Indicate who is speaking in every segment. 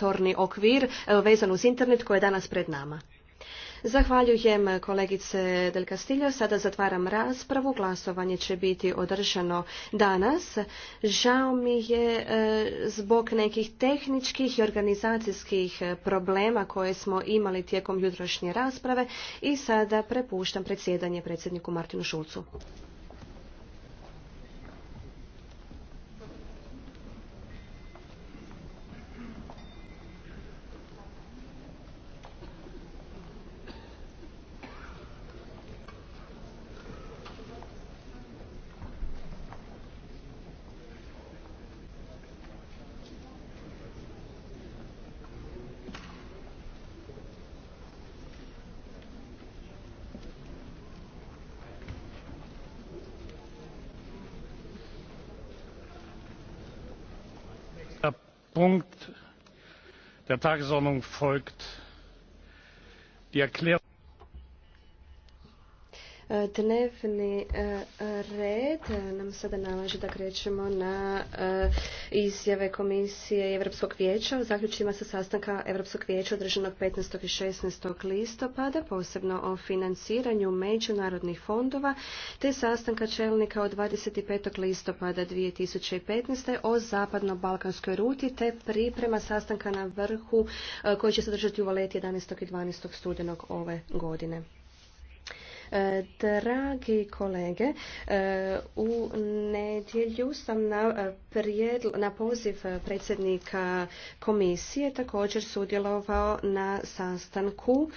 Speaker 1: regulatorni okvir e, vezan uz internet koji je danas pred nama. Zahvaljujem kolegice Del Castillo. Sada zatvaram raspravu. Glasovanje će biti održano danas. Žao mi je e, zbog nekih tehničkih i organizacijskih problema koje smo imali tijekom jutrošnje rasprave i sada prepuštam predsjedanje predsjedniku Martinu Šulcu.
Speaker 2: punkt der tagesordnung folgt die erklärung
Speaker 1: Dnevni e, red nam sada nalaže da krećemo na e, izjave Komisije Europskog vijeća U zaključcima sa sastanka Europskog vijeća održanog 15. i 16. listopada, posebno o financiranju međunarodnih fondova, te sastanka čelnika od 25. listopada 2015. o zapadno-balkanskoj ruti, te priprema sastanka na vrhu e, koji će se održati u Valeti 11. i 12. studenog ove godine. Dragi kolege, u nedjelju sam na, na poziv predsjednika komisije također sudjelovao na sastanku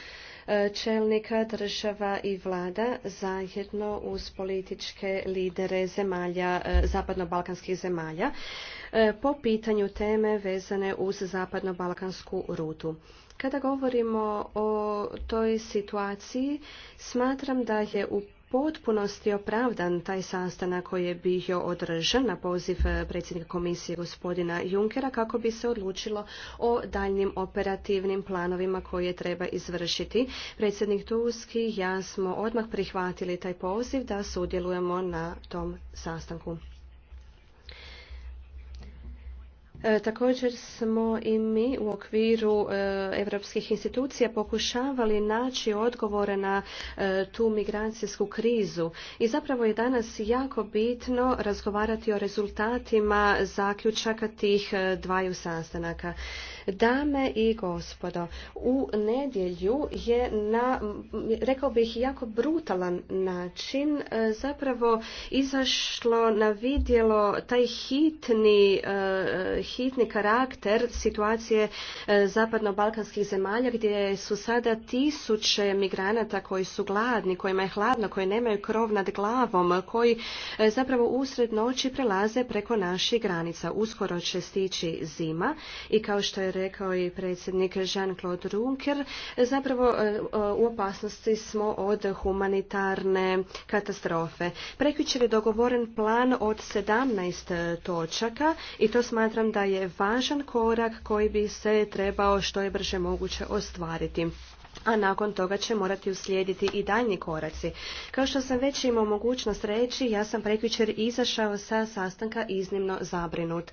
Speaker 1: čelnika država i vlada zajedno uz političke lidere zemalja, zapadno-balkanskih zemalja po pitanju teme vezane uz zapadno-balkansku rutu. Kada govorimo o toj situaciji, smatram da je u potpunosti opravdan taj sastanak koji je bio održan na poziv predsjednika komisije gospodina Junkera kako bi se odlučilo o daljnim operativnim planovima koje treba izvršiti. Predsjednik Tuski, ja smo odmah prihvatili taj poziv da sudjelujemo na tom sastanku. E, također smo i mi u okviru europskih institucija pokušavali naći odgovore na e, tu migracijsku krizu i zapravo je danas jako bitno razgovarati o rezultatima zaključaka tih e, dvaju sastanaka. Dame i gospodo, u nedjelju je na, rekao bih, jako brutalan način e, zapravo izašlo na vidjelo taj hitni, e, hitni karakter situacije e, zapadno-balkanskih zemalja gdje su sada tisuće migranata koji su gladni, kojima je hladno, koji nemaju krov nad glavom, koji zapravo usred noći prelaze preko naših granica. Uskoro će stići zima i kao što je rekao i predsjednik Jean-Claude Juncker, zapravo e, e, u opasnosti smo od humanitarne katastrofe. Prekvičer je dogovoren plan od 17 točaka i to smatram da je važan korak koji bi se trebao što je brže moguće ostvariti a nakon toga će morati uslijediti i daljnji koraci. Kao što sam već imao mogućnost reći, ja sam prekvičer izašao sa sastanka iznimno zabrinut.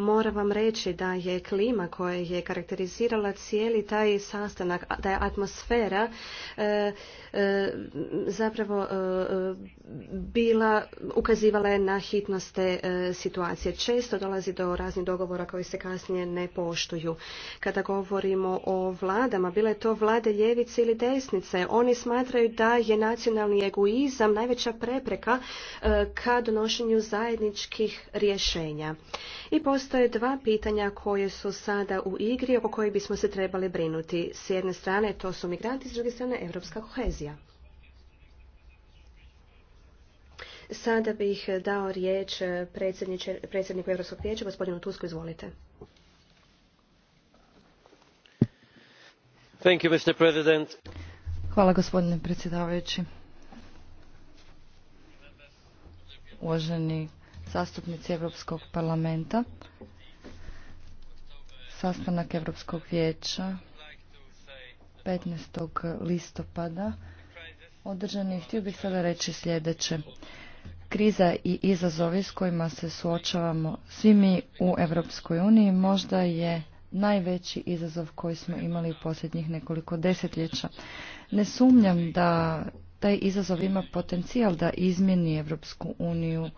Speaker 1: Moram vam reći da je klima koja je karakterizirala cijeli taj sastanak, da je atmosfera e, e, zapravo e, bila, ukazivala je na hitnost te situacije. Često dolazi do raznih dogovora koji se kasnije ne poštuju. Kada govorimo o vladama, bile to vlade ljevice ili desnice, oni smatraju da je nacionalni egoizam najveća prepreka ka donošenju zajedničkih rješenja. I je dva pitanja koje su sada u igri, oko kojih bismo se trebali brinuti. S jedne strane to su migranti, s druge strane evropska kohezija. Sada bih dao riječ predsjedniku Europskog vijeća, gospodinu Tusku, izvolite.
Speaker 3: Hvala gospodine predsjedavajući. Uvaženi zastupnici Europskog parlamenta. Sastanak Europskog vijeća 15. listopada održani. Htio bih sada reći sljedeće. Kriza i izazovi s kojima se suočavamo svi mi u Europskoj uniji možda je najveći izazov koji smo imali u posljednjih nekoliko desetljeća. Ne sumnjam da taj izazov ima potencijal da izmjeni Europsku uniju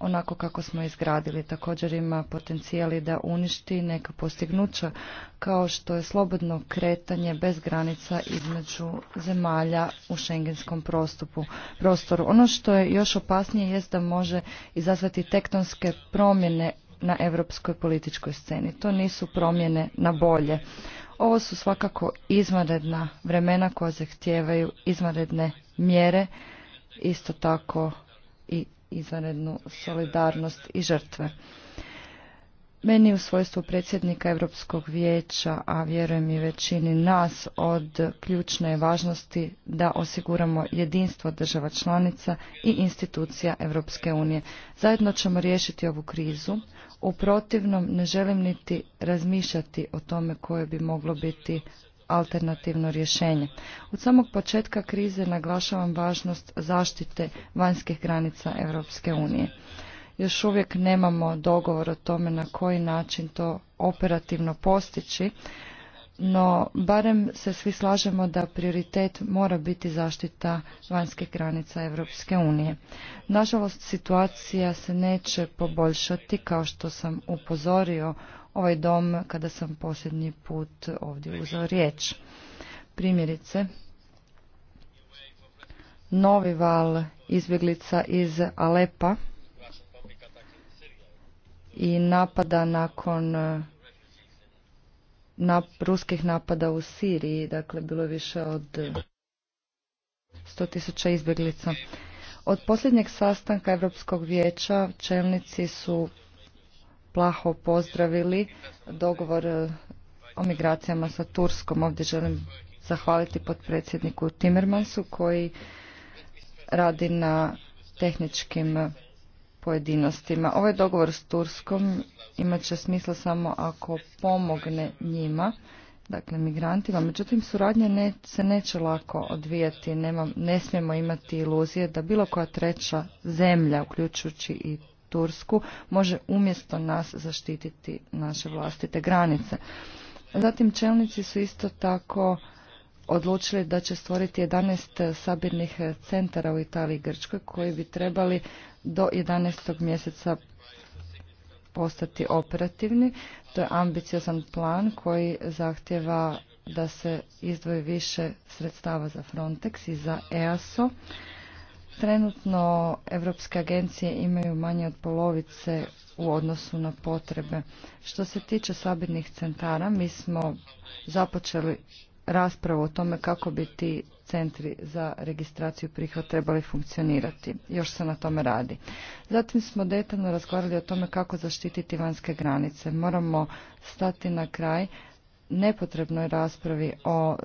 Speaker 3: onako kako smo izgradili. Također ima potencijali da uništi neka postignuća kao što je slobodno kretanje bez granica između zemalja u šengenskom prostupu, prostoru. Ono što je još opasnije jest da može izazvati tektonske promjene na europskoj političkoj sceni. To nisu promjene na bolje. Ovo su svakako izvanredna vremena koja zahtijevaju izvanredne mjere, isto tako izvanrednu solidarnost i žrtve. Meni u svojstvu predsjednika Europskog vijeća, a vjerujem i većini nas, od ključne važnosti da osiguramo jedinstvo država članica i institucija Europske unije. Zajedno ćemo riješiti ovu krizu. U protivnom ne želim niti razmišljati o tome koje bi moglo biti alternativno rješenje. Od samog početka krize naglašavam važnost zaštite vanjskih granica Europske unije. Još uvijek nemamo dogovor o tome na koji način to operativno postići, no barem se svi slažemo da prioritet mora biti zaštita vanjskih granica Europske unije. Nažalost, situacija se neće poboljšati, kao što sam upozorio ovaj dom kada sam posljednji put ovdje uzao riječ. Primjerice, novi val izbjeglica iz Alepa i napada nakon ruskih napada u Siriji, dakle bilo je više od 100.000 izbjeglica. Od posljednjeg sastanka Europskog vijeća čelnici su plaho pozdravili dogovor e, o migracijama sa Turskom. Ovdje želim zahvaliti potpredsjedniku Timmermansu koji radi na tehničkim pojedinostima. Ovaj dogovor s Turskom imat će smisla samo ako pomogne njima, dakle migrantima. Međutim, suradnja ne, se neće lako odvijati. ne smijemo imati iluzije da bilo koja treća zemlja, uključujući i Tursku može umjesto nas zaštititi naše vlastite granice. Zatim čelnici su isto tako odlučili da će stvoriti 11 sabirnih centara u Italiji i Grčkoj koji bi trebali do 11. mjeseca postati operativni. To je ambiciozan plan koji zahtjeva da se izdvoji više sredstava za Frontex i za EASO. Trenutno evropske agencije imaju manje od polovice u odnosu na potrebe. Što se tiče sabirnih centara, mi smo započeli raspravu o tome kako bi ti centri za registraciju prihvat trebali funkcionirati. Još se na tome radi. Zatim smo detaljno razgovarali o tome kako zaštititi vanjske granice. Moramo stati na kraj nepotrebnoj raspravi o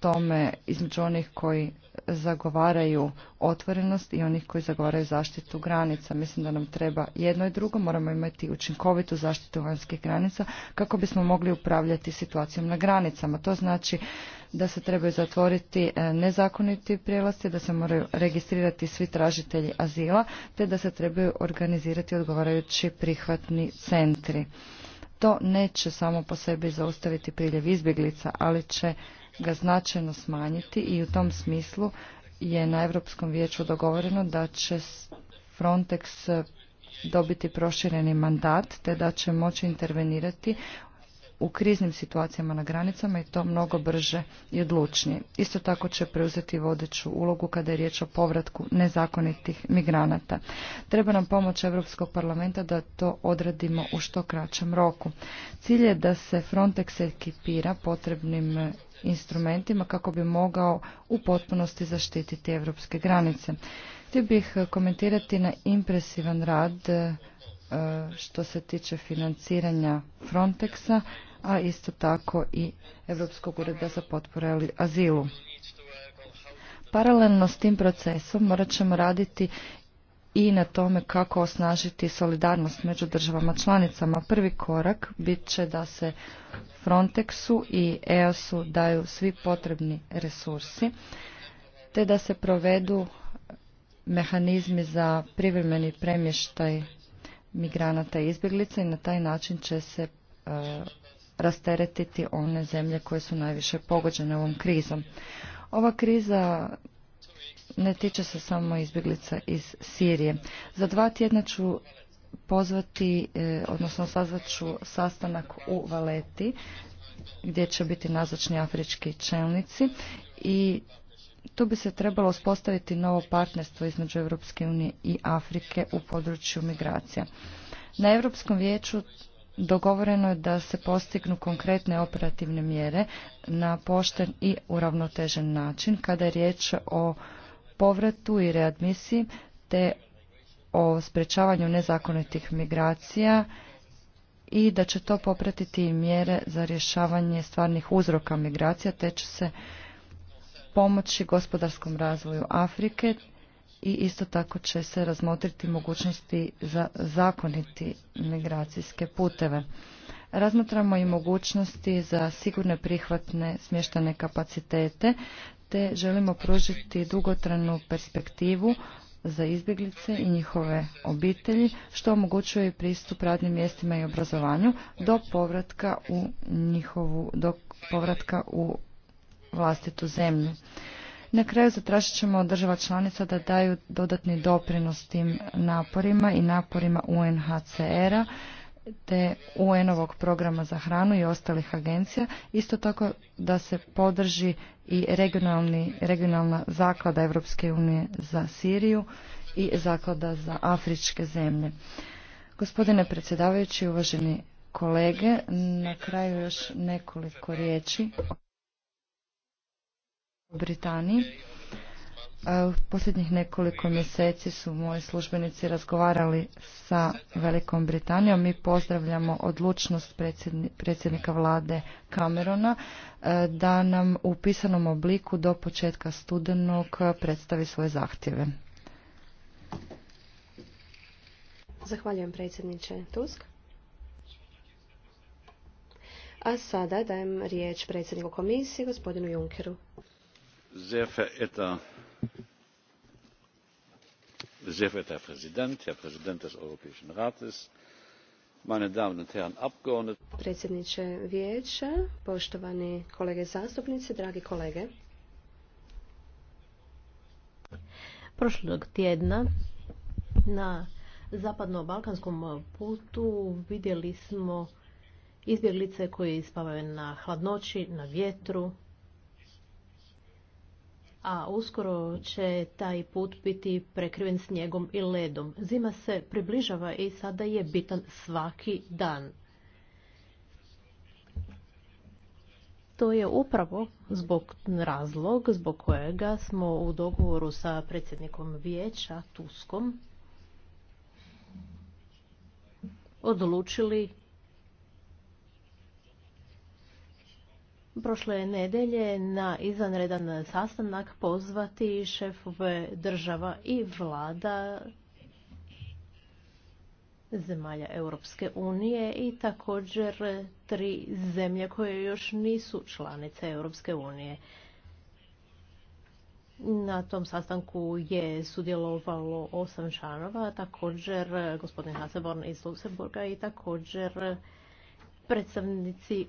Speaker 3: tome između onih koji zagovaraju otvorenost i onih koji zagovaraju zaštitu granica. Mislim da nam treba jedno i drugo, moramo imati učinkovitu zaštitu vanjskih granica kako bismo mogli upravljati situacijom na granicama. To znači da se trebaju zatvoriti e, nezakoniti prijelasti, da se moraju registrirati svi tražitelji azila, te da se trebaju organizirati odgovarajući prihvatni centri. To neće samo po sebi zaustaviti priljev izbjeglica, ali će ga značajno smanjiti i u tom smislu je na Europskom vijeću dogovoreno da će Frontex dobiti prošireni mandat te da će moći intervenirati u kriznim situacijama na granicama i to mnogo brže i odlučnije. Isto tako će preuzeti vodeću ulogu kada je riječ o povratku nezakonitih migranata. Treba nam pomoć Europskog parlamenta da to odradimo u što kraćem roku. Cilj je da se Frontex ekipira potrebnim instrumentima kako bi mogao u potpunosti zaštititi europske granice. Htio bih eh, komentirati na impresivan rad eh, što se tiče financiranja Frontexa, a isto tako i Evropskog ureda za potpore azilu. Paralelno s tim procesom morat ćemo raditi i na tome kako osnažiti solidarnost među državama članicama. Prvi korak bit će da se Frontexu i EOS-u daju svi potrebni resursi, te da se provedu mehanizmi za privremeni premještaj migranata i izbjeglica i na taj način će se e, rasteretiti one zemlje koje su najviše pogođene ovom krizom. Ova kriza ne tiče se samo izbjeglica iz Sirije. Za dva tjedna ću pozvati, e, odnosno sazvat ću sastanak u Valeti gdje će biti nazočni afrički čelnici i tu bi se trebalo uspostaviti novo partnerstvo između Europske unije i Afrike u području migracija. Na Europskom vijeću dogovoreno je da se postignu konkretne operativne mjere na pošten i uravnotežen način kada je riječ o povratu i readmisiji te o sprečavanju nezakonitih migracija i da će to popratiti mjere za rješavanje stvarnih uzroka migracija te će se pomoći gospodarskom razvoju Afrike i isto tako će se razmotriti mogućnosti za zakoniti migracijske puteve. Razmatramo i mogućnosti za sigurne prihvatne smještane kapacitete te želimo pružiti dugotrajnu perspektivu za izbjeglice i njihove obitelji, što omogućuje i pristup radnim mjestima i obrazovanju do povratka u njihovu, do povratka u vlastitu zemlju. Na kraju zatražit ćemo od država članica da daju dodatni doprinos tim naporima i naporima UNHCR-a te UN-ovog programa za hranu i ostalih agencija, isto tako da se podrži i regionalni, regionalna zaklada Europske unije za Siriju i zaklada za afričke zemlje. Gospodine predsjedavajući, uvaženi kolege, na kraju još nekoliko riječi o Britaniji. E, u posljednjih nekoliko mjeseci su moji službenici razgovarali sa Velikom Britanijom. Mi pozdravljamo odlučnost predsjednika vlade Camerona e, da nam u pisanom obliku do početka studenog predstavi svoje zahtjeve.
Speaker 1: Zahvaljujem predsjedniče Tusk. A sada dajem riječ predsjedniku komisije, gospodinu Junkeru
Speaker 2: sehr verehrter herr präsident herr präsident des europäischen rates meine damen und herren abgeordnete
Speaker 1: predsjedniče vijeća poštovani kolege zastupnici dragi kolege
Speaker 4: prošlog tjedna na zapadno balkanskom putu vidjeli smo izbjeglice koje spavaju na hladnoći na vjetru a uskoro će taj put biti prekriven snijegom i ledom. Zima se približava i sada je bitan svaki dan. To je upravo zbog razlog zbog kojega smo u dogovoru sa predsjednikom vijeća Tuskom odlučili prošle nedelje na izvanredan sastanak pozvati šefove država i vlada zemalja Europske unije i također tri zemlje koje još nisu članice Europske unije. Na tom sastanku je sudjelovalo osam članova, također gospodin Haseborn iz Luxemburga i također predstavnici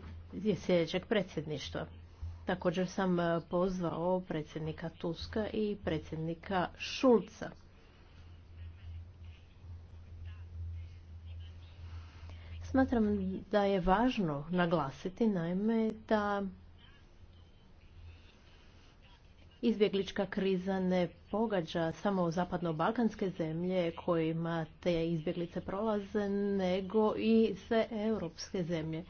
Speaker 4: sljedećeg predsjedništva. Također sam e, pozvao predsjednika Tuska i predsjednika Šulca. Smatram da je važno naglasiti naime da izbjeglička kriza ne pogađa samo zapadno-balkanske zemlje kojima te izbjeglice prolaze, nego i sve europske zemlje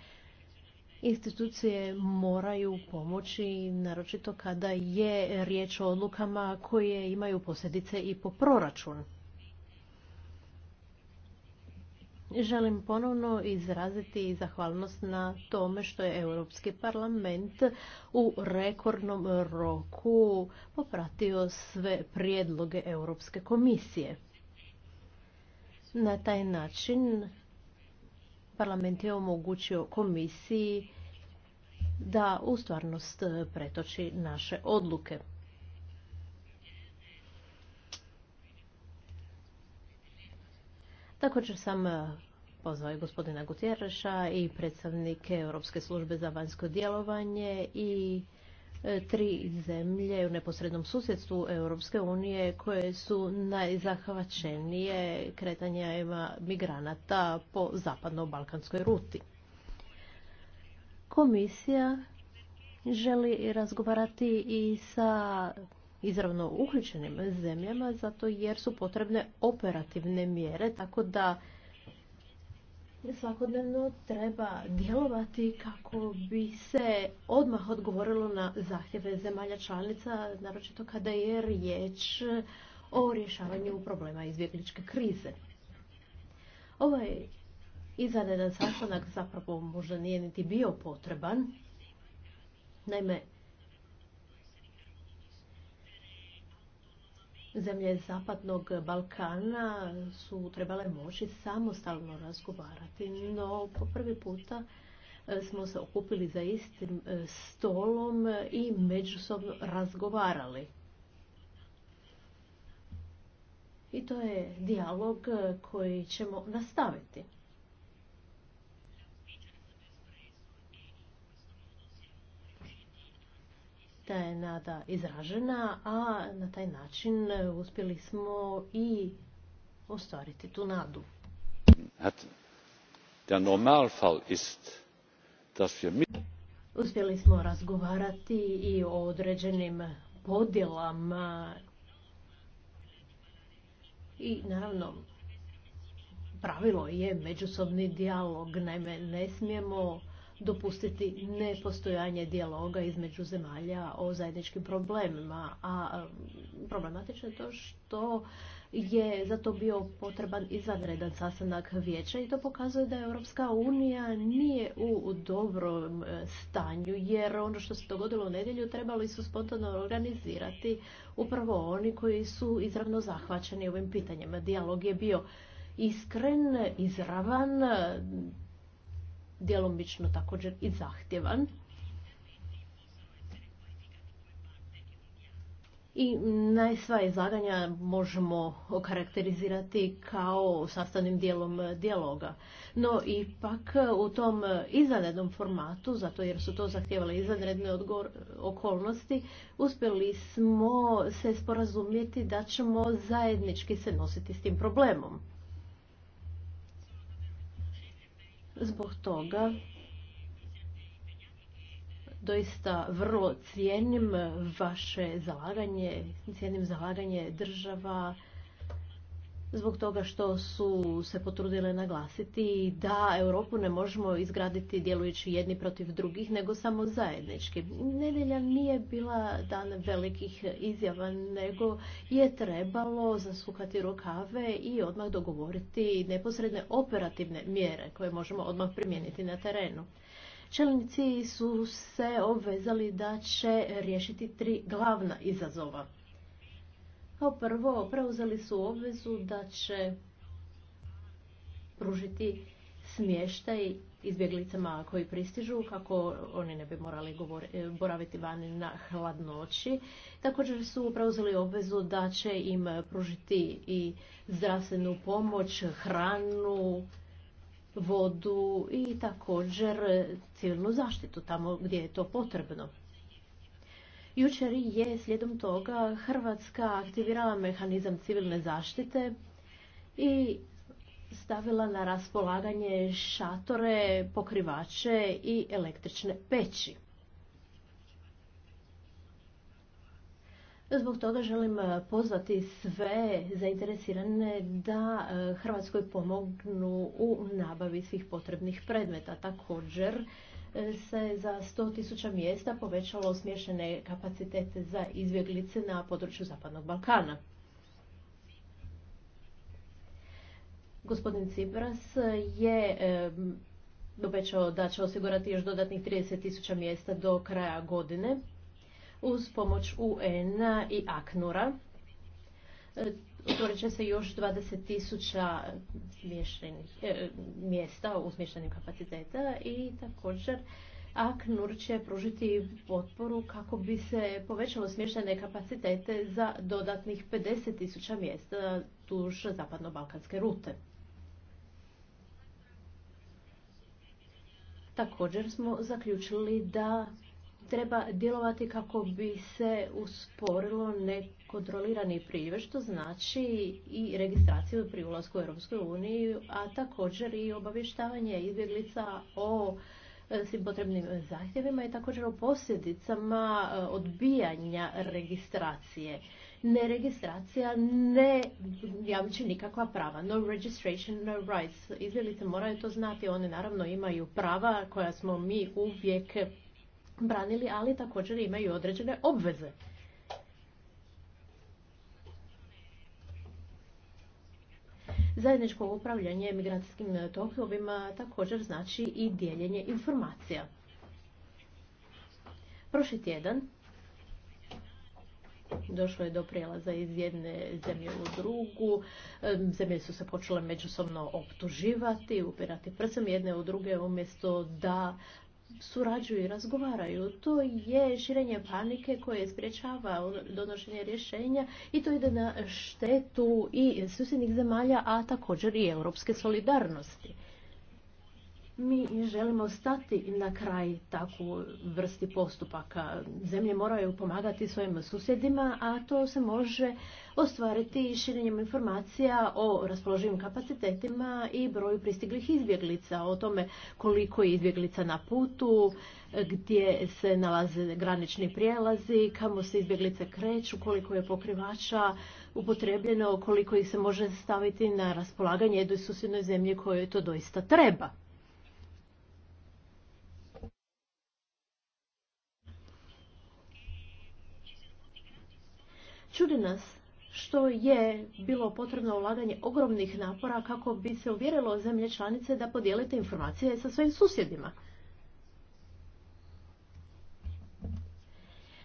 Speaker 4: institucije moraju pomoći, naročito kada je riječ o odlukama koje imaju posljedice i po proračun. Želim ponovno izraziti zahvalnost na tome što je Europski parlament u rekordnom roku popratio sve prijedloge Europske komisije. Na taj način parlament je omogućio komisiji da u stvarnost e, pretoči naše odluke. Također sam e, pozvao i gospodina Gutjereša i predstavnike Europske službe za vanjsko djelovanje i E, tri zemlje u neposrednom susjedstvu Europske unije koje su najzahvaćenije kretanjem migranata po zapadno-balkanskoj ruti. Komisija želi razgovarati i sa izravno uključenim zemljama zato jer su potrebne operativne mjere tako da svakodnevno treba djelovati kako bi se odmah odgovorilo na zahtjeve zemalja članica, naročito kada je riječ o rješavanju problema izbjegličke krize. Ovaj izvanredan sastanak zapravo možda nije niti bio potreban. Naime, zemlje Zapadnog Balkana su trebale moći samostalno razgovarati, no po prvi puta e, smo se okupili za istim e, stolom i međusobno razgovarali. I to je dijalog e, koji ćemo nastaviti. ta je nada izražena, a na taj način e, uspjeli smo i ostvariti tu nadu. Uspjeli smo razgovarati i o određenim podjelama i naravno pravilo je međusobni dijalog. Naime, ne smijemo dopustiti nepostojanje dijaloga između zemalja o zajedničkim problemima, a problematično je to što je za to bio potreban izvanredan sastanak vijeća i to pokazuje da Europska unija nije u dobrom e, stanju jer ono što se dogodilo u nedjelju trebali su spontano organizirati upravo oni koji su izravno zahvaćeni ovim pitanjima. Dijalog je bio iskren, izravan, djelomično također i zahtjevan. I najsva izlaganja možemo okarakterizirati kao sastavnim dijelom dijaloga. No ipak u tom izvanrednom formatu, zato jer su to zahtjevale izvanredne okolnosti, uspjeli smo se sporazumjeti da ćemo zajednički se nositi s tim problemom. Zbog toga doista vrlo cijenim vaše zalaganje, cijenim zalaganje država zbog toga što su se potrudile naglasiti da Europu ne možemo izgraditi djelujući jedni protiv drugih, nego samo zajednički. Nedjelja nije bila dan velikih izjava, nego je trebalo zasukati rukave i odmah dogovoriti neposredne operativne mjere koje možemo odmah primijeniti na terenu. Čelnici su se obvezali da će riješiti tri glavna izazova. Kao prvo, preuzeli su obvezu da će pružiti smještaj izbjeglicama koji pristižu kako oni ne bi morali e, boraviti vani na hladnoći. Također su preuzeli obvezu da će im pružiti i zdravstvenu pomoć, hranu, vodu i također civilnu zaštitu tamo gdje je to potrebno. Jučer je slijedom toga Hrvatska aktivirala mehanizam civilne zaštite i stavila na raspolaganje šatore, pokrivače i električne peći. Zbog toga želim pozvati sve zainteresirane da e, Hrvatskoj pomognu u nabavi svih potrebnih predmeta. Također, se za 100.000 mjesta povećalo smješene kapacitete za izbjeglice na području Zapadnog Balkana. Gospodin Cipras je obećao da će osigurati još dodatnih 30.000 mjesta do kraja godine uz pomoć UN-a i ACNUR-a otvorit će se još 20 tisuća e, mjesta u smještenim kapaciteta i također AKNUR će pružiti potporu kako bi se povećalo smještene kapacitete za dodatnih 50 tisuća mjesta duž zapadno-balkanske rute. Također smo zaključili da treba djelovati kako bi se usporilo ne kontrolirani priljev, što znači i registraciju pri ulasku u EU, uniju, a također i obavještavanje izbjeglica o e, svim potrebnim zahtjevima i također o posljedicama e, odbijanja registracije. Ne registracija, ne jamči nikakva prava. No registration, no rights. Izbjeglice moraju to znati. One naravno imaju prava koja smo mi uvijek branili, ali također imaju određene obveze. Zajedničko upravljanje migracijskim e, tokovima također znači i dijeljenje informacija. Prošli tjedan došlo je do prijelaza iz jedne zemlje u drugu. E, zemlje su se počele međusobno optuživati, upirati prstom jedne u druge umjesto da surađuju i razgovaraju. To je širenje panike koje sprječava donošenje rješenja i to ide na štetu i susjednih zemalja, a također i europske solidarnosti. Mi želimo stati na kraj takvu vrsti postupaka. Zemlje moraju pomagati svojim susjedima, a to se može ostvariti širenjem informacija o raspoloživim kapacitetima i broju pristiglih izbjeglica, o tome koliko je izbjeglica na putu, gdje se nalaze granični prijelazi, kamo se izbjeglice kreću, koliko je pokrivača upotrebljeno, koliko ih se može staviti na raspolaganje jednoj susjednoj zemlji kojoj to doista treba. Čudi nas što je bilo potrebno ulaganje ogromnih napora kako bi se uvjerilo zemlje članice da podijelite informacije sa svojim susjedima.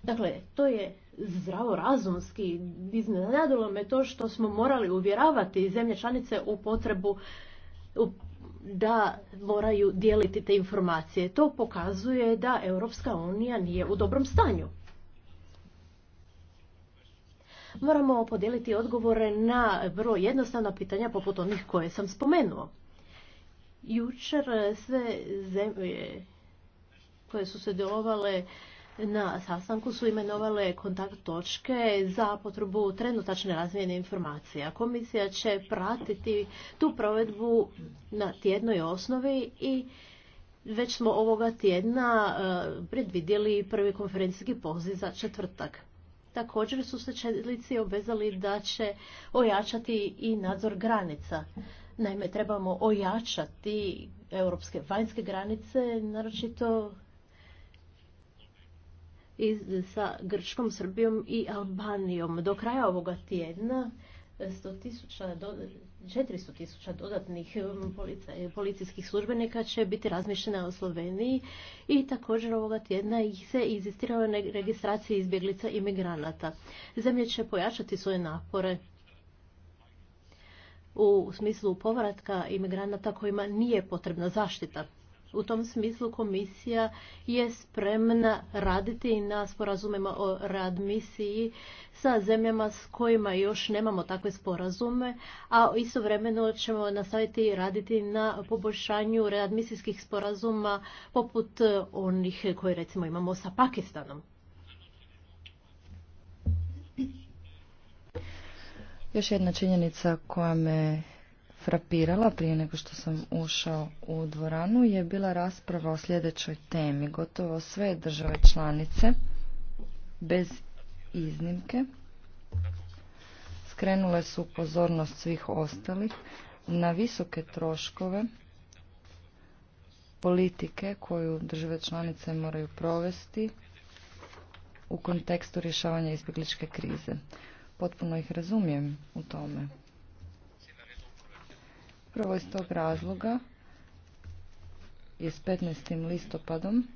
Speaker 4: Dakle, to je zdravorazumski. Iznenadilo me to što smo morali uvjeravati zemlje članice u potrebu da moraju dijeliti te informacije. To pokazuje da Europska unija nije u dobrom stanju moramo podijeliti odgovore na vrlo jednostavna pitanja poput onih koje sam spomenuo. Jučer sve zemlje koje su se delovale na sastanku su imenovale kontakt točke za potrebu trenutačne razmjene informacija. Komisija će pratiti tu provedbu na tjednoj osnovi i već smo ovoga tjedna e, predvidjeli prvi konferencijski poziv za četvrtak. Također su se čelici obvezali da će ojačati i nadzor granica. Naime, trebamo ojačati europske vanjske granice, naročito iz, sa Grčkom, Srbijom i Albanijom. Do kraja ovoga tjedna 100 tisuća 400 tisuća dodatnih um, eh, policijskih službenika će biti razmišljena u Sloveniji i također ovoga tjedna ih se izistirao na registraciji izbjeglica i migranata. Zemlje će pojačati svoje napore u smislu povratka imigranata kojima nije potrebna zaštita u tom smislu komisija je spremna raditi na sporazumima o readmisiji sa zemljama s kojima još nemamo takve sporazume, a istovremeno ćemo nastaviti raditi na poboljšanju readmisijskih sporazuma poput onih koje recimo imamo sa Pakistanom.
Speaker 3: Još jedna činjenica koja me frapirala prije nego što sam ušao u dvoranu je bila rasprava o sljedećoj temi. Gotovo sve države članice, bez iznimke, skrenule su pozornost svih ostalih na visoke troškove politike koju države članice moraju provesti u kontekstu rješavanja izbjegličke krize. Potpuno ih razumijem u tome. Upravo iz tog razloga je s 15. listopadom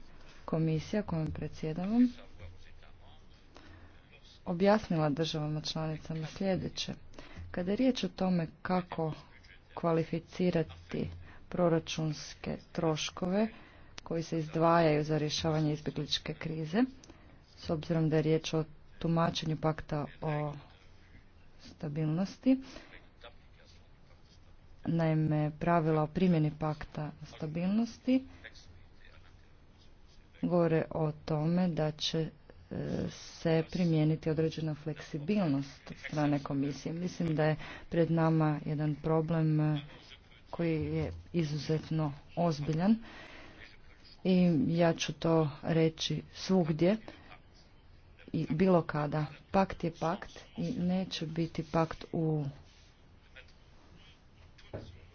Speaker 3: komisija kojom predsjedavam objasnila državama članicama sljedeće. Kada je riječ o tome kako kvalificirati proračunske troškove koji se izdvajaju za rješavanje izbjegličke krize, s obzirom da je riječ o tumačenju pakta o stabilnosti, naime pravila o primjeni pakta stabilnosti govore o tome da će e, se primijeniti određena fleksibilnost od strane komisije. Mislim da je pred nama jedan problem e, koji je izuzetno ozbiljan i ja ću to reći svugdje i bilo kada. Pakt je pakt i neće biti pakt u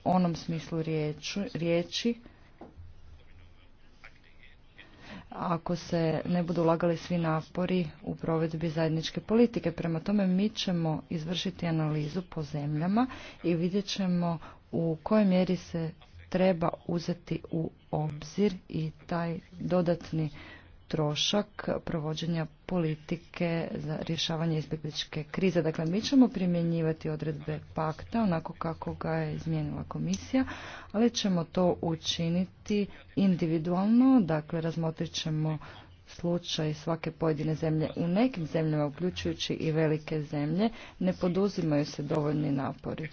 Speaker 3: onom smislu riječi, ako se ne budu ulagali svi napori u provedbi zajedničke politike. Prema tome mi ćemo izvršiti analizu po zemljama i vidjet ćemo u kojoj mjeri se treba uzeti u obzir i taj dodatni trošak provođenja politike za rješavanje izbjegličke krize. Dakle, mi ćemo primjenjivati odredbe pakta onako kako ga je izmijenila komisija, ali ćemo to učiniti individualno, dakle razmotrit ćemo slučaj svake pojedine zemlje. U nekim zemljama, uključujući i velike zemlje, ne poduzimaju se dovoljni napori.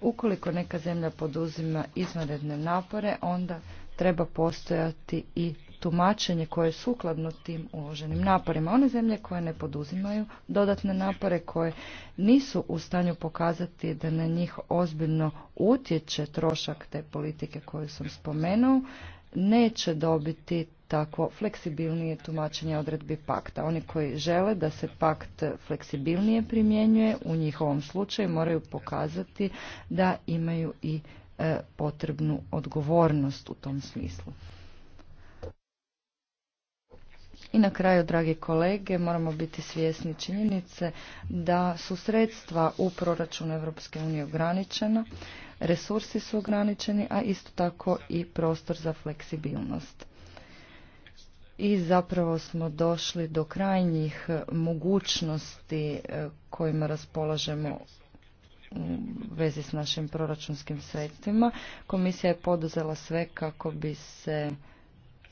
Speaker 3: Ukoliko neka zemlja poduzima izvanredne napore, onda treba postojati i tumačenje koje je sukladno tim uloženim naporima. One zemlje koje ne poduzimaju dodatne napore, koje nisu u stanju pokazati da na njih ozbiljno utječe trošak te politike koju sam spomenuo, neće dobiti tako fleksibilnije tumačenje odredbi pakta. Oni koji žele da se pakt fleksibilnije primjenjuje, u njihovom slučaju moraju pokazati da imaju i e, potrebnu odgovornost u tom smislu. I na kraju, dragi kolege, moramo biti svjesni činjenice da su sredstva u proračunu Europske unije ograničena, resursi su ograničeni, a isto tako i prostor za fleksibilnost. I zapravo smo došli do krajnjih mogućnosti e, kojima raspolažemo u vezi s našim proračunskim sredstvima. Komisija je poduzela sve kako bi se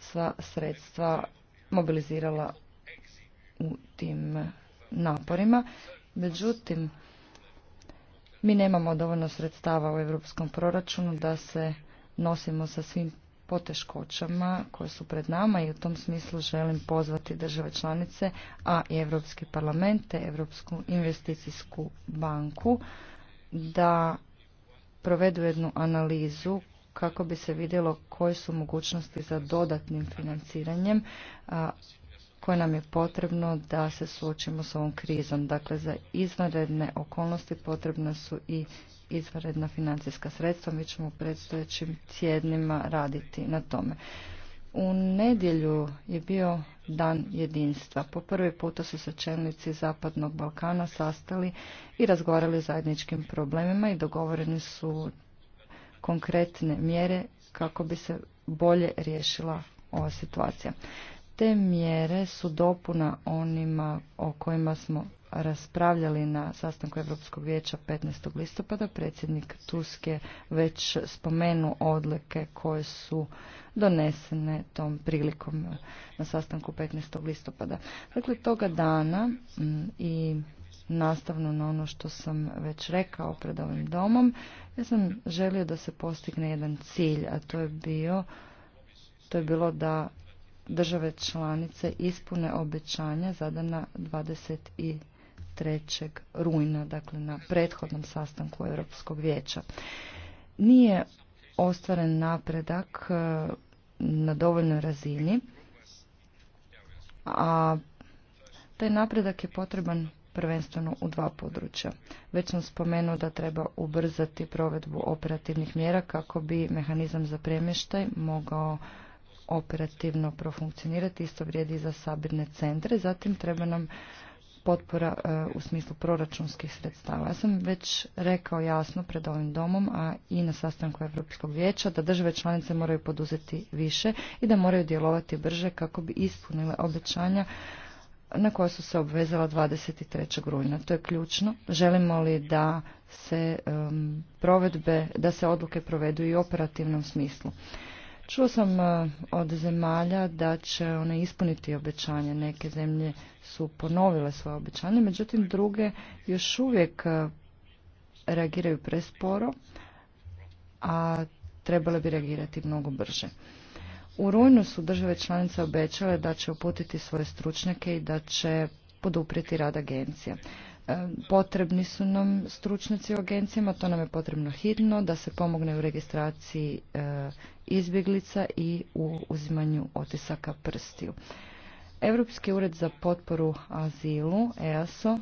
Speaker 3: sva sredstva mobilizirala u tim naporima. Međutim, mi nemamo dovoljno sredstava u europskom proračunu da se nosimo sa svim poteškoćama koje su pred nama i u tom smislu želim pozvati države članice, a i Europski parlament, te Europsku investicijsku banku da provedu jednu analizu kako bi se vidjelo koje su mogućnosti za dodatnim financiranjem koje nam je potrebno da se suočimo s ovom krizom. Dakle, za izvanredne okolnosti potrebna su i izvanredna financijska sredstva. Mi ćemo u predstojećim tjednima raditi na tome. U nedjelju je bio dan jedinstva. Po prvi puta su se čelnici Zapadnog Balkana sastali i razgovarali o zajedničkim problemima i dogovoreni su konkretne mjere kako bi se bolje riješila ova situacija. Te mjere su dopuna onima o kojima smo raspravljali na sastanku Europskog vijeća 15. listopada. Predsjednik Tusk je već spomenu odlike koje su donesene tom prilikom na sastanku 15. listopada. Dakle, toga dana mm, i nastavno na ono što sam već rekao pred ovim domom, ja sam želio da se postigne jedan cilj, a to je bio, to je bilo da države članice ispune obećanja zadana 23. rujna, dakle na prethodnom sastanku Europskog vijeća. Nije ostvaren napredak e, na dovoljnoj razini, a taj napredak je potreban prvenstveno u dva područja. Već sam spomenuo da treba ubrzati provedbu operativnih mjera kako bi mehanizam za premještaj mogao operativno profunkcionirati, isto vrijedi i za sabirne centre. Zatim treba nam potpora e, u smislu proračunskih sredstava. Ja sam već rekao jasno pred ovim domom, a i na sastanku Europskog vijeća, da države članice moraju poduzeti više i da moraju djelovati brže kako bi ispunile obećanja na koja su se obvezala 23. rujna. To je ključno. Želimo li da se provedbe, da se odluke provedu i u operativnom smislu. Čuo sam e, od zemalja da će one ispuniti obećanje. Neke zemlje su ponovile svoje obećanje, međutim druge još uvijek e, reagiraju presporo, a trebale bi reagirati mnogo brže. U rujnu su države članice obećale da će uputiti svoje stručnjake i da će poduprijeti rad agencija. E, potrebni su nam stručnjaci u agencijama, to nam je potrebno hitno da se pomogne u registraciji e, izbjeglica i u uzimanju otisaka prstiju. Europski ured za potporu azilu, EASO,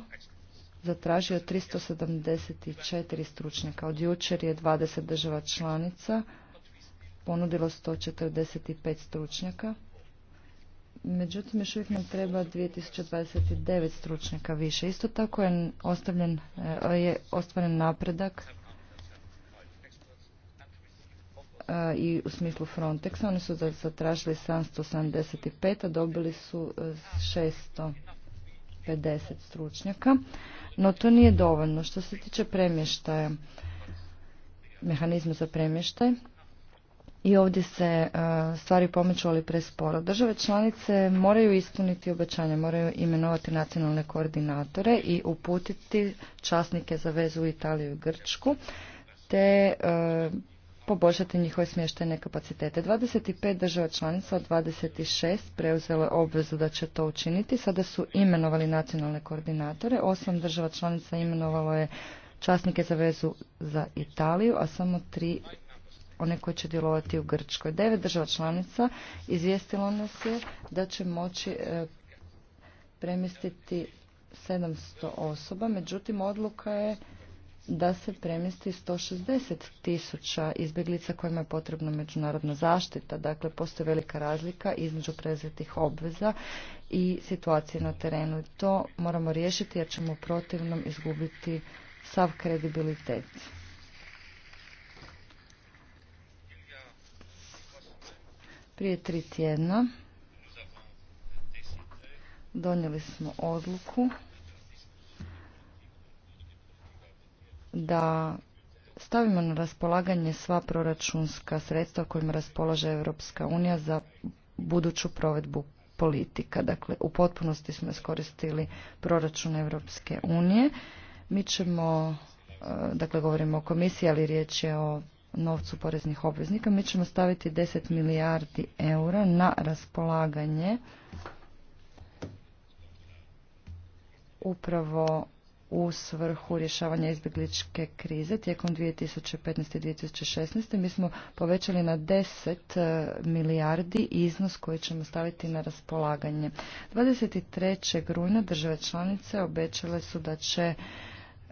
Speaker 3: zatražio 374 stručnjaka. Od jučer je 20 država članica ponudilo 145 stručnjaka. Međutim, još uvijek nam treba 2029 stručnjaka više. Isto tako je, ostavljen, eh, je ostvaren napredak eh, i u smislu Frontexa. Oni su zatražili 775, a dobili su 650 eh, stručnjaka. No to nije dovoljno. Što se tiče premještaja, mehanizma za premještaj, i ovdje se e, stvari pomeću, ali presporo. Države članice moraju ispuniti obećanja, moraju imenovati nacionalne koordinatore i uputiti časnike za vezu u Italiju i Grčku, te e, poboljšati njihove smještajne kapacitete. 25 država članica od 26 preuzele obvezu da će to učiniti. Sada su imenovali nacionalne koordinatore. Osam država članica imenovalo je časnike za vezu za Italiju, a samo tri one koje će djelovati u Grčkoj. Devet država članica izvijestilo nas je da će moći e, premjestiti 700 osoba, međutim odluka je da se premjesti 160 tisuća izbjeglica kojima je potrebna međunarodna zaštita. Dakle, postoji velika razlika između preuzetih obveza i situacije na terenu. To moramo riješiti jer ćemo protivnom izgubiti sav kredibilitet. Prije tri tjedna donijeli smo odluku da stavimo na raspolaganje sva proračunska sredstva kojima raspolaže Europska unija za buduću provedbu politika. Dakle, u potpunosti smo iskoristili proračun Europske unije. Mi ćemo, e, dakle, govorimo o komisiji, ali riječ je o novcu poreznih obveznika. Mi ćemo staviti 10 milijardi eura na raspolaganje upravo u svrhu rješavanja izbjegličke krize tijekom 2015. i 2016. Mi smo povećali na 10 e, milijardi iznos koji ćemo staviti na raspolaganje. 23. rujna države članice obećale su da će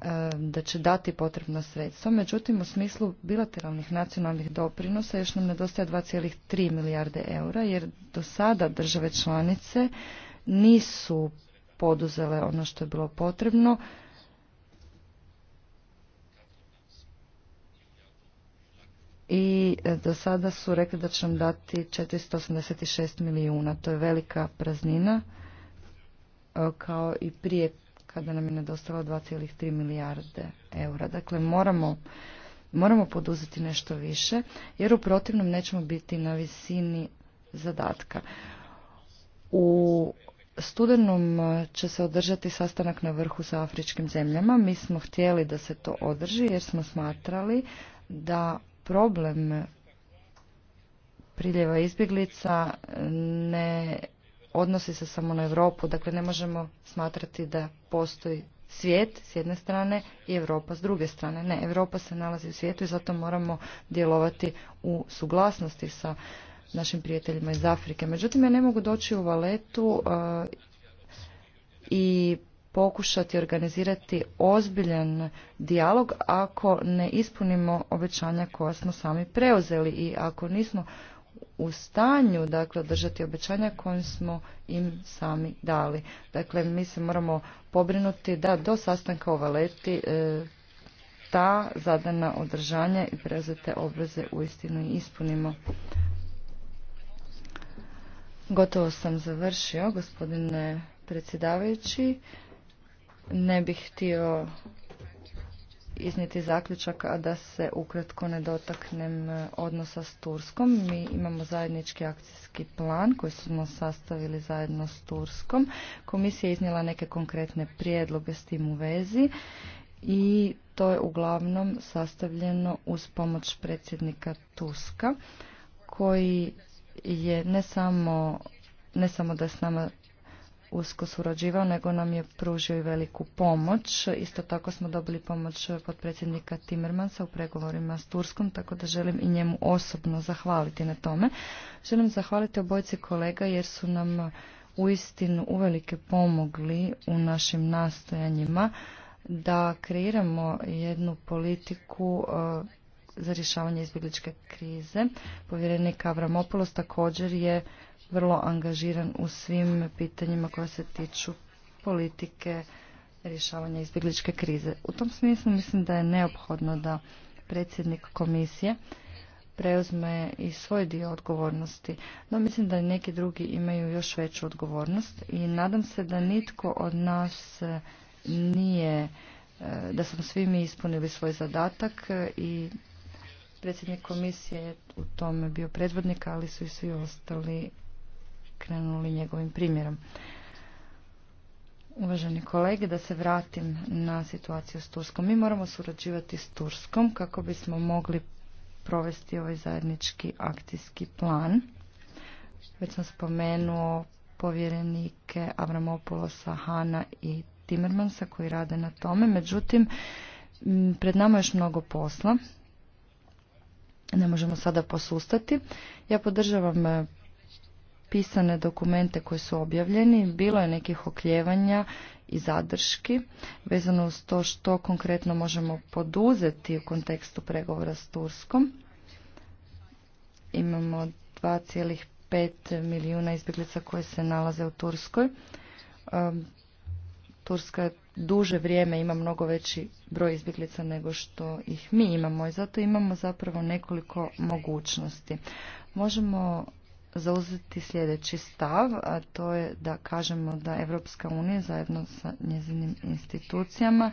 Speaker 3: E, da će dati potrebna sredstva, međutim u smislu bilateralnih nacionalnih doprinosa još nam nedostaje 2,3 milijarde eura jer do sada države članice nisu poduzele ono što je bilo potrebno i e, do sada su rekli da će nam dati 486 milijuna. To je velika praznina e, kao i prije kada nam je nedostalo 2,3 milijarde eura. Dakle, moramo, moramo poduzeti nešto više, jer u protivnom nećemo biti na visini zadatka. U studenom će se održati sastanak na vrhu sa afričkim zemljama. Mi smo htjeli da se to održi jer smo smatrali da problem priljeva izbjeglica ne odnosi se samo na Europu, dakle ne možemo smatrati da postoji svijet s jedne strane i Europa s druge strane. Ne, Europa se nalazi u svijetu i zato moramo djelovati u suglasnosti sa našim prijateljima iz Afrike. Međutim, ja ne mogu doći u valetu uh, i pokušati organizirati ozbiljan dijalog ako ne ispunimo obećanja koja smo sami preuzeli i ako nismo u stanju dakle održati obećanja koje smo im sami dali. Dakle, mi se moramo pobrinuti da do sastanka o valeti e, ta zadana održanja i preuzete obveze uistinu ispunimo. Gotovo sam završio, gospodine predsjedavajući. Ne bih htio iznijeti zaključak, a da se ukratko ne dotaknem e, odnosa s Turskom. Mi imamo zajednički akcijski plan koji smo sastavili zajedno s Turskom. Komisija je iznijela neke konkretne prijedloge s tim u vezi i to je uglavnom sastavljeno uz pomoć predsjednika Tuska koji je ne samo ne samo da je s nama usko surađivao, nego nam je pružio i veliku pomoć. Isto tako smo dobili pomoć potpredsjednika Timmermansa u pregovorima s Turskom, tako da želim i njemu osobno zahvaliti na tome. Želim zahvaliti obojci kolega jer su nam uistinu uvelike pomogli u našim nastojanjima da kreiramo jednu politiku e, za rješavanje izbjegličke krize. Povjerenik Avramopoulos također je vrlo angažiran u svim pitanjima koja se tiču politike rješavanja izbjegličke krize. U tom smislu mislim da je neophodno da predsjednik komisije preuzme i svoj dio odgovornosti, no mislim da neki drugi imaju još veću odgovornost i nadam se da nitko od nas nije, eh, da smo svi mi ispunili svoj zadatak i predsjednik komisije je u tome bio predvodnik, ali su i svi ostali krenuli njegovim primjerom. Uvaženi kolege, da se vratim na situaciju s Turskom. Mi moramo surađivati s Turskom kako bismo mogli provesti ovaj zajednički akcijski plan. Već sam spomenuo povjerenike Avramopulosa, Hana i Timmermansa koji rade na tome. Međutim, pred nama je još mnogo posla. Ne možemo sada posustati. Ja podržavam e, pisane dokumente koji su objavljeni. Bilo je nekih okljevanja i zadrški vezano uz to što konkretno možemo poduzeti u kontekstu pregovora s Turskom. Imamo 2,5 milijuna izbjeglica koje se nalaze u Turskoj. Turska duže vrijeme ima mnogo veći broj izbjeglica nego što ih mi imamo i zato imamo zapravo nekoliko mogućnosti. Možemo zauzeti sljedeći stav, a to je da kažemo da Evropska unija zajedno sa njezinim institucijama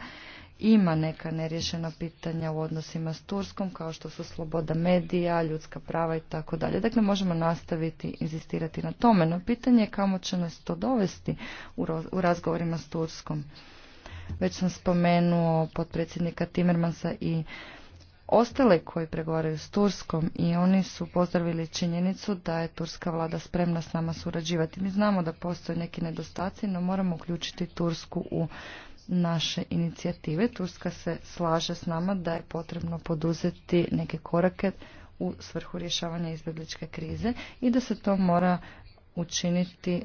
Speaker 3: ima neka neriješena pitanja u odnosima s Turskom, kao što su sloboda medija, ljudska prava i tako dalje. Dakle, možemo nastaviti inzistirati na tome, no pitanje je kamo će nas to dovesti u razgovorima s Turskom. Već sam spomenuo potpredsjednika Timmermansa i ostale koji pregovaraju s Turskom i oni su pozdravili činjenicu da je turska vlada spremna s nama surađivati. Mi znamo da postoje neki nedostaci, no moramo uključiti Tursku u naše inicijative. Turska se slaže s nama da je potrebno poduzeti neke korake u svrhu rješavanja izbjegličke krize i da se to mora učiniti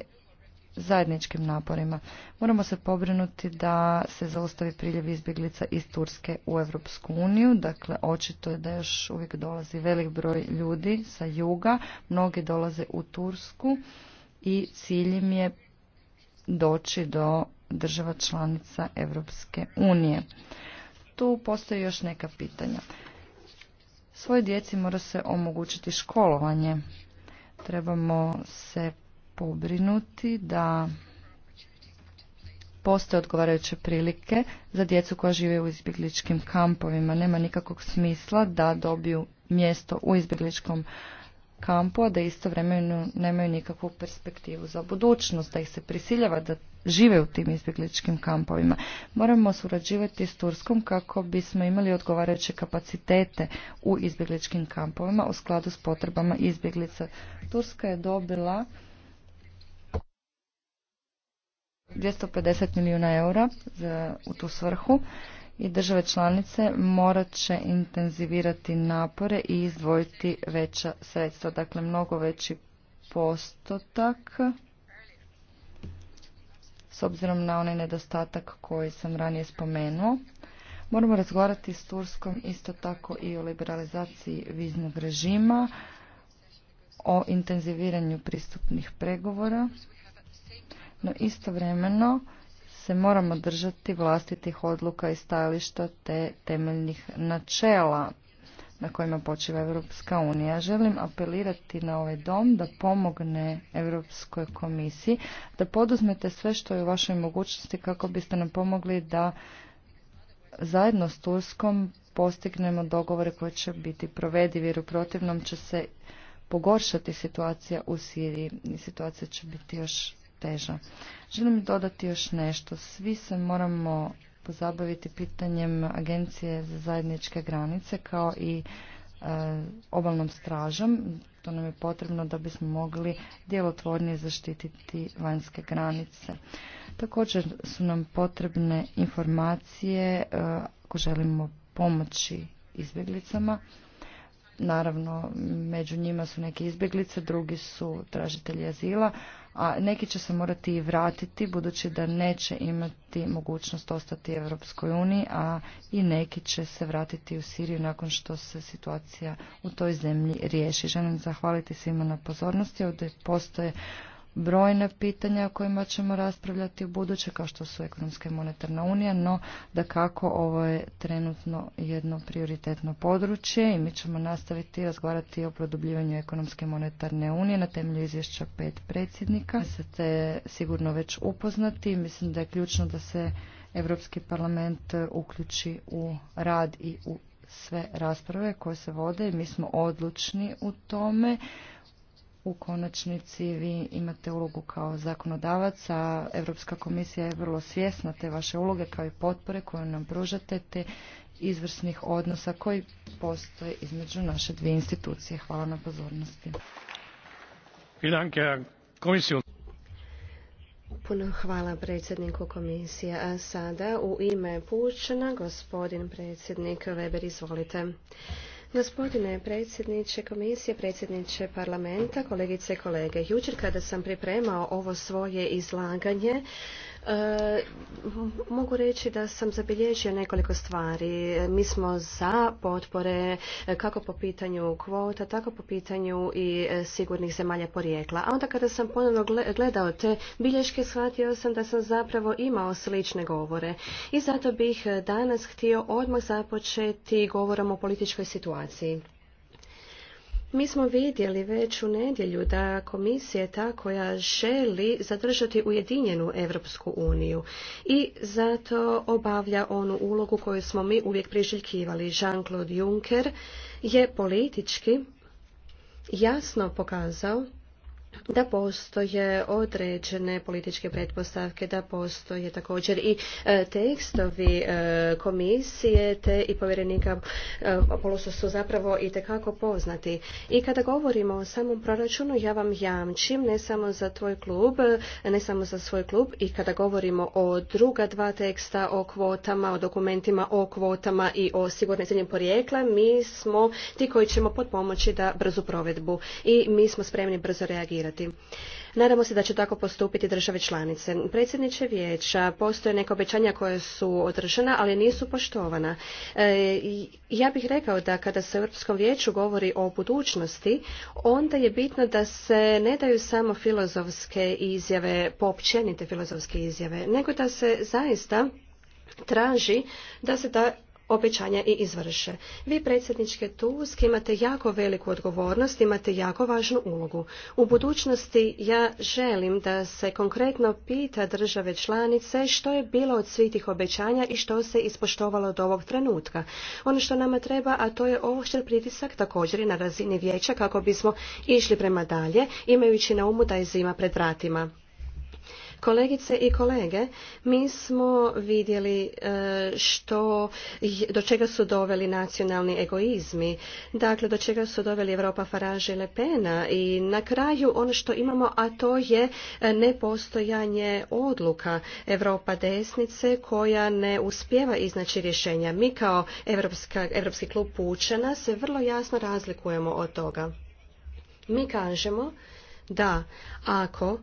Speaker 3: zajedničkim naporima. Moramo se pobrinuti da se zaustavi priljev izbjeglica iz Turske u Europsku uniju. Dakle, očito je da još uvijek dolazi velik broj ljudi sa juga. Mnogi dolaze u Tursku i cilj im je doći do država članica Europske unije. Tu postoje još neka pitanja. Svoje djeci mora se omogućiti školovanje. Trebamo se pobrinuti da postoje odgovarajuće prilike za djecu koja žive u izbjegličkim kampovima. Nema nikakvog smisla da dobiju mjesto u izbjegličkom kampu, a da istovremeno nemaju nikakvu perspektivu za budućnost, da ih se prisiljava da žive u tim izbjegličkim kampovima. Moramo surađivati s Turskom kako bismo imali odgovarajuće kapacitete u izbjegličkim kampovima u skladu s potrebama izbjeglica. Turska je dobila 250 milijuna eura za, u tu svrhu i države članice morat će intenzivirati napore i izdvojiti veća sredstva, dakle mnogo veći postotak s obzirom na onaj nedostatak koji sam ranije spomenuo. Moramo razgovarati s Turskom isto tako i o liberalizaciji viznog režima, o intenziviranju pristupnih pregovora no istovremeno se moramo držati vlastitih odluka i stajališta te temeljnih načela na kojima počiva Europska unija. Želim apelirati na ovaj dom da pomogne Europskoj komisiji, da poduzmete sve što je u vašoj mogućnosti kako biste nam pomogli da zajedno s Turskom postignemo dogovore koje će biti provedivi jer u protivnom će se pogoršati situacija u Siriji i situacija će biti još ravnoteža. Želim dodati još nešto. Svi se moramo pozabaviti pitanjem Agencije za zajedničke granice kao i e, obalnom stražom. To nam je potrebno da bismo mogli djelotvornije zaštititi vanjske granice. Također su nam potrebne informacije e, ako želimo pomoći izbjeglicama. Naravno, među njima su neke izbjeglice, drugi su tražitelji azila, a neki će se morati i vratiti budući da neće imati mogućnost ostati u Europskoj uniji, a i neki će se vratiti u Siriju nakon što se situacija u toj zemlji riješi. Želim zahvaliti svima na pozornosti, ovdje postoje brojna pitanja o kojima ćemo raspravljati u buduće, kao što su ekonomska i monetarna unija, no da kako ovo je trenutno jedno prioritetno područje i mi ćemo nastaviti razgovarati o produbljivanju ekonomske i monetarne unije na temelju izvješća pet predsjednika. Ste sigurno već upoznati i mislim da je ključno da se Europski parlament uključi u rad i u sve rasprave koje se vode i mi smo odlučni u tome u konačnici vi imate ulogu kao zakonodavac, a Europska komisija je vrlo svjesna te vaše uloge kao i potpore koju nam pružate te izvrsnih odnosa koji postoje između naše dvije institucije. Hvala na pozornosti.
Speaker 1: Puno hvala predsjedniku komisije. A sada u ime Pučna gospodin predsjednik Weber, izvolite. Gospodine predsjedniče komisije, predsjedniče parlamenta, kolegice i kolege. Jučer kada sam pripremao ovo svoje izlaganje, E, mogu reći da sam zabilježio nekoliko stvari. Mi smo za potpore e, kako po pitanju kvota, tako po pitanju i e, sigurnih zemalja porijekla. A onda kada sam ponovno gledao te bilješke, shvatio sam da sam zapravo imao slične govore. I zato bih danas htio odmah započeti govorom o političkoj situaciji. Mi smo vidjeli već u nedjelju da komisija je ta koja želi zadržati ujedinjenu Evropsku uniju i zato obavlja onu ulogu koju smo mi uvijek priželjkivali. Jean-Claude Juncker je politički jasno pokazao da postoje određene političke pretpostavke, da postoje također i e, tekstovi e, komisije te i povjerenika e, Polosu su zapravo i tekako poznati. I kada govorimo o samom proračunu, ja vam jamčim, ne samo za tvoj klub, ne samo za svoj klub, i kada govorimo o druga dva teksta o kvotama, o dokumentima o kvotama i o sigurnicenjem porijekla, mi smo ti koji ćemo potpomoći da brzu provedbu i mi smo spremni brzo reagirati Nadamo se da će tako postupiti države članice. Predsjedniče vijeća, postoje neka obećanja koje su održana, ali nisu poštovana. E, ja bih rekao da kada se u Europskom vijeću govori o budućnosti, onda je bitno da se ne daju samo filozofske izjave, popćenite filozofske izjave, nego da se zaista traži da se da obećanja i izvrše. Vi predsjedničke Tusk imate jako veliku odgovornost, imate jako važnu ulogu. U budućnosti ja želim da se konkretno pita države članice što je bilo od svih tih obećanja i što se ispoštovalo od ovog trenutka. Ono što nama treba, a to je oštar pritisak također i na razini vijeća kako bismo išli prema dalje, imajući na umu da je zima pred vratima. Kolegice i kolege, mi smo vidjeli e, što, do čega su doveli nacionalni egoizmi, dakle do čega su doveli Europa Faraže Le Pena i na kraju ono što imamo, a to je e, nepostojanje odluka Europa desnice koja ne uspjeva iznaći rješenja. Mi kao Evropska, Evropski klub Pučana se vrlo jasno razlikujemo od toga. Mi kažemo da ako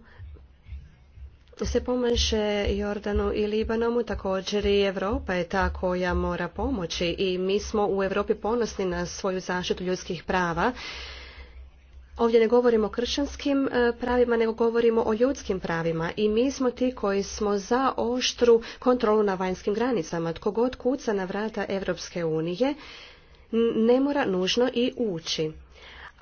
Speaker 1: se pomaže Jordanu i Libanomu, također i Europa je ta koja mora pomoći i mi smo u Europi ponosni na svoju zaštitu ljudskih prava. Ovdje ne govorimo o kršćanskim e, pravima, nego govorimo o ljudskim pravima i mi smo ti koji smo za oštru kontrolu na vanjskim granicama. Tko god kuca na vrata Europske unije, ne mora nužno i ući.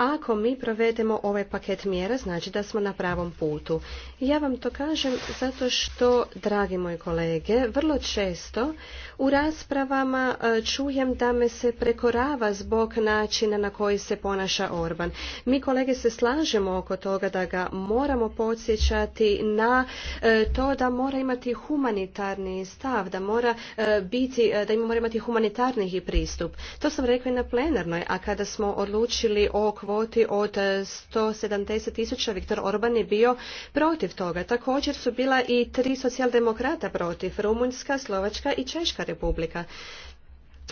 Speaker 1: Ako mi provedemo ovaj paket mjera, znači da smo na pravom putu. Ja vam to kažem zato što, dragi moji kolege, vrlo često u raspravama e, čujem da me se prekorava zbog načina na koji se ponaša Orban. Mi kolege se slažemo oko toga da ga moramo podsjećati na e, to da mora imati humanitarni stav, da mora e, biti, da mora imati humanitarni pristup. To sam rekla i na plenarnoj, a kada smo odlučili o kvoti od 170 tisuća, Viktor Orban je bio protiv toga. Također su bila i tri socijaldemokrata protiv, Rumunjska, Slovačka i Češka republika.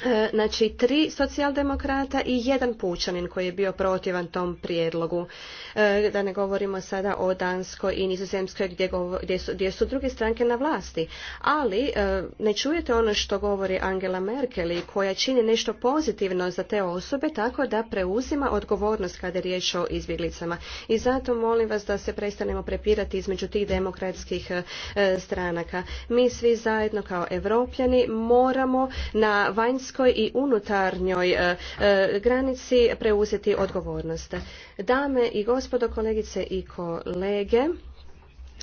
Speaker 1: E, znači tri socijaldemokrata i jedan pučanin koji je bio protivan tom prijedlogu. E, da ne govorimo sada o Danskoj i Nizozemskoj gdje, su, druge stranke na vlasti. Ali e, ne čujete ono što govori Angela Merkel i koja čini nešto pozitivno za te osobe tako da preuzima odgovornost kada je riječ o izbjeglicama. I zato molim vas da se prestanemo prepirati između tih demokratskih stranaka. Mi svi zajedno kao europljani moramo na vanjskoj vanjskoj i unutarnjoj e, e, granici preuzeti odgovornost. Dame i gospodo, kolegice i kolege,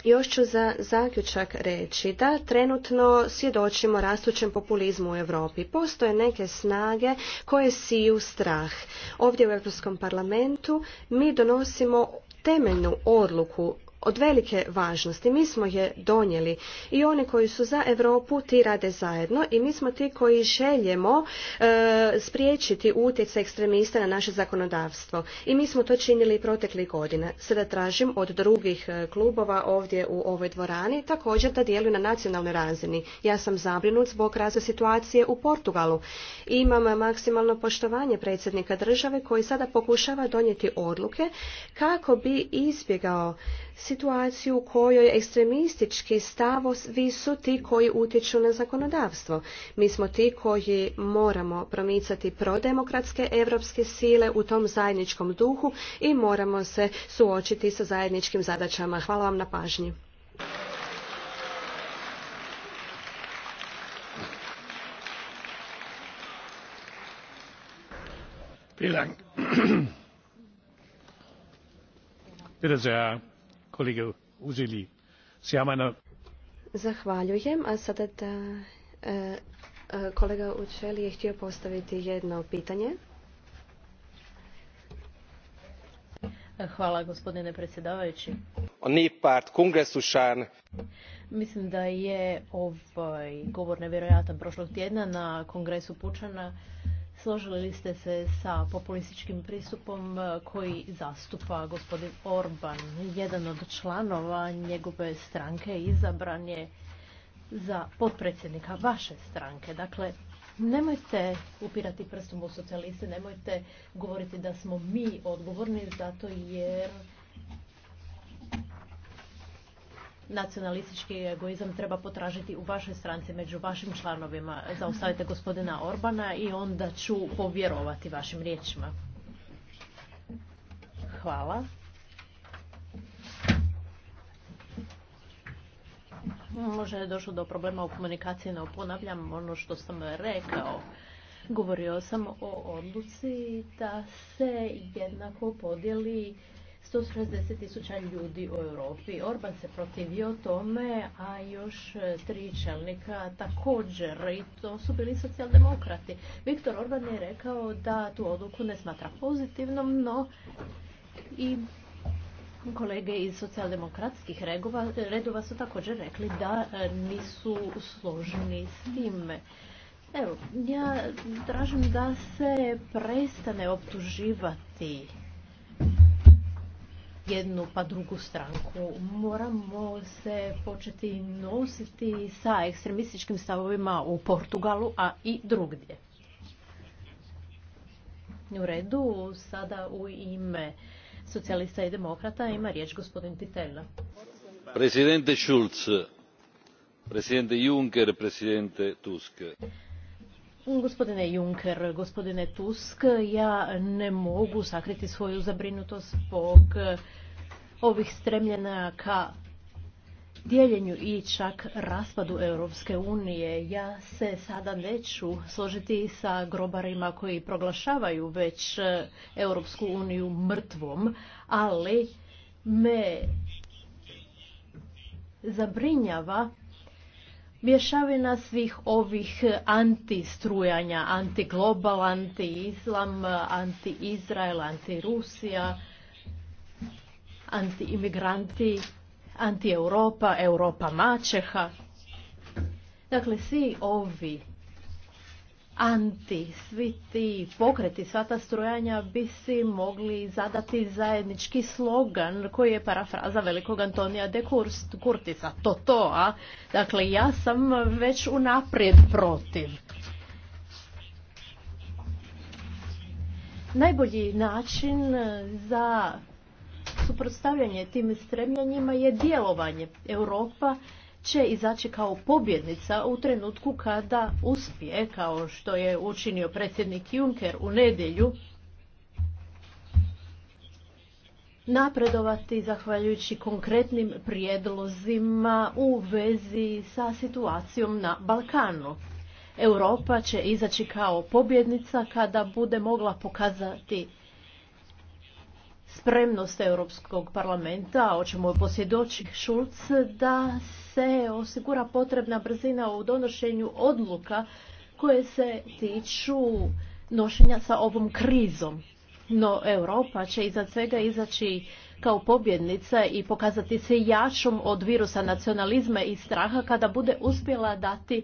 Speaker 1: još ću za zaključak reći da trenutno svjedočimo rastućem populizmu u Europi. Postoje neke snage koje siju strah. Ovdje u Europskom parlamentu mi donosimo temeljnu odluku od velike važnosti. Mi smo je donijeli i oni koji su za Europu ti rade zajedno i mi smo ti koji željemo e, spriječiti utjecaj ekstremista na naše zakonodavstvo. I mi smo to činili i proteklih godina. Sada tražim od drugih e, klubova ovdje u ovoj dvorani također da djeluju na nacionalnoj razini. Ja sam zabrinut zbog razvoja situacije u Portugalu. Imam maksimalno poštovanje predsjednika države koji sada pokušava donijeti odluke kako bi izbjegao situaciju situaciju u kojoj ekstremistički vi su ti koji utječu na zakonodavstvo. Mi smo ti koji moramo promicati prodemokratske evropske sile u tom zajedničkom duhu i moramo se suočiti sa zajedničkim zadaćama. Hvala vam na pažnji.
Speaker 2: Vielen kolega
Speaker 1: Zahvaljujem, a sada da e, e, kolega Učeli je htio postaviti jedno pitanje.
Speaker 4: Hvala gospodine predsjedavajući. A Mislim da je ovaj govor nevjerojatan prošlog tjedna na kongresu Pučana složili ste se sa populističkim pristupom e, koji zastupa gospodin Orban. Jedan od članova njegove stranke izabran je za potpredsjednika vaše stranke. Dakle, nemojte upirati prstom u socijaliste, nemojte govoriti da smo mi odgovorni zato jer nacionalistički egoizam treba potražiti u vašoj stranci među vašim članovima. Zaustavite gospodina Orbana i onda ću povjerovati vašim riječima. Hvala. Možda je došlo do problema u komunikaciji, no ponavljam ono što sam rekao. Govorio sam o odluci da se jednako podijeli 160 tisuća ljudi u Europi. Orban se protivio tome, a još tri čelnika također, i to su bili socijaldemokrati. Viktor Orban je rekao da tu odluku ne smatra pozitivnom, no i kolege iz socijaldemokratskih redova su također rekli da e, nisu složeni s time. Evo, ja tražim da se prestane optuživati jednu pa drugu stranku. Moramo se početi nositi sa ekstremističkim stavovima u Portugalu, a i drugdje. U redu, sada u ime socijalista i demokrata ima riječ gospodin Pitella.
Speaker 2: Presidente Schulz, presidente Juncker, presidente Tusk.
Speaker 4: Gospodine Juncker, gospodine Tusk, ja ne mogu sakriti svoju zabrinutost zbog ovih stremljena ka dijeljenju i čak raspadu Europske unije. Ja se sada neću složiti sa grobarima koji proglašavaju već e, Europsku uniju mrtvom, ali me zabrinjava mješavina svih ovih antistrujanja, antiglobal, anti-islam, anti-Izrael, anti-imigranti, anti-Europa, Europa mačeha. Dakle, svi ovi anti, svi ti pokreti, sva ta strojanja bi si mogli zadati zajednički slogan koji je parafraza velikog Antonija de Kurtisa. To to, a? Dakle, ja sam već unaprijed protiv. Najbolji način za suprotstavljanje tim stremljenjima je djelovanje. Europa će izaći kao pobjednica u trenutku kada uspije, kao što je učinio predsjednik Juncker u nedjelju, napredovati zahvaljujući konkretnim prijedlozima u vezi sa situacijom na Balkanu. Europa će izaći kao pobjednica kada bude mogla pokazati spremnost Europskog parlamenta, o čemu je posvjedoči Šulc, da se osigura potrebna brzina u donošenju odluka koje se tiču nošenja sa ovom krizom. No Europa će iza svega izaći kao pobjednica i pokazati se jačom od virusa nacionalizma i straha kada bude uspjela dati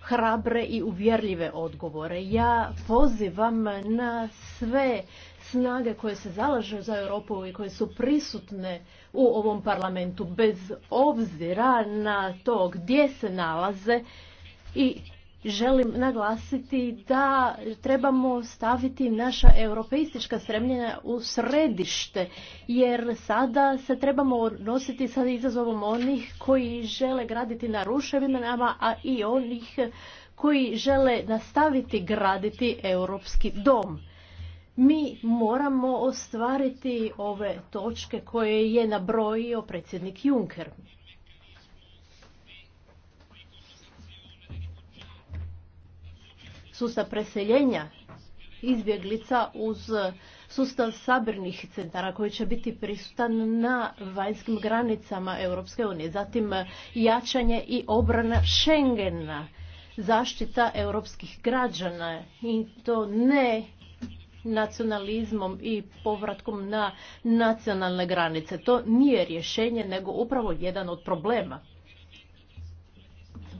Speaker 4: hrabre i uvjerljive odgovore. Ja pozivam na sve snage koje se zalažu za Europu i koje su prisutne u ovom parlamentu bez obzira na to gdje se nalaze i želim naglasiti da trebamo staviti naša europeistička stremljenja u središte jer sada se trebamo odnositi sa izazovom onih koji žele graditi na nama, a i onih koji žele nastaviti graditi europski dom mi moramo ostvariti ove točke koje je nabrojio predsjednik Juncker. Sustav preseljenja izbjeglica uz sustav sabirnih centara koji će biti prisutan na vanjskim granicama Europske unije. Zatim jačanje i obrana Schengena, zaštita europskih građana i to ne nacionalizmom i povratkom na nacionalne granice. To nije rješenje, nego upravo jedan od problema.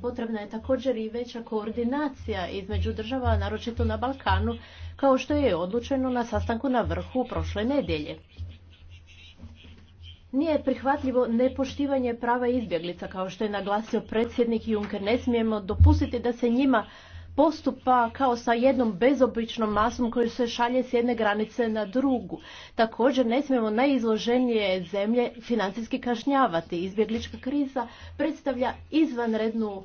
Speaker 4: Potrebna je također i veća koordinacija između država, naročito na Balkanu, kao što je odlučeno na sastanku na vrhu prošle nedjelje. Nije prihvatljivo nepoštivanje prava izbjeglica, kao što je naglasio predsjednik Juncker. Ne smijemo dopustiti da se njima postupa kao sa jednom bezobičnom masom koju se šalje s jedne granice na drugu. Također ne smijemo najizloženije zemlje financijski kažnjavati. Izbjeglička kriza predstavlja izvanrednu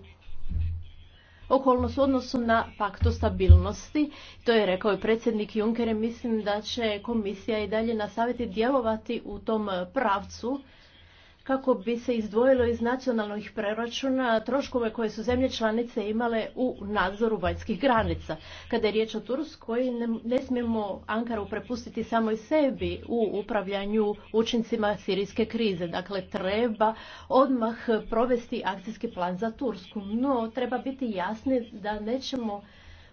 Speaker 4: okolnost u odnosu na pakto stabilnosti. To je rekao i predsjednik Juncker. Mislim da će komisija i dalje nastaviti djelovati u tom pravcu kako bi se izdvojilo iz nacionalnih preračuna troškove koje su zemlje članice imale u nadzoru vanjskih granica. Kada je riječ o Turskoj, ne, ne smijemo Ankaru prepustiti samo i sebi u upravljanju učincima sirijske krize. Dakle, treba odmah provesti akcijski plan za Tursku, no treba biti jasni da nećemo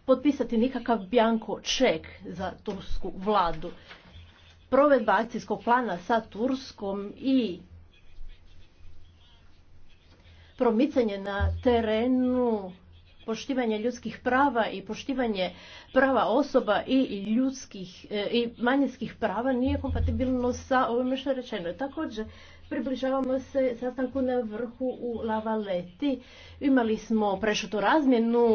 Speaker 4: potpisati nikakav bjanko ček za tursku vladu. Provedba akcijskog plana sa Turskom i promicanje na terenu poštivanje ljudskih prava i poštivanje prava osoba i ljudskih e, i manjinskih prava nije kompatibilno sa ovime što je rečeno. Također, približavamo se sastanku na vrhu u Lavaleti. Imali smo prešutu razmjenu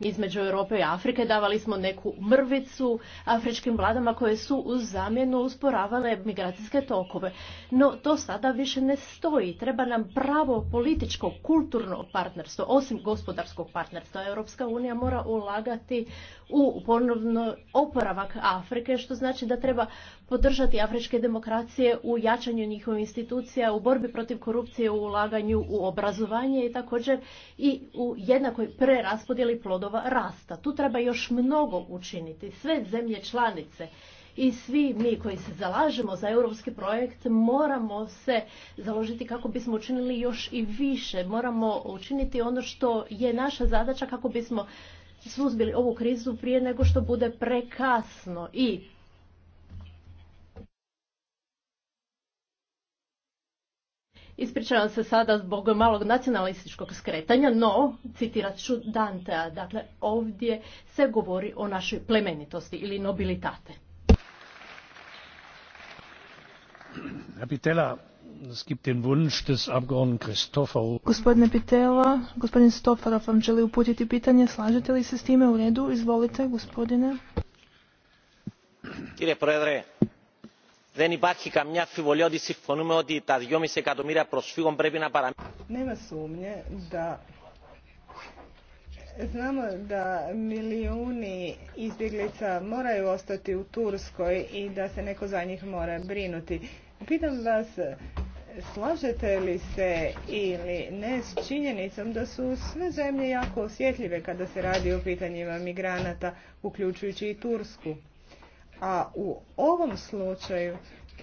Speaker 4: između Europe i Afrike, davali smo neku mrvicu afričkim vladama koje su uz zamjenu usporavale migracijske tokove. No to sada više ne stoji. Treba nam pravo političko, kulturno partnerstvo, osim gospodarskog partnerstva. Europska unija mora ulagati u ponovno oporavak Afrike, što znači da treba podržati afričke demokracije u jačanju njihovih institucija, u borbi protiv korupcije, u ulaganju u obrazovanje i također i u jednakoj preraspodjeli plodova rasta. Tu treba još mnogo učiniti. Sve zemlje članice i svi mi koji se zalažemo za europski projekt moramo se založiti kako bismo učinili još i više. Moramo učiniti ono što je naša zadaća kako bismo suzbili ovu krizu prije nego što bude prekasno i Ispričavam se sada zbog malog nacionalističkog skretanja, no, citirat ću Dantea, dakle ovdje se govori o našoj plemenitosti ili nobilitate. Gospodine
Speaker 5: Pitella, gospodin Stofarov vam želi uputiti pitanje, slažete li se s time u redu? Izvolite, gospodine.
Speaker 6: Δεν υπάρχει
Speaker 1: αμφιβολία ότι συμφωνούμε ότι τα
Speaker 5: Nema sumnje
Speaker 7: da znamo da milijuni izbjeglica moraju ostati u Turskoj i da se neko za njih mora brinuti. Pitam vas, slažete li se ili ne s činjenicom da su sve zemlje jako osjetljive kada se radi o pitanjima migranata, uključujući i Tursku? A u ovom slučaju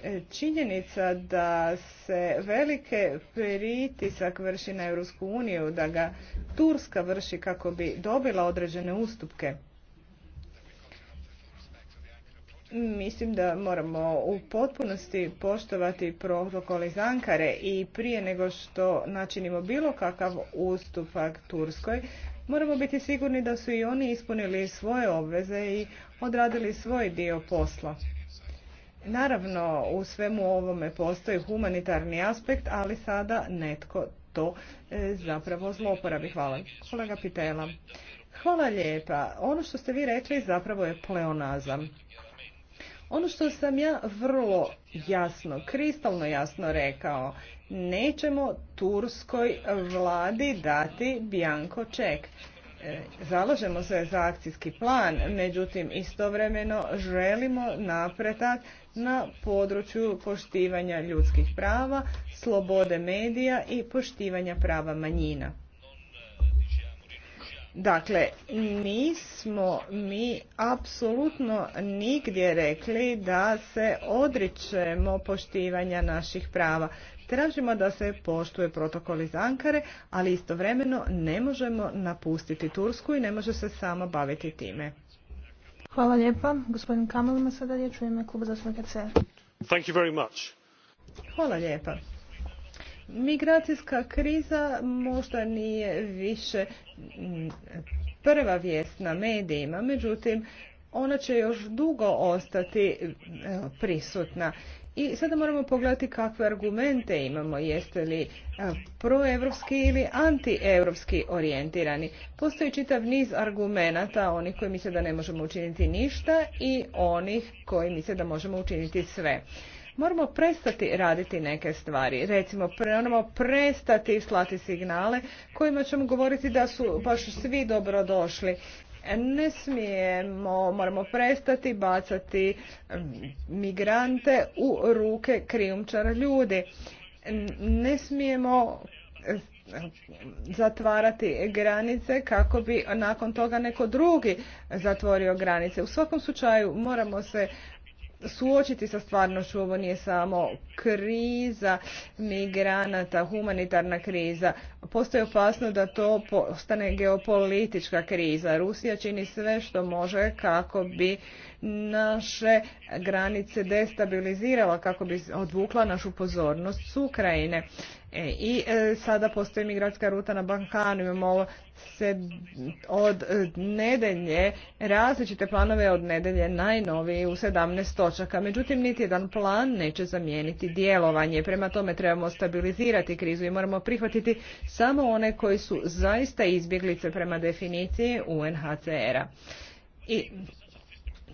Speaker 7: e, činjenica da se velike pritisak vrši na Europsku uniju, da ga Turska vrši kako bi dobila određene ustupke. Mislim da moramo u potpunosti poštovati protokol iz Ankare i prije nego što načinimo bilo kakav ustupak Turskoj, Moramo biti sigurni da su i oni ispunili svoje obveze i odradili svoj dio posla. Naravno, u svemu ovome postoji humanitarni aspekt, ali sada netko to e, zapravo zloporabi. Hvala. Kolega Pitela. Hvala lijepa. Ono što ste vi rekli zapravo je pleonazam. Ono što sam ja vrlo jasno, kristalno jasno rekao nećemo turskoj vladi dati bjanko ček. E, zalažemo se za akcijski plan, međutim istovremeno želimo napretak na području poštivanja ljudskih prava, slobode medija i poštivanja prava manjina. Dakle, nismo mi apsolutno nigdje rekli da se odričemo poštivanja naših prava. Tražimo da se poštuje protokol iz Ankare, ali istovremeno ne možemo napustiti Tursku i ne može se samo baviti time.
Speaker 5: Hvala lijepa. Gospodin Kamal ima sada riječ u ime kluba
Speaker 7: Hvala lijepa.
Speaker 5: Migracijska kriza možda
Speaker 7: nije više mm, prva vijest na medijima, međutim ona će još dugo ostati prisutna i sada moramo pogledati kakve argumente imamo, jeste li e, proevropski ili antievropski orijentirani. Postoji čitav niz argumenata, oni koji misle da ne možemo učiniti ništa i onih koji misle da možemo učiniti sve. Moramo prestati raditi neke stvari. Recimo, moramo prestati slati signale kojima ćemo govoriti da su baš svi dobro došli. Ne smijemo, moramo prestati bacati mm, migrante u ruke krijumčara ljudi. Ne smijemo eh, zatvarati granice kako bi nakon toga neko drugi zatvorio granice. U svakom slučaju moramo se suočiti sa stvarnošću. Ovo nije samo kriza migranata, humanitarna kriza. Postoji opasno da to postane geopolitička kriza. Rusija čini sve što može kako bi naše granice destabilizirala, kako bi odvukla našu pozornost s Ukrajine. E, I e, sada postoji migratska ruta na Bankanu, imamo se od nedelje različite planove od nedelje najnoviji u 17 točaka. Međutim, niti jedan plan neće zamijeniti djelovanje. Prema tome trebamo stabilizirati krizu i moramo prihvatiti samo one koji su zaista izbjeglice prema definiciji UNHCR-a. I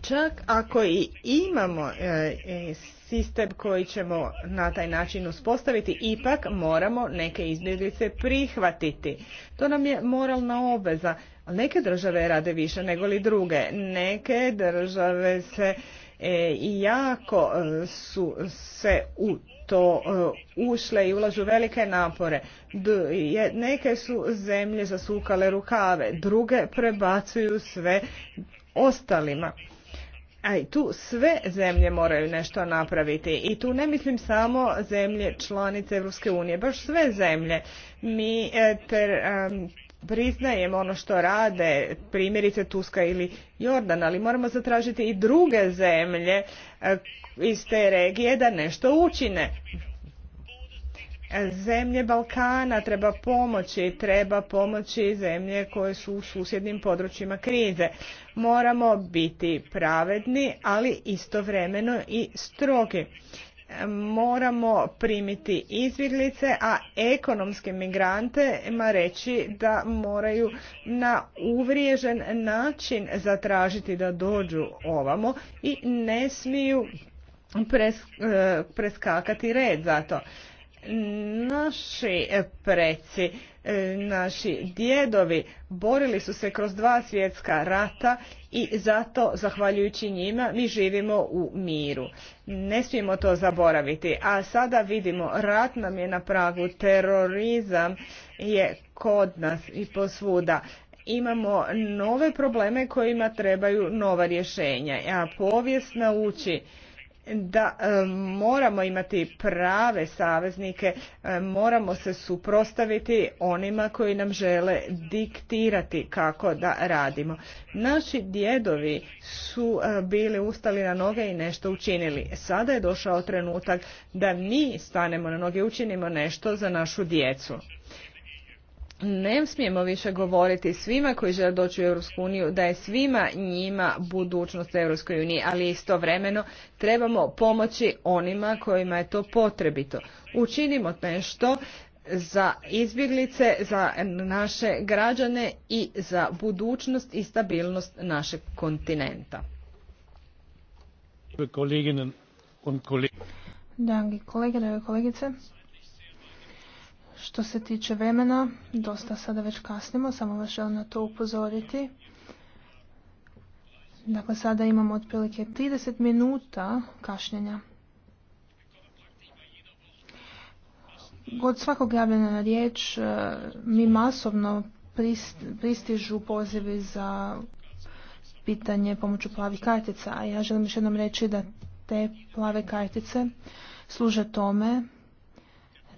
Speaker 7: Čak ako i imamo e, e, sistem koji ćemo na taj način uspostaviti, ipak moramo neke izbjeglice prihvatiti. To nam je moralna obveza. Neke države rade više nego li druge. Neke države se e, jako su se u to ušle i ulažu velike napore. Neke su zemlje zasukale rukave, druge prebacuju sve ostalima. A i tu sve zemlje moraju nešto napraviti i tu ne mislim samo zemlje članice Evropske unije, baš sve zemlje. Mi e, ter, um, priznajemo ono što rade, primjerice Tuska ili Jordan, ali moramo zatražiti i druge zemlje e, iz te regije da nešto učine zemlje Balkana treba pomoći, treba pomoći zemlje koje su u susjednim područjima krize. Moramo biti pravedni, ali istovremeno i strogi. Moramo primiti izbjeglice, a ekonomske migrante ima reći da moraju na uvriježen način zatražiti da dođu ovamo i ne smiju eh, preskakati red zato. to Naši preci, e, naši djedovi borili su se kroz dva svjetska rata i zato, zahvaljujući njima, mi živimo u miru. Ne smijemo to zaboraviti. A sada vidimo, rat nam je na pragu, terorizam je kod nas i posvuda imamo nove probleme kojima trebaju nova rješenja. A povijest nauči da e, moramo imati prave saveznike, e, moramo se suprostaviti onima koji nam žele diktirati kako da radimo. Naši djedovi su e, bili ustali na noge i nešto učinili. Sada je došao trenutak da mi stanemo na noge i učinimo nešto za našu djecu ne smijemo više govoriti svima koji žele doći u Europsku uniju da je svima njima budućnost Europskoj uniji, ali istovremeno trebamo pomoći onima kojima je to potrebito. Učinimo nešto za izbjeglice, za naše građane i za budućnost i stabilnost našeg kontinenta.
Speaker 5: Dragi kolege, što se tiče vremena, dosta sada već kasnimo, samo vas želim na to upozoriti. Dakle, sada imamo otprilike 30 minuta kašnjenja. Od svakog javljena na riječ, e, mi masovno pristižu pozivi za pitanje pomoću plavih kartica, a ja želim još jednom reći da te plave kartice služe tome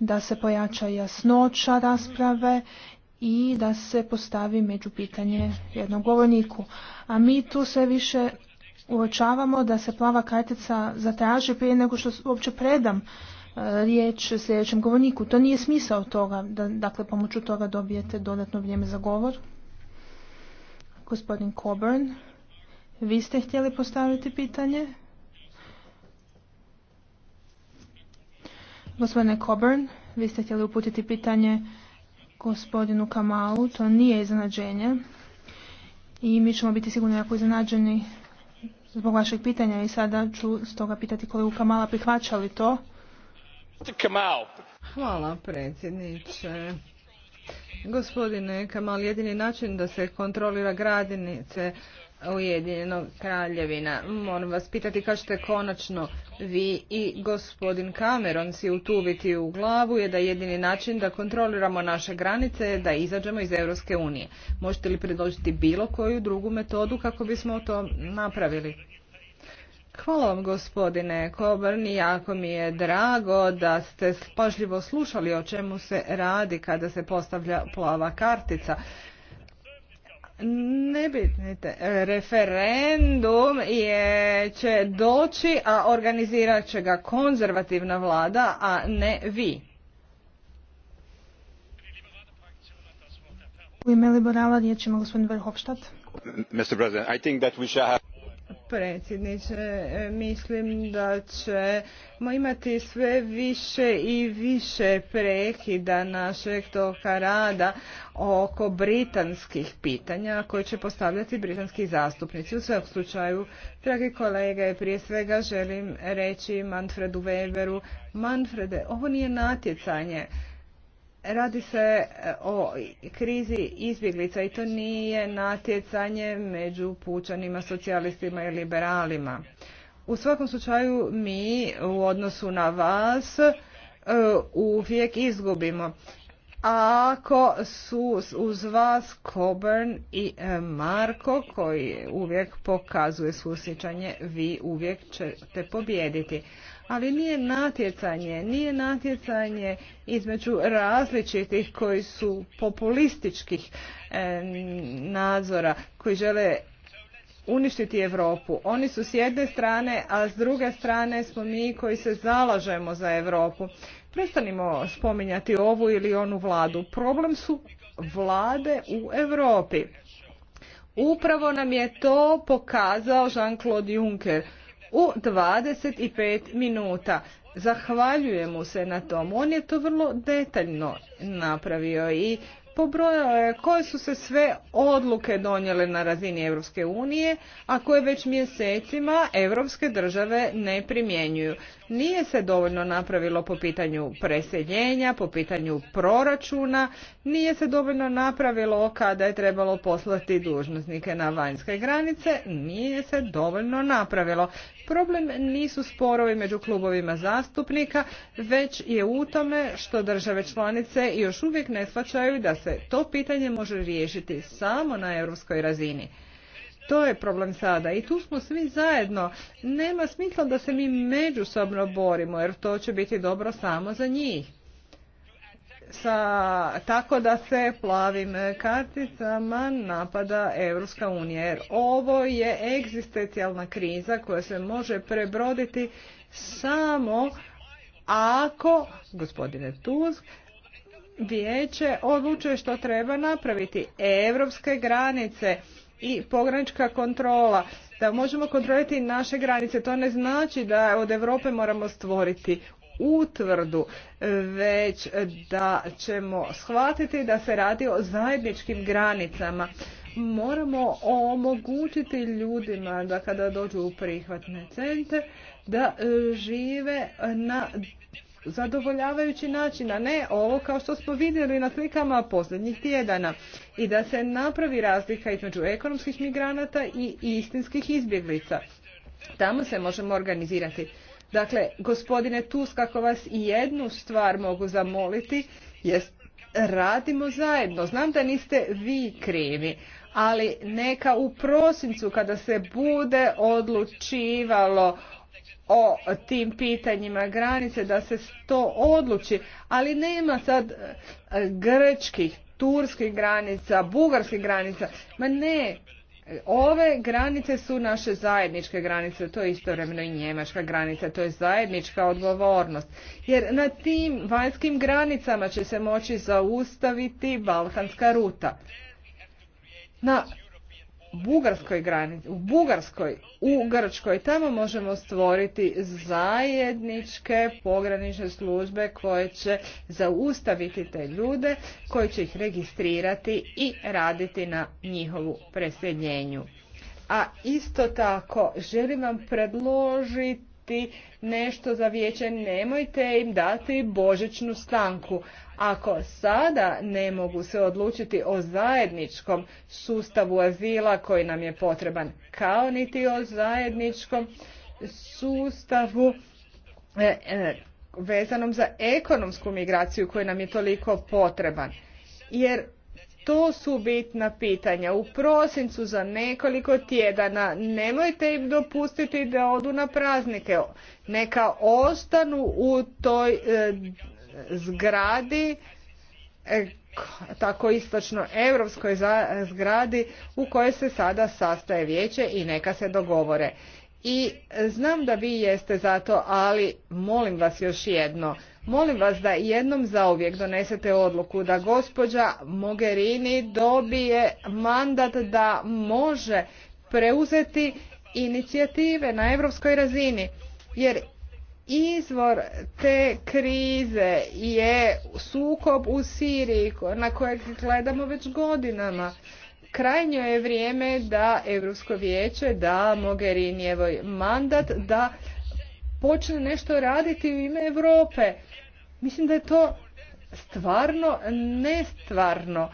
Speaker 5: da se pojača jasnoća rasprave i da se postavi među pitanje jednom govorniku. A mi tu sve više uočavamo da se plava kartica zatraži prije nego što uopće predam e, riječ sljedećem govorniku. To nije smisao toga, da, dakle pomoću toga dobijete dodatno vrijeme za govor. Gospodin Coburn, vi ste htjeli postaviti pitanje? Gospodine Coburn, vi ste htjeli uputiti pitanje gospodinu Kamalu, to nije iznenađenje i mi ćemo biti sigurno jako iznenađeni zbog vašeg pitanja i sada ću stoga pitati kolegu Kamala prihvaća li to.
Speaker 7: Hvala predsjedniče. Gospodine Kamal, jedini način da se kontrolira gradinice Ujedinjenog kraljevina. Moram vas pitati što ćete konačno vi i gospodin Cameron si utuviti u glavu je da jedini način da kontroliramo naše granice je da izađemo iz Europske unije. Možete li predložiti bilo koju drugu metodu kako bismo to napravili? Hvala vam gospodine Coburni, jako mi je drago da ste pažljivo slušali o čemu se radi kada se postavlja plava kartica. Ne te. referendum je, će doći, a organizirat će ga konzervativna
Speaker 5: vlada, a ne vi. U ime liberala riječ ima gospodin Verhofstadt.
Speaker 6: Mr. President, I think that we shall have
Speaker 7: predsjedniče. E, mislim da ćemo imati sve više i više prekida našeg toka rada oko britanskih pitanja koje će postavljati britanski zastupnici. U svakom slučaju, dragi kolege, prije svega želim reći Manfredu Weberu, Manfrede, ovo nije natjecanje Radi se e, o krizi izbjeglica i to nije natjecanje među pučanima, socijalistima i liberalima. U svakom slučaju mi u odnosu na vas e, uvijek izgubimo. Ako su uz vas Coburn i e, Marko koji uvijek pokazuje susjećanje, vi uvijek ćete pobijediti ali nije natjecanje, nije natjecanje između različitih koji su populističkih e, nadzora, koji žele uništiti Europu. Oni su s jedne strane, a s druge strane smo mi koji se zalažemo za Europu. Prestanimo spominjati ovu ili onu vladu. Problem su vlade u Europi. Upravo nam je to pokazao Jean-Claude Juncker u pet minuta. Zahvaljujem mu se na tom. On je to vrlo detaljno napravio i pobrojao je koje su se sve odluke donijele na razini Europske unije, a koje već mjesecima europske države ne primjenjuju. Nije se dovoljno napravilo po pitanju preseljenja, po pitanju proračuna, nije se dovoljno napravilo kada je trebalo poslati dužnosnike na vanjske granice, nije se dovoljno napravilo. Problem nisu sporovi među klubovima zastupnika, već je u tome što države članice još uvijek ne shvaćaju da se to pitanje može riješiti samo na europskoj razini. To je problem sada i tu smo svi zajedno. Nema smisla da se mi međusobno borimo jer to će biti dobro samo za njih sa, tako da se plavim karticama napada Europska unija. Jer ovo je egzistencijalna kriza koja se može prebroditi samo ako, gospodine Tusk, vijeće odlučuje što treba napraviti. Europske granice i pogranička kontrola, da možemo kontrolirati naše granice. To ne znači da od Europe moramo stvoriti utvrdu, već da ćemo shvatiti da se radi o zajedničkim granicama. Moramo omogućiti ljudima da kada dođu u prihvatne centre da e, žive na zadovoljavajući način, a ne ovo kao što smo vidjeli na slikama posljednjih tjedana i da se napravi razlika između ekonomskih migranata i istinskih izbjeglica. Tamo se možemo organizirati. Dakle, gospodine Tusk, ako vas i jednu stvar mogu zamoliti, jest radimo zajedno. Znam da niste vi krivi, ali neka u prosincu kada se bude odlučivalo o tim pitanjima granice da se to odluči, ali nema sad e, grčkih, turskih granica, bugarskih granica. Ma ne, Ove granice su naše zajedničke granice, to je istovremeno i njemačka granica, to je zajednička odgovornost. Jer na tim vanjskim granicama će se moći zaustaviti balkanska ruta. Na bugarskoj granici, u Bugarskoj, u Grčkoj, tamo možemo stvoriti zajedničke pogranične službe koje će zaustaviti te ljude, koji će ih registrirati i raditi na njihovu preseljenju. A isto tako želim vam predložiti dati nešto za vijeće, nemojte im dati božićnu stanku. Ako sada ne mogu se odlučiti o zajedničkom sustavu azila koji nam je potreban, kao niti o zajedničkom sustavu e, e, vezanom za ekonomsku migraciju koji nam je toliko potreban. Jer to su bitna pitanja. U prosincu za nekoliko tjedana nemojte im dopustiti da odu na praznike. Neka ostanu u toj e, zgradi e, tako istočno europskoj zgradi u kojoj se sada sastaje vijeće i neka se dogovore i e, znam da vi jeste za to, ali molim vas još jedno. Molim vas da jednom zauvijek donesete odluku da gospođa Mogherini dobije mandat da može preuzeti inicijative na europskoj razini. Jer izvor te krize je sukob u Siriji na kojeg gledamo već godinama krajnje je vrijeme da Europsko vijeće, da Mogherinijevoj mandat, da počne nešto raditi u ime Europe. Mislim da je to stvarno nestvarno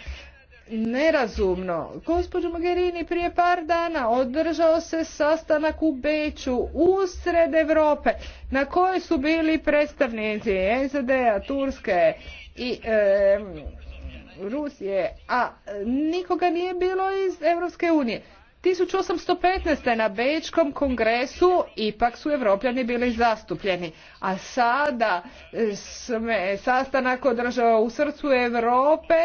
Speaker 7: nerazumno. Gospođo Mogherini, prije par dana održao se sastanak u Beću, usred Europe, na kojoj su bili predstavnici SAD-a, Turske i Rusije, a e, nikoga nije bilo iz Europske unije. 1815. na Bečkom kongresu ipak su Evropljani bili zastupljeni, a sada e, sme sastanak održava u srcu Europe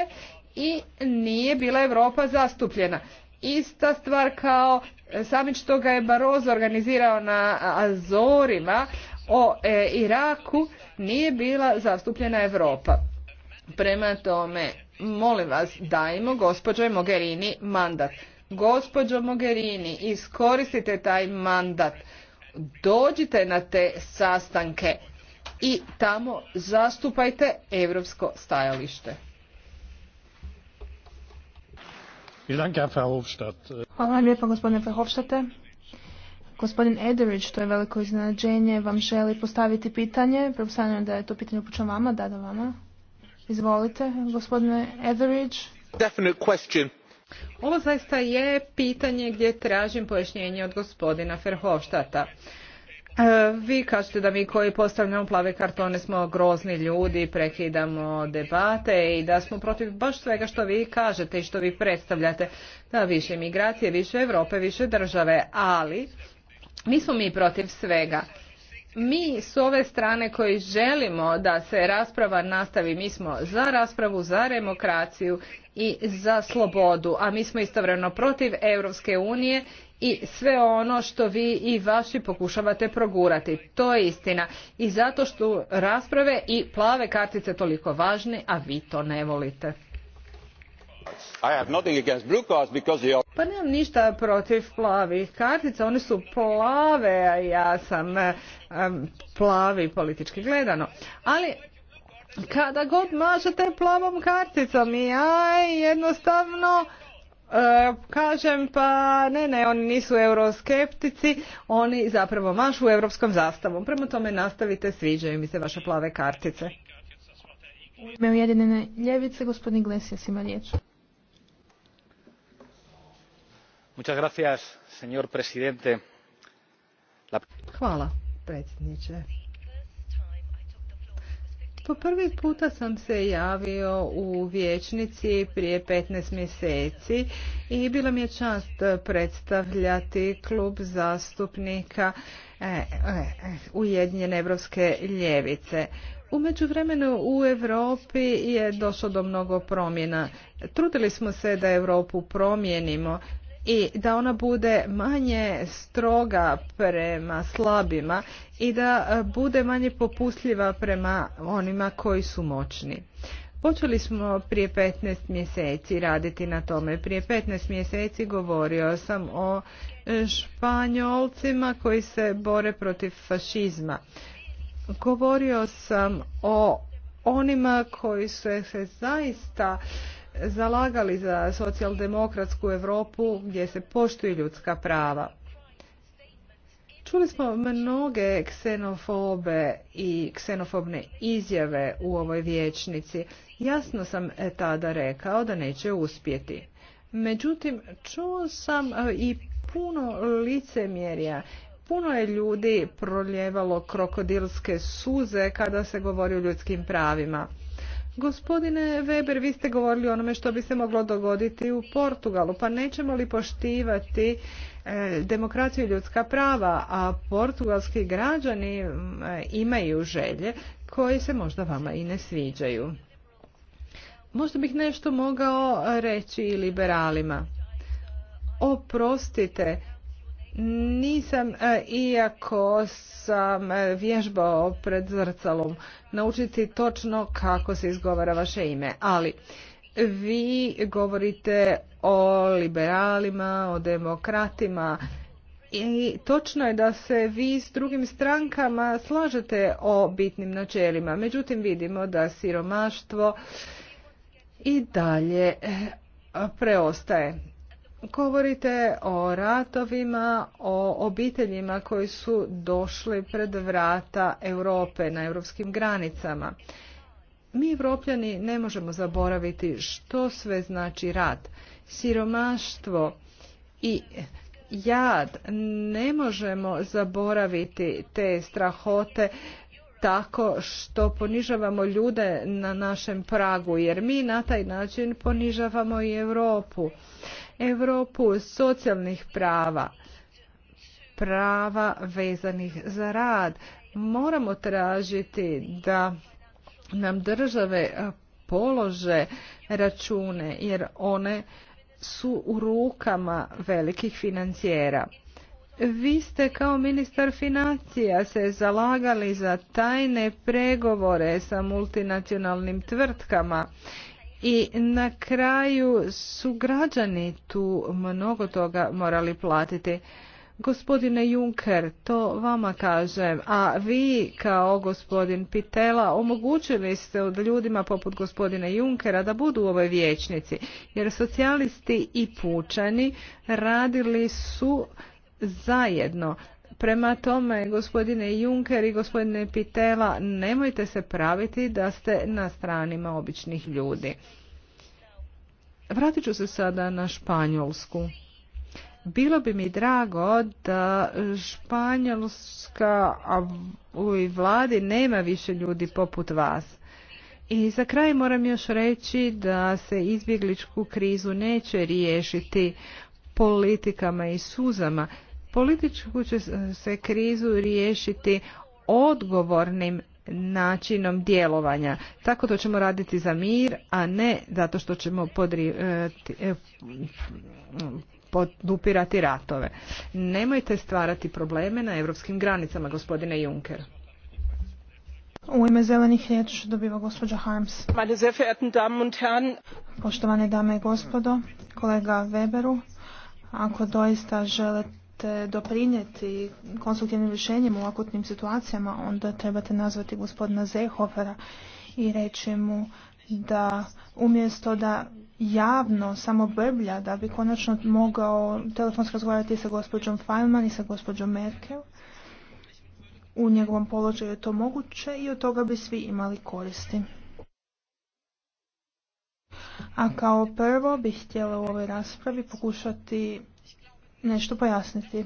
Speaker 7: i nije bila Europa zastupljena. Ista stvar kao e, samič toga je Barozo organizirao na Azorima o Iraku, nije bila zastupljena Europa. Prema tome, molim vas, dajmo gospođoj Mogherini mandat. Gospođo Mogherini, iskoristite taj mandat. Dođite na te sastanke i tamo zastupajte europsko stajalište.
Speaker 5: Hvala vam lijepo gospodine Verhofstadte. Gospodin Ederić, to je veliko iznenađenje, vam želi postaviti pitanje. Pretpostavljam da je to pitanje upućeno vama, da da vama. Izvolite, gospodine Etheridge. Ovo zaista je pitanje gdje tražim pojašnjenje od
Speaker 7: gospodina Ferhoštata. E, vi kažete da mi koji postavljamo plave kartone smo grozni ljudi, prekidamo debate i da smo protiv baš svega što vi kažete i što vi predstavljate. Da, više migracije, više Europe, više države, ali nismo mi protiv svega mi s ove strane koji želimo da se rasprava nastavi, mi smo za raspravu, za demokraciju i za slobodu, a mi smo istovremeno protiv Europske unije i sve ono što vi i vaši pokušavate progurati. To je istina. I zato što rasprave i plave kartice toliko važne, a vi to ne volite. Pa nemam ništa protiv plavih kartica, one su plave, a ja sam eh, plavi politički gledano. Ali kada god mažete plavom karticom ja jednostavno eh, kažem pa ne ne oni nisu euroskeptici oni zapravo mašu europskom zastavom prema tome nastavite sviđaju mi se vaše plave kartice
Speaker 5: u ime ljevice gospodin Glesias ima riječ
Speaker 7: Hvala, predsjedniče. Po prvi puta sam se javio u vječnici prije 15 mjeseci i bila mi je čast predstavljati klub zastupnika e, e, e, Ujedinjene Evropske ljevice. U međuvremenu u Europi je došlo do mnogo promjena. Trudili smo se da Europu promijenimo i da ona bude manje stroga prema slabima i da e, bude manje popustljiva prema onima koji su moćni. Počeli smo prije 15 mjeseci raditi na tome. Prije 15 mjeseci govorio sam o e, Španjolcima koji se bore protiv fašizma. Govorio sam o onima koji su se zaista zalagali za socijaldemokratsku Europu gdje se poštuju ljudska prava. Čuli smo mnoge ksenofobe i ksenofobne izjave u ovoj vijećnici. Jasno sam e, tada rekao da neće uspjeti. Međutim, čuo sam e, i puno licemjerja. Puno je ljudi proljevalo krokodilske suze kada se govori o ljudskim pravima. Gospodine Weber, vi ste govorili o onome što bi se moglo dogoditi u Portugalu. Pa nećemo li poštivati e, demokraciju i ljudska prava, a portugalski građani e, imaju želje koje se možda vama i ne sviđaju. Možda bih nešto mogao reći i liberalima. Oprostite, nisam, e, iako sam e, vježbao pred zrcalom, naučiti točno kako se izgovara vaše ime, ali vi govorite o liberalima, o demokratima i točno je da se vi s drugim strankama slažete o bitnim načelima. Međutim, vidimo da siromaštvo i dalje e, preostaje. Govorite o ratovima, o obiteljima koji su došli pred vrata Europe na europskim granicama. Mi evropljani ne možemo zaboraviti što sve znači rat. Siromaštvo i jad ne možemo zaboraviti te strahote tako što ponižavamo ljude na našem pragu jer mi na taj način ponižavamo i Europu. Europu socijalnih prava, prava vezanih za rad. Moramo tražiti da nam države polože račune jer one su u rukama velikih financijera. Vi ste kao ministar financija se zalagali za tajne pregovore sa multinacionalnim tvrtkama i na kraju su građani tu mnogo toga morali platiti. Gospodine Juncker, to vama kažem, a vi kao gospodin Pitela omogućili ste od ljudima poput gospodina Junkera da budu u ovoj vijećnici, jer socijalisti i pučani radili su zajedno Prema tome, gospodine Juncker i gospodine Pitela, nemojte se praviti da ste na stranima običnih ljudi. Vratit ću se sada na Španjolsku. Bilo bi mi drago da španjolska u vladi nema više ljudi poput vas. I za kraj moram još reći da se izbjegličku krizu neće riješiti politikama i suzama. Političku će se krizu riješiti odgovornim načinom djelovanja. Tako to ćemo raditi za mir, a ne zato što ćemo e, e, podupirati ratove. Nemojte stvarati probleme na europskim granicama, gospodine Juncker.
Speaker 5: U ime zelenih riječ dobiva gospođa Harms. Meine Poštovane dame i gospodo, kolega Weberu, ako doista želite želite doprinijeti konstruktivnim rješenjem u akutnim situacijama, onda trebate nazvati gospodina Zehofera i reći mu da umjesto da javno samo brblja da bi konačno mogao telefonski razgovarati sa gospođom Feynman i sa gospođom Merkel, u njegovom položaju je to moguće i od toga bi svi imali koristi. A kao prvo bih htjela u ovoj raspravi pokušati nešto pojasniti.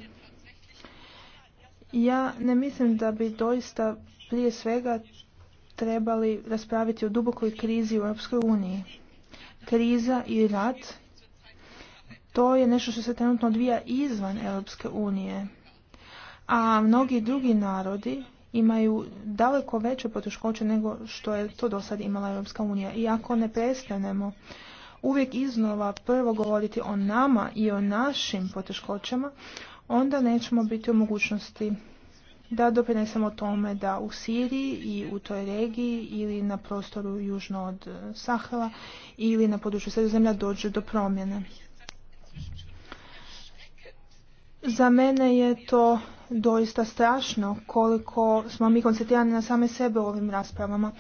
Speaker 5: Ja ne mislim da bi doista prije svega trebali raspraviti o dubokoj krizi u Europskoj uniji. Kriza i rat, to je nešto što se trenutno odvija izvan Europske unije. A mnogi drugi narodi imaju daleko veće poteškoće nego što je to do sad imala Europska unija. I ako ne prestanemo uvijek iznova prvo govoriti o nama i o našim poteškoćama, onda nećemo biti u mogućnosti da doprinesemo tome da u Siriji i u toj regiji ili na prostoru južno od e, Sahela ili na području sredozemlja dođe do promjene. Za mene je to doista strašno koliko smo mi koncentrirani na same sebe u ovim raspravama.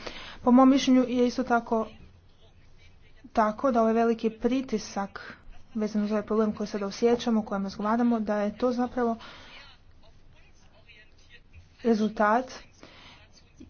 Speaker 5: Po mom mišljenju je isto tako tako da ovaj veliki pritisak vezan za ovaj problem koji sada osjećamo, kojem razgovaramo, da je to zapravo rezultat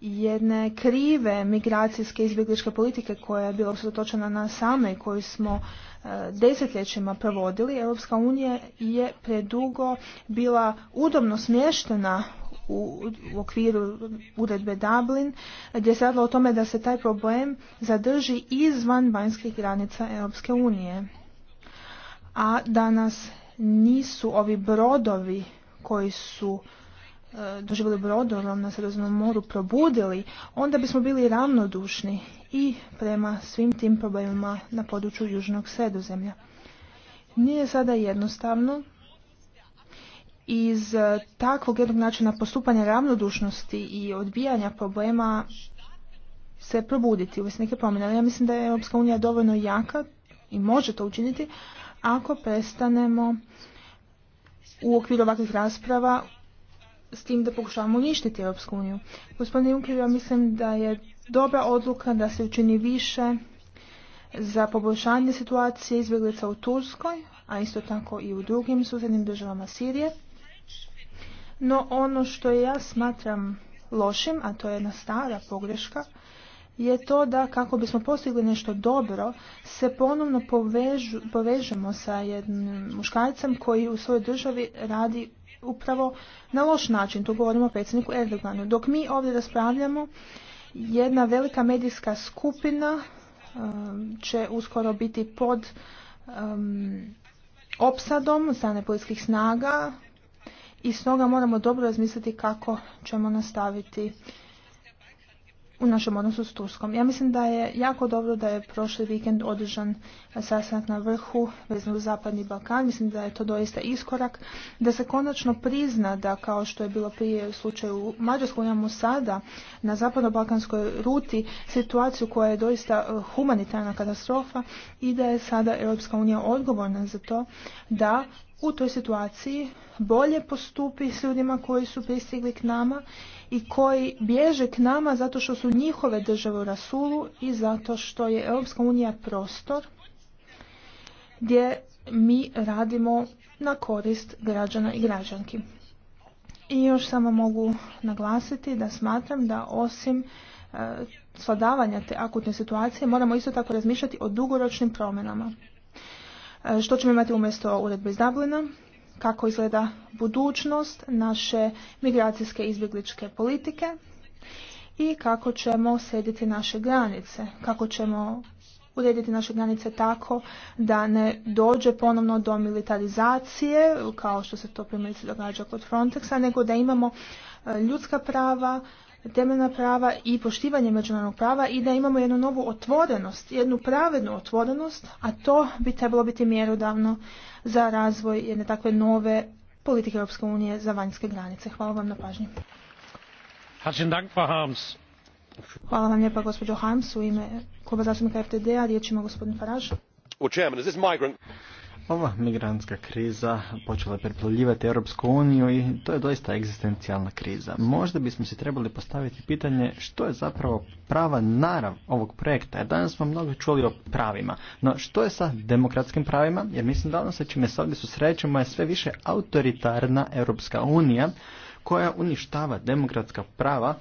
Speaker 5: jedne krive migracijske izbjegličke politike koja je bila usredotočena na same koju smo e, desetljećima provodili. Europska unija je predugo bila udobno smještena u, okviru uredbe Dublin, gdje se radilo o tome da se taj problem zadrži izvan vanjskih granica Europske unije. A danas nisu ovi brodovi koji su e, doživjeli brodorom na Sredozemnom moru probudili, onda bismo bili ravnodušni i prema svim tim problemima na području Južnog Sredozemlja. Nije sada jednostavno iz e, takvog jednog načina postupanja ravnodušnosti i odbijanja problema se probuditi, uvesti neke promjene. Ja mislim da je Europska unija dovoljno jaka i može to učiniti ako prestanemo u okviru ovakvih rasprava s tim da pokušavamo uništiti Europsku uniju. Gospodine Juncker, ja mislim da je dobra odluka da se učini više za poboljšanje situacije izbjeglica u Turskoj, a isto tako i u drugim susjednim državama Sirije. No ono što ja smatram lošim, a to je jedna stara pogreška, je to da kako bismo postigli nešto dobro, se ponovno povežu, povežemo sa jednim muškarcem koji u svojoj državi radi upravo na loš način. Tu govorimo o predsjedniku Erdoganu. Dok mi ovdje raspravljamo, jedna velika medijska skupina um, će uskoro biti pod um, opsadom strane policijskih snaga i stoga moramo dobro razmisliti kako ćemo nastaviti u našem odnosu s Turskom. Ja mislim da je jako dobro da je prošli vikend održan sastanak na vrhu vezno uz Zapadni Balkan. Mislim da je to doista iskorak. Da se konačno prizna da kao što je bilo prije u slučaju Mađarskoj imamo sada na zapadno-balkanskoj ruti situaciju koja je doista e, humanitarna katastrofa i da je sada Europska unija odgovorna za to da u toj situaciji bolje postupi s ljudima koji su pristigli k nama i koji bježe k nama zato što su njihove države u rasulu i zato što je Europska unija prostor gdje mi radimo na korist građana i građanki. I još samo mogu naglasiti da smatram da osim e, sladavanja te akutne situacije moramo isto tako razmišljati o dugoročnim promjenama. E, što ćemo imati umjesto uredbe iz Dublina? Kako izgleda budućnost naše migracijske izbjegličke politike? I kako ćemo srediti naše granice? Kako ćemo urediti naše granice tako da ne dođe ponovno do militarizacije, kao što se to primjerice događa kod Frontexa, nego da imamo e, ljudska prava, temeljna prava i poštivanje međunarodnog prava i da imamo jednu novu otvorenost, jednu pravednu otvorenost, a to bi trebalo biti mjerodavno za razvoj jedne takve nove politike Europske unije za vanjske granice. Hvala vam na pažnji. Hvala vam lijepa gospođo Harms u ime kluba zastupnika FTD-a. Riječ ima gospodin Farage.
Speaker 8: Ova migrantska kriza počela je Europsku uniju i to je doista egzistencijalna kriza. Možda bismo se trebali postaviti pitanje što je zapravo prava narav ovog projekta. Jer danas smo mnogo čuli o pravima. No što je sa demokratskim pravima? Jer mislim da ono sa čime se ovdje susrećemo je sve više autoritarna Europska unija koja uništava demokratska prava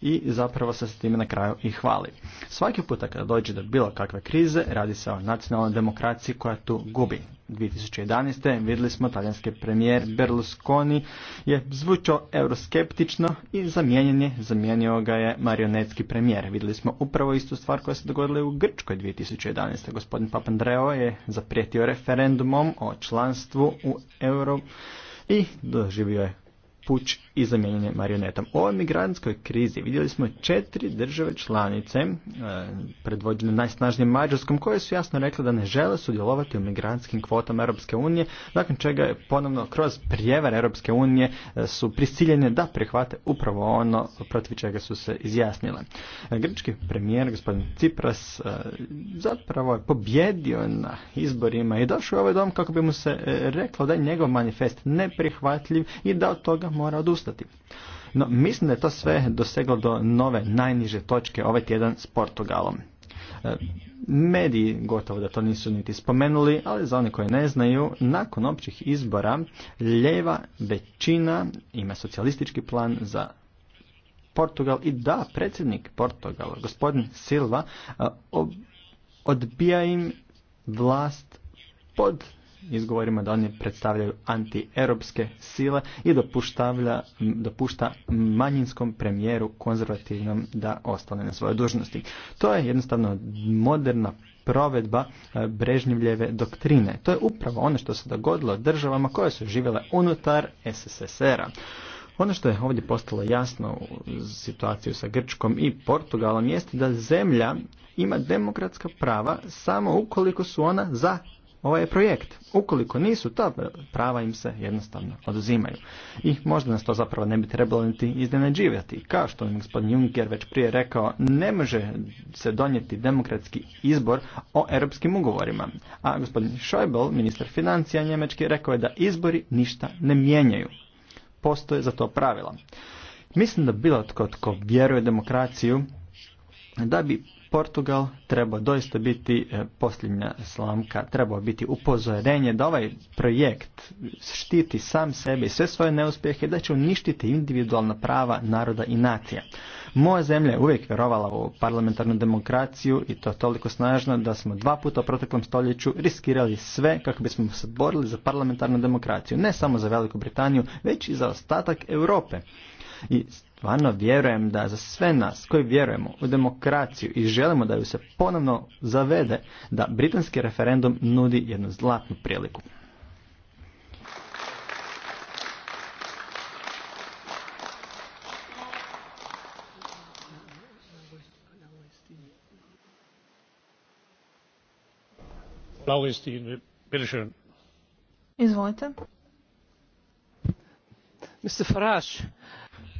Speaker 8: i zapravo se s time na kraju i hvali. Svaki puta kada dođe do bilo kakve krize, radi se o nacionalnoj demokraciji koja tu gubi. 2011. vidjeli smo talijanski premijer Berlusconi je zvučao euroskeptično i zamijenjen je, zamijenio ga je marionetski premijer. Vidjeli smo upravo istu stvar koja se dogodila u Grčkoj 2011. Gospodin Papandreo je zaprijetio referendumom o članstvu u euro i doživio je puć i zamijenjene marionetom. O migrantskoj krizi vidjeli smo četiri države članice, e, predvođene najsnažnijim Mađarskom, koje su jasno rekle da ne žele sudjelovati u migrantskim kvotama Europske unije, nakon čega je ponovno kroz prijevar Europske unije e, su prisiljene da prihvate upravo ono protiv čega su se izjasnile. E, grčki premijer, gospodin Cipras, zapravo je pobjedio na izborima i došao u ovaj dom kako bi mu se reklo da je njegov manifest neprihvatljiv i da od toga mora odustati. No, mislim da je to sve doseglo do nove najniže točke ovaj tjedan s Portugalom. E, mediji gotovo da to nisu niti spomenuli, ali za one koje ne znaju, nakon općih izbora ljeva većina ima socijalistički plan za Portugal i da, predsjednik Portugala, gospodin Silva, e, odbija im vlast pod izgovorima da oni predstavljaju antieuropske sile i dopušta manjinskom premijeru konzervativnom da ostane na svojoj dužnosti. To je jednostavno moderna provedba e, Brežnjevljeve doktrine. To je upravo ono što se dogodilo državama koje su živjele unutar SSSR-a. Ono što je ovdje postalo jasno u situaciju sa Grčkom i Portugalom jeste da zemlja ima demokratska prava samo ukoliko su ona za ovaj projekt. Ukoliko nisu, ta prava im se jednostavno oduzimaju. I možda nas to zapravo ne bi trebalo niti iznenađivati. Kao što je gospodin Juncker već prije rekao, ne može se donijeti demokratski izbor o europskim ugovorima. A gospodin Schäuble, ministar financija njemački, rekao je da izbori ništa ne mijenjaju. Postoje za to pravila. Mislim da bilo tko tko vjeruje demokraciju, da bi Portugal treba doista biti e, posljednja slamka, Treba biti upozorenje da ovaj projekt štiti sam sebe i sve svoje neuspjehe, da će uništiti individualna prava naroda i nacija. Moja zemlja je uvijek vjerovala u parlamentarnu demokraciju i to toliko snažno da smo dva puta u proteklom stoljeću riskirali sve kako bismo se borili za parlamentarnu demokraciju, ne samo za Veliku Britaniju, već i za ostatak Europe. I stvarno vjerujem da za sve nas koji vjerujemo u demokraciju i želimo da ju se ponovno zavede, da britanski referendum nudi jednu zlatnu priliku. Izvolite. Mr. Farage,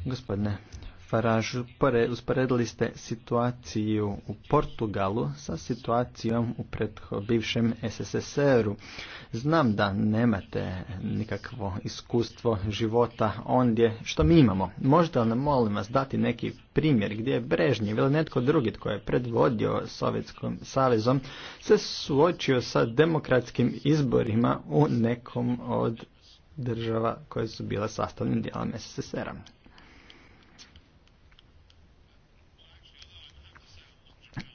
Speaker 8: Gospodine Faražu, usporedili ste situaciju u Portugalu sa situacijom u prethod, bivšem SSSR-u. Znam da nemate nikakvo iskustvo života ondje što mi imamo. Možete li nam molim vas dati neki primjer gdje je Brežnjev ili netko drugi tko je predvodio Sovjetskom savezom se suočio sa demokratskim izborima u nekom od država koje su bila sastavnim dijelom SSSR-a.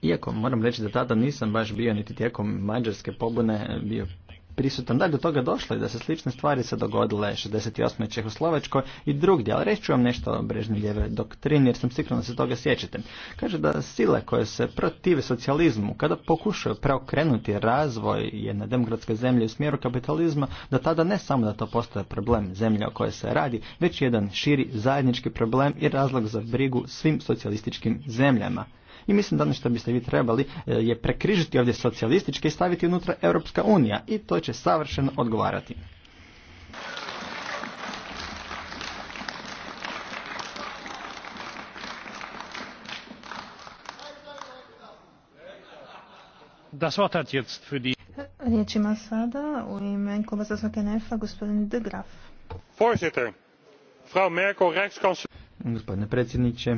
Speaker 8: Iako moram reći da tada nisam baš bio niti tijekom mađarske pobune bio prisutan. Da, do toga došlo i da se slične stvari se dogodile 68. Čehoslovačkoj i drugdje, ali reći ću vam nešto o Brežnjeljeve doktrini jer sam sikrono da se toga sjećate. Kaže da sile koje se protive socijalizmu, kada pokušaju preokrenuti razvoj jedne demokratske zemlje u smjeru kapitalizma, da tada ne samo da to postoje problem zemlje o kojoj se radi, već jedan širi zajednički problem i razlog za brigu svim socijalističkim zemljama. I mislim da ono što biste vi trebali e, je prekrižiti ovdje socijalističke i staviti unutra Europska unija i to će savršeno odgovarati.
Speaker 5: Riječ ima sada u ime kluba zastupnika gospodin De Graf.
Speaker 8: Gospodine predsjedniče,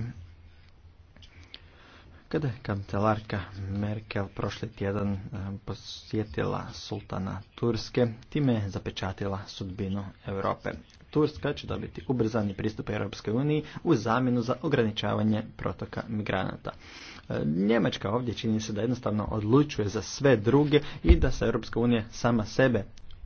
Speaker 8: kada je kancelarka Merkel prošli tjedan eh, posjetila sultana Turske, time je zapečatila sudbinu Europe. Turska će dobiti ubrzani pristup Europske uniji u zamjenu za ograničavanje protoka migranata. Eh, Njemačka ovdje čini se da jednostavno odlučuje za sve druge i da se Europska unija sama sebe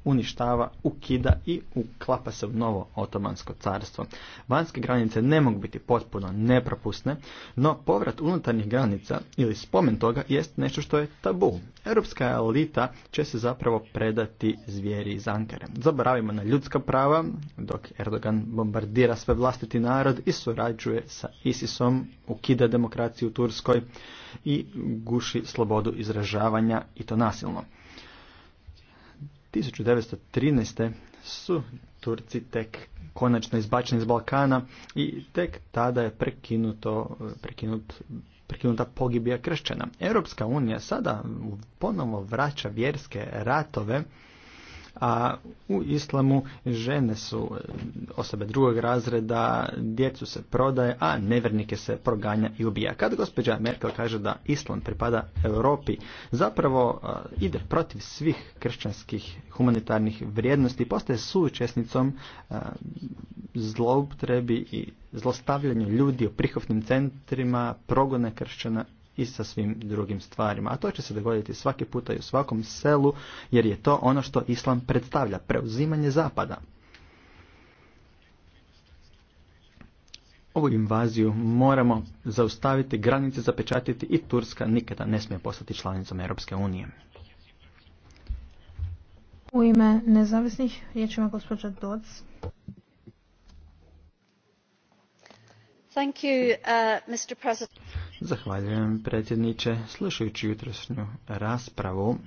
Speaker 8: uništava, ukida i uklapa se u novo otomansko carstvo. Vanjske granice ne mogu biti potpuno nepropusne, no povrat unutarnjih granica ili spomen toga jest nešto što je tabu. Europska elita će se zapravo predati zvijeri iz Ankare. Zaboravimo na ljudska prava, dok Erdogan bombardira sve vlastiti narod i surađuje sa ISISom, ukida demokraciju u Turskoj i guši slobodu izražavanja i to nasilno. 1913. su Turci tek konačno izbačeni iz Balkana i tek tada je prekinuto, prekinut, prekinuta pogibija kršćana. Europska unija sada ponovo vraća vjerske ratove a u islamu žene su e, osobe drugog razreda, djecu se prodaje, a nevernike se proganja i ubija. Kad gospođa Merkel kaže da islam pripada Europi, zapravo e, ide protiv svih kršćanskih humanitarnih vrijednosti i postaje suučesnicom e, zloupotrebi i zlostavljanju ljudi u prihovnim centrima, progone kršćana i sa svim drugim stvarima. A to će se dogoditi svaki puta i u svakom selu, jer je to ono što Islam predstavlja, preuzimanje zapada. Ovu invaziju moramo zaustaviti, granice zapečatiti i Turska nikada ne smije postati članicom Europske unije.
Speaker 5: U ime nezavisnih riječima gospođa Dodds.
Speaker 4: Thank you, uh, Mr. President.
Speaker 8: Zahvaljujem predsjedniče. Slušajući jutrošnju raspravu,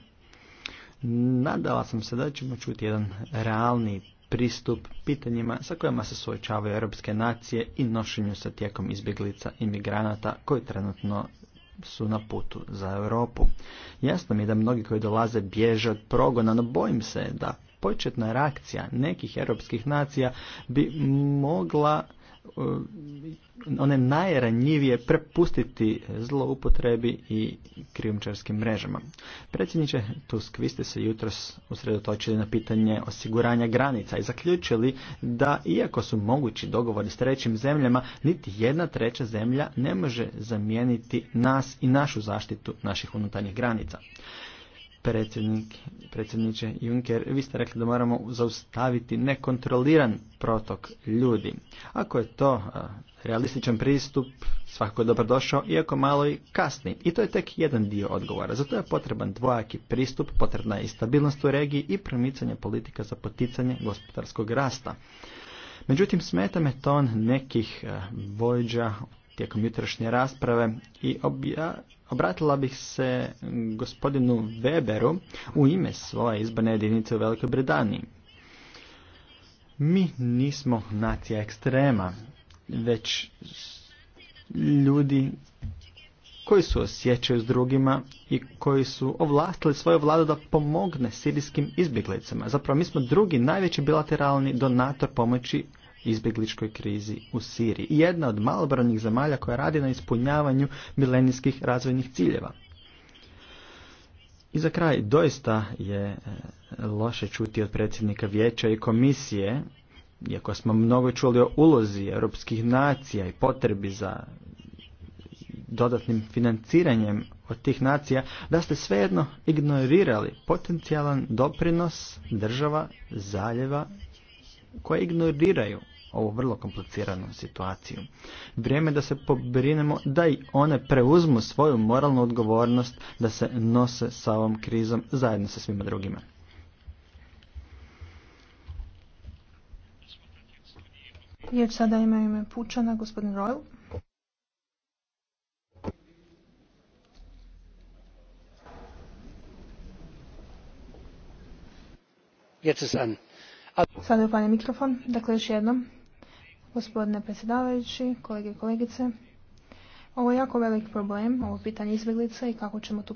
Speaker 8: nadala sam se da ćemo čuti jedan realni pristup pitanjima sa kojima se suočavaju europske nacije i nošenju sa tijekom izbjeglica i migranata koji trenutno su na putu za Europu. Jasno mi je da mnogi koji dolaze bježe od progona, no bojim se da početna reakcija nekih europskih nacija bi mogla Uh, one najranjivije prepustiti zloupotrebi i krijumčarskim mrežama. Predsjedniče Tusk, vi ste se jutros usredotočili na pitanje osiguranja granica i zaključili da iako su mogući dogovori s trećim zemljama, niti jedna treća zemlja ne može zamijeniti nas i našu zaštitu naših unutarnjih granica predsjednik, predsjedniče Juncker, vi ste rekli da moramo zaustaviti nekontroliran protok ljudi. Ako je to realističan pristup, svakako je dobrodošao, iako malo i kasni. I to je tek jedan dio odgovora. Zato je potreban dvojaki pristup, potrebna je i stabilnost u regiji i promicanje politika za poticanje gospodarskog rasta. Međutim, smeta me ton nekih vođa tijekom jutrašnje rasprave i obratila bih se gospodinu Weberu u ime svoje izborne jedinice u Velikoj Britaniji. Mi nismo nacija ekstrema, već ljudi koji su osjećaju s drugima i koji su ovlastili svoju vladu da pomogne sirijskim izbjeglicama. Zapravo mi smo drugi najveći bilateralni donator pomoći izbjegličkoj krizi u Siriji. I jedna od malobrojnih zemalja koja radi na ispunjavanju milenijskih razvojnih ciljeva. I za kraj, doista je e, loše čuti od predsjednika vijeća i komisije, iako smo mnogo čuli o ulozi europskih nacija i potrebi za dodatnim financiranjem od tih nacija, da ste svejedno ignorirali potencijalan doprinos država zaljeva koje ignoriraju ovu vrlo kompliciranu situaciju. Vrijeme da se pobrinemo da i one preuzmu svoju moralnu odgovornost da se nose sa ovom krizom zajedno sa svima drugima.
Speaker 5: Riječ sada ima ime Pučana, gospodin Royal. Sada je upanje mikrofon, dakle još jednom. Gospodine predsjedavajući, kolege i kolegice, ovo je jako velik problem, ovo pitanje izbjeglica i kako ćemo tu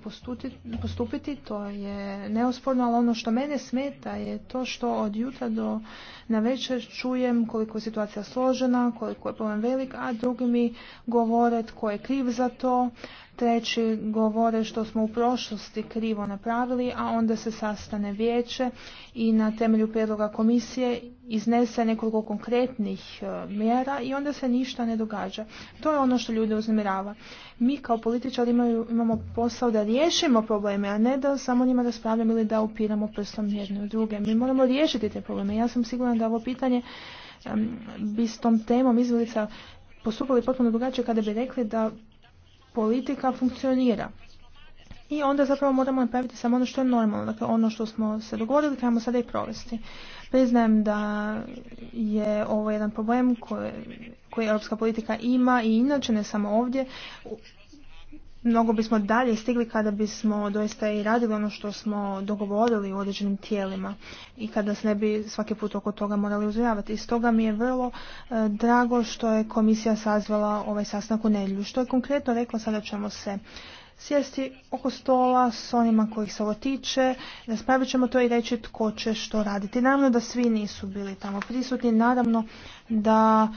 Speaker 5: postupiti, to je neosporno, ali ono što mene smeta je to što od jutra do na večer čujem koliko je situacija složena, koliko je problem velik, a drugi mi govore tko je kriv za to, treći govore što smo u prošlosti krivo napravili, a onda se sastane vijeće i na temelju prijedloga komisije iznese nekoliko konkretnih e, mjera i onda se ništa ne događa. To je ono što ljudi uznemirava. Mi kao političari imamo posao da riješimo probleme, a ne da samo njima raspravljamo ili da upiramo prstom jedne u druge. Mi moramo riješiti te probleme. Ja sam sigurna da ovo pitanje bi s tom temom izvilica postupali potpuno drugačije kada bi rekli da politika funkcionira. I onda zapravo moramo napraviti samo ono što je normalno, dakle ono što smo se dogovorili trebamo sada i provesti. Priznajem da je ovo jedan problem koji europska politika ima i inače ne samo ovdje mnogo bismo dalje stigli kada bismo doista i radili ono što smo dogovorili u određenim tijelima i kada se ne bi svaki put oko toga morali uzvijavati. I stoga mi je vrlo e, drago što je komisija sazvala ovaj sastanak u nedjelju. Što je konkretno rekla, sada ćemo se sjesti oko stola s onima kojih se ovo tiče, raspravit ćemo to i reći tko će što raditi. Naravno da svi nisu bili tamo prisutni, naravno da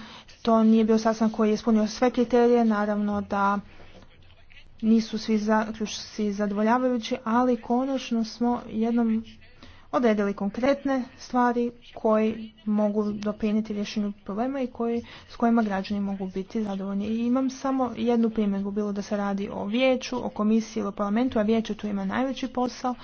Speaker 5: to nije bio sastanak koji je ispunio sve kriterije, naravno da nisu svi zaključci zadovoljavajući, ali konačno smo jednom odredili konkretne stvari koji mogu doprinijeti rješenju problema i koji, s kojima građani mogu biti zadovoljni. I imam samo jednu primjedbu, bilo da se radi o vijeću, o komisiji ili o parlamentu, a vijeće tu ima najveći posao.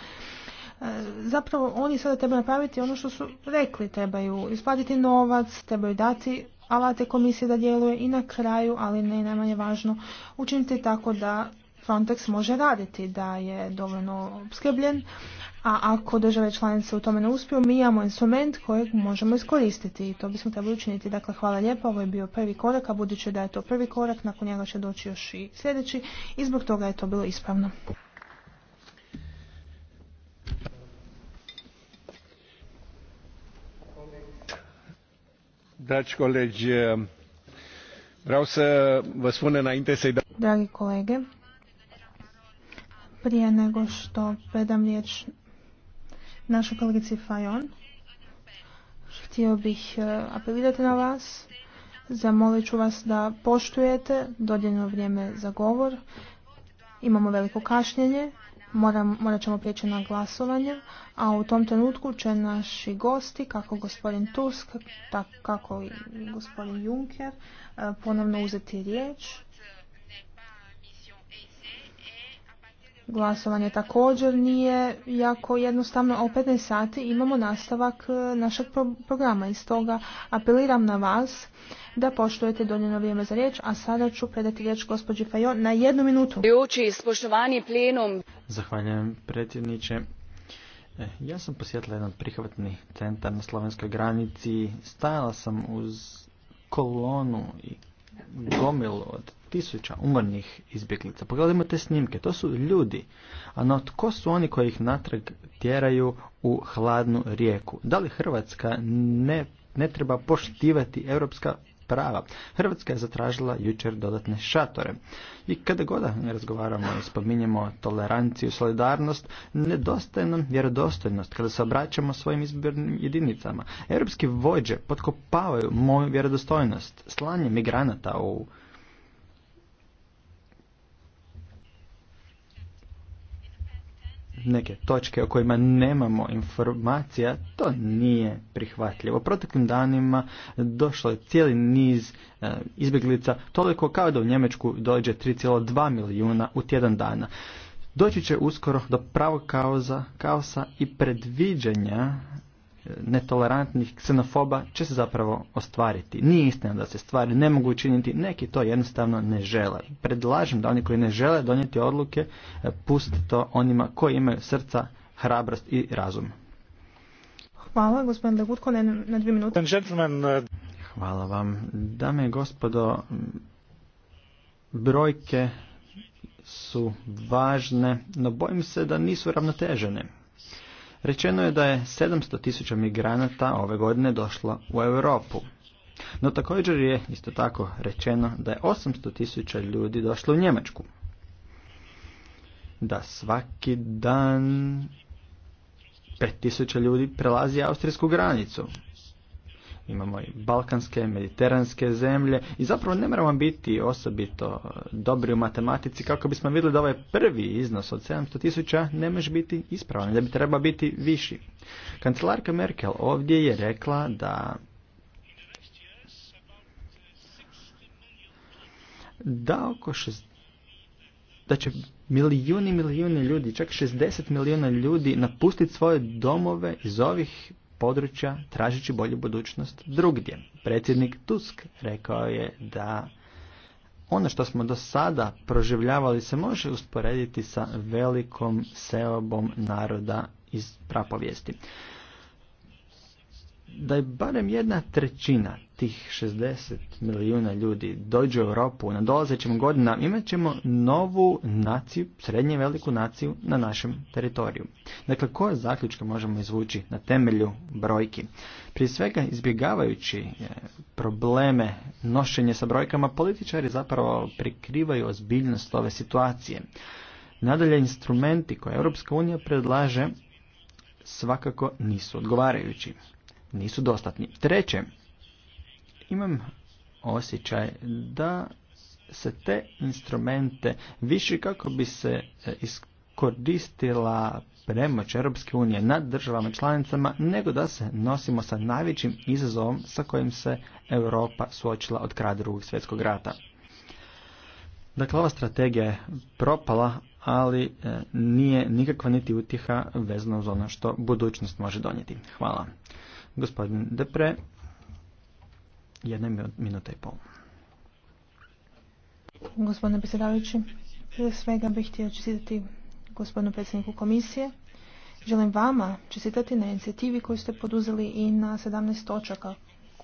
Speaker 5: E, zapravo oni sada trebaju napraviti ono što su rekli, trebaju isplatiti novac, trebaju dati alate komisije da djeluje i na kraju, ali ne najmanje važno, učiniti tako da Frontex može raditi, da je dovoljno obskrbljen, a ako države članice u tome ne uspiju, mi imamo instrument kojeg možemo iskoristiti i to bismo trebali učiniti. Dakle, hvala lijepo, ovo je bio prvi korak, a budući da je to prvi korak, nakon njega će doći još i sljedeći i zbog toga je to bilo ispravno.
Speaker 2: Dragi kolege,
Speaker 5: prije nego što predam riječ našoj kolegici Fajon, htio bih e, apelirati na vas. Zamolit ću vas da poštujete dodjeljeno vrijeme za govor. Imamo veliko kašnjenje, morat ćemo prijeći na glasovanje, a u tom trenutku će naši gosti, kako gospodin Tusk, tako kako i gospodin Juncker, e, ponovno uzeti riječ Glasovanje također nije jako jednostavno, o u 15 sati imamo nastavak e, našeg programa i stoga apeliram na vas da poštujete donjeno vrijeme za riječ, a sada ću predati riječ gospođi Fajon na jednu minutu.
Speaker 8: Zahvaljujem predsjedniče. E, ja sam posjetila jedan prihvatni centar na slovenskoj granici, stajala sam uz kolonu i gomilu od tisuća umornih izbjeglica. Pogledajmo te snimke, to su ljudi. A tko su oni koji ih natrag tjeraju u hladnu rijeku? Da li Hrvatska ne, ne treba poštivati europska prava. Hrvatska je zatražila jučer dodatne šatore. I kada god razgovaramo i spominjemo toleranciju solidarnost, nedostaje nam vjerodostojnost kada se obraćamo svojim izbornim jedinicama. Europski vođe potkopavaju moju vjerodostojnost. Slanje migranata u neke točke o kojima nemamo informacija, to nije prihvatljivo. Proteklim danima došlo je cijeli niz e, izbjeglica, toliko kao da u Njemečku dođe 3,2 milijuna u tjedan dana. Doći će uskoro do pravog kaosa, kaosa i predviđanja netolerantnih ksenofoba će se zapravo ostvariti. Nije istina da se stvari ne mogu učiniti, neki to jednostavno ne žele. Predlažem da oni koji ne žele donijeti odluke, e, puste to onima koji imaju srca, hrabrost i razum.
Speaker 5: Hvala, gospodin Dagutko, na dvije minute.
Speaker 8: Uh, Hvala vam. Dame i gospodo, brojke su važne, no bojim se da nisu ravnotežene. Rečeno je da je 700 tisuća migranata ove godine došlo u Europu. No također je isto tako rečeno da je 800 tisuća ljudi došlo u Njemačku. Da svaki dan 5000 ljudi prelazi austrijsku granicu imamo i balkanske, mediteranske zemlje i zapravo ne moramo biti osobito dobri u matematici kako bismo vidjeli da ovaj prvi iznos od 700 tisuća ne može biti ispravan, da bi treba biti viši. Kancelarka Merkel ovdje je rekla da da oko šest, da će milijuni milijuni ljudi, čak 60 milijuna ljudi napustiti svoje domove iz ovih područja tražeći bolju budućnost drugdje. Predsjednik Tusk rekao je da ono što smo do sada proživljavali se može usporediti sa velikom seobom naroda iz prapovijesti da je barem jedna trećina tih 60 milijuna ljudi dođe u Europu na dolazećem godinama, imat ćemo novu naciju, srednje veliku naciju na našem teritoriju. Dakle, koje zaključke možemo izvući na temelju brojki? Prije svega, izbjegavajući e, probleme nošenje sa brojkama, političari zapravo prikrivaju ozbiljnost ove situacije. Nadalje, instrumenti koje Europska unija predlaže svakako nisu odgovarajući nisu dostatni. Treće, imam osjećaj da se te instrumente više kako bi se e, iskoristila premoć Europske unije nad državama članicama, nego da se nosimo sa najvećim izazovom sa kojim se Europa suočila od kraja drugog svjetskog rata. Dakle, ova strategija je propala, ali e, nije nikakva niti utjeha vezano uz ono što budućnost može donijeti. Hvala. Gospodin Depre, jedna minuta i pol.
Speaker 5: Gospodine predsjedavajući, prije svega bih htio čestitati gospodinu predsjedniku komisije. Želim vama čestitati na inicijativi koju ste poduzeli i na 17 točaka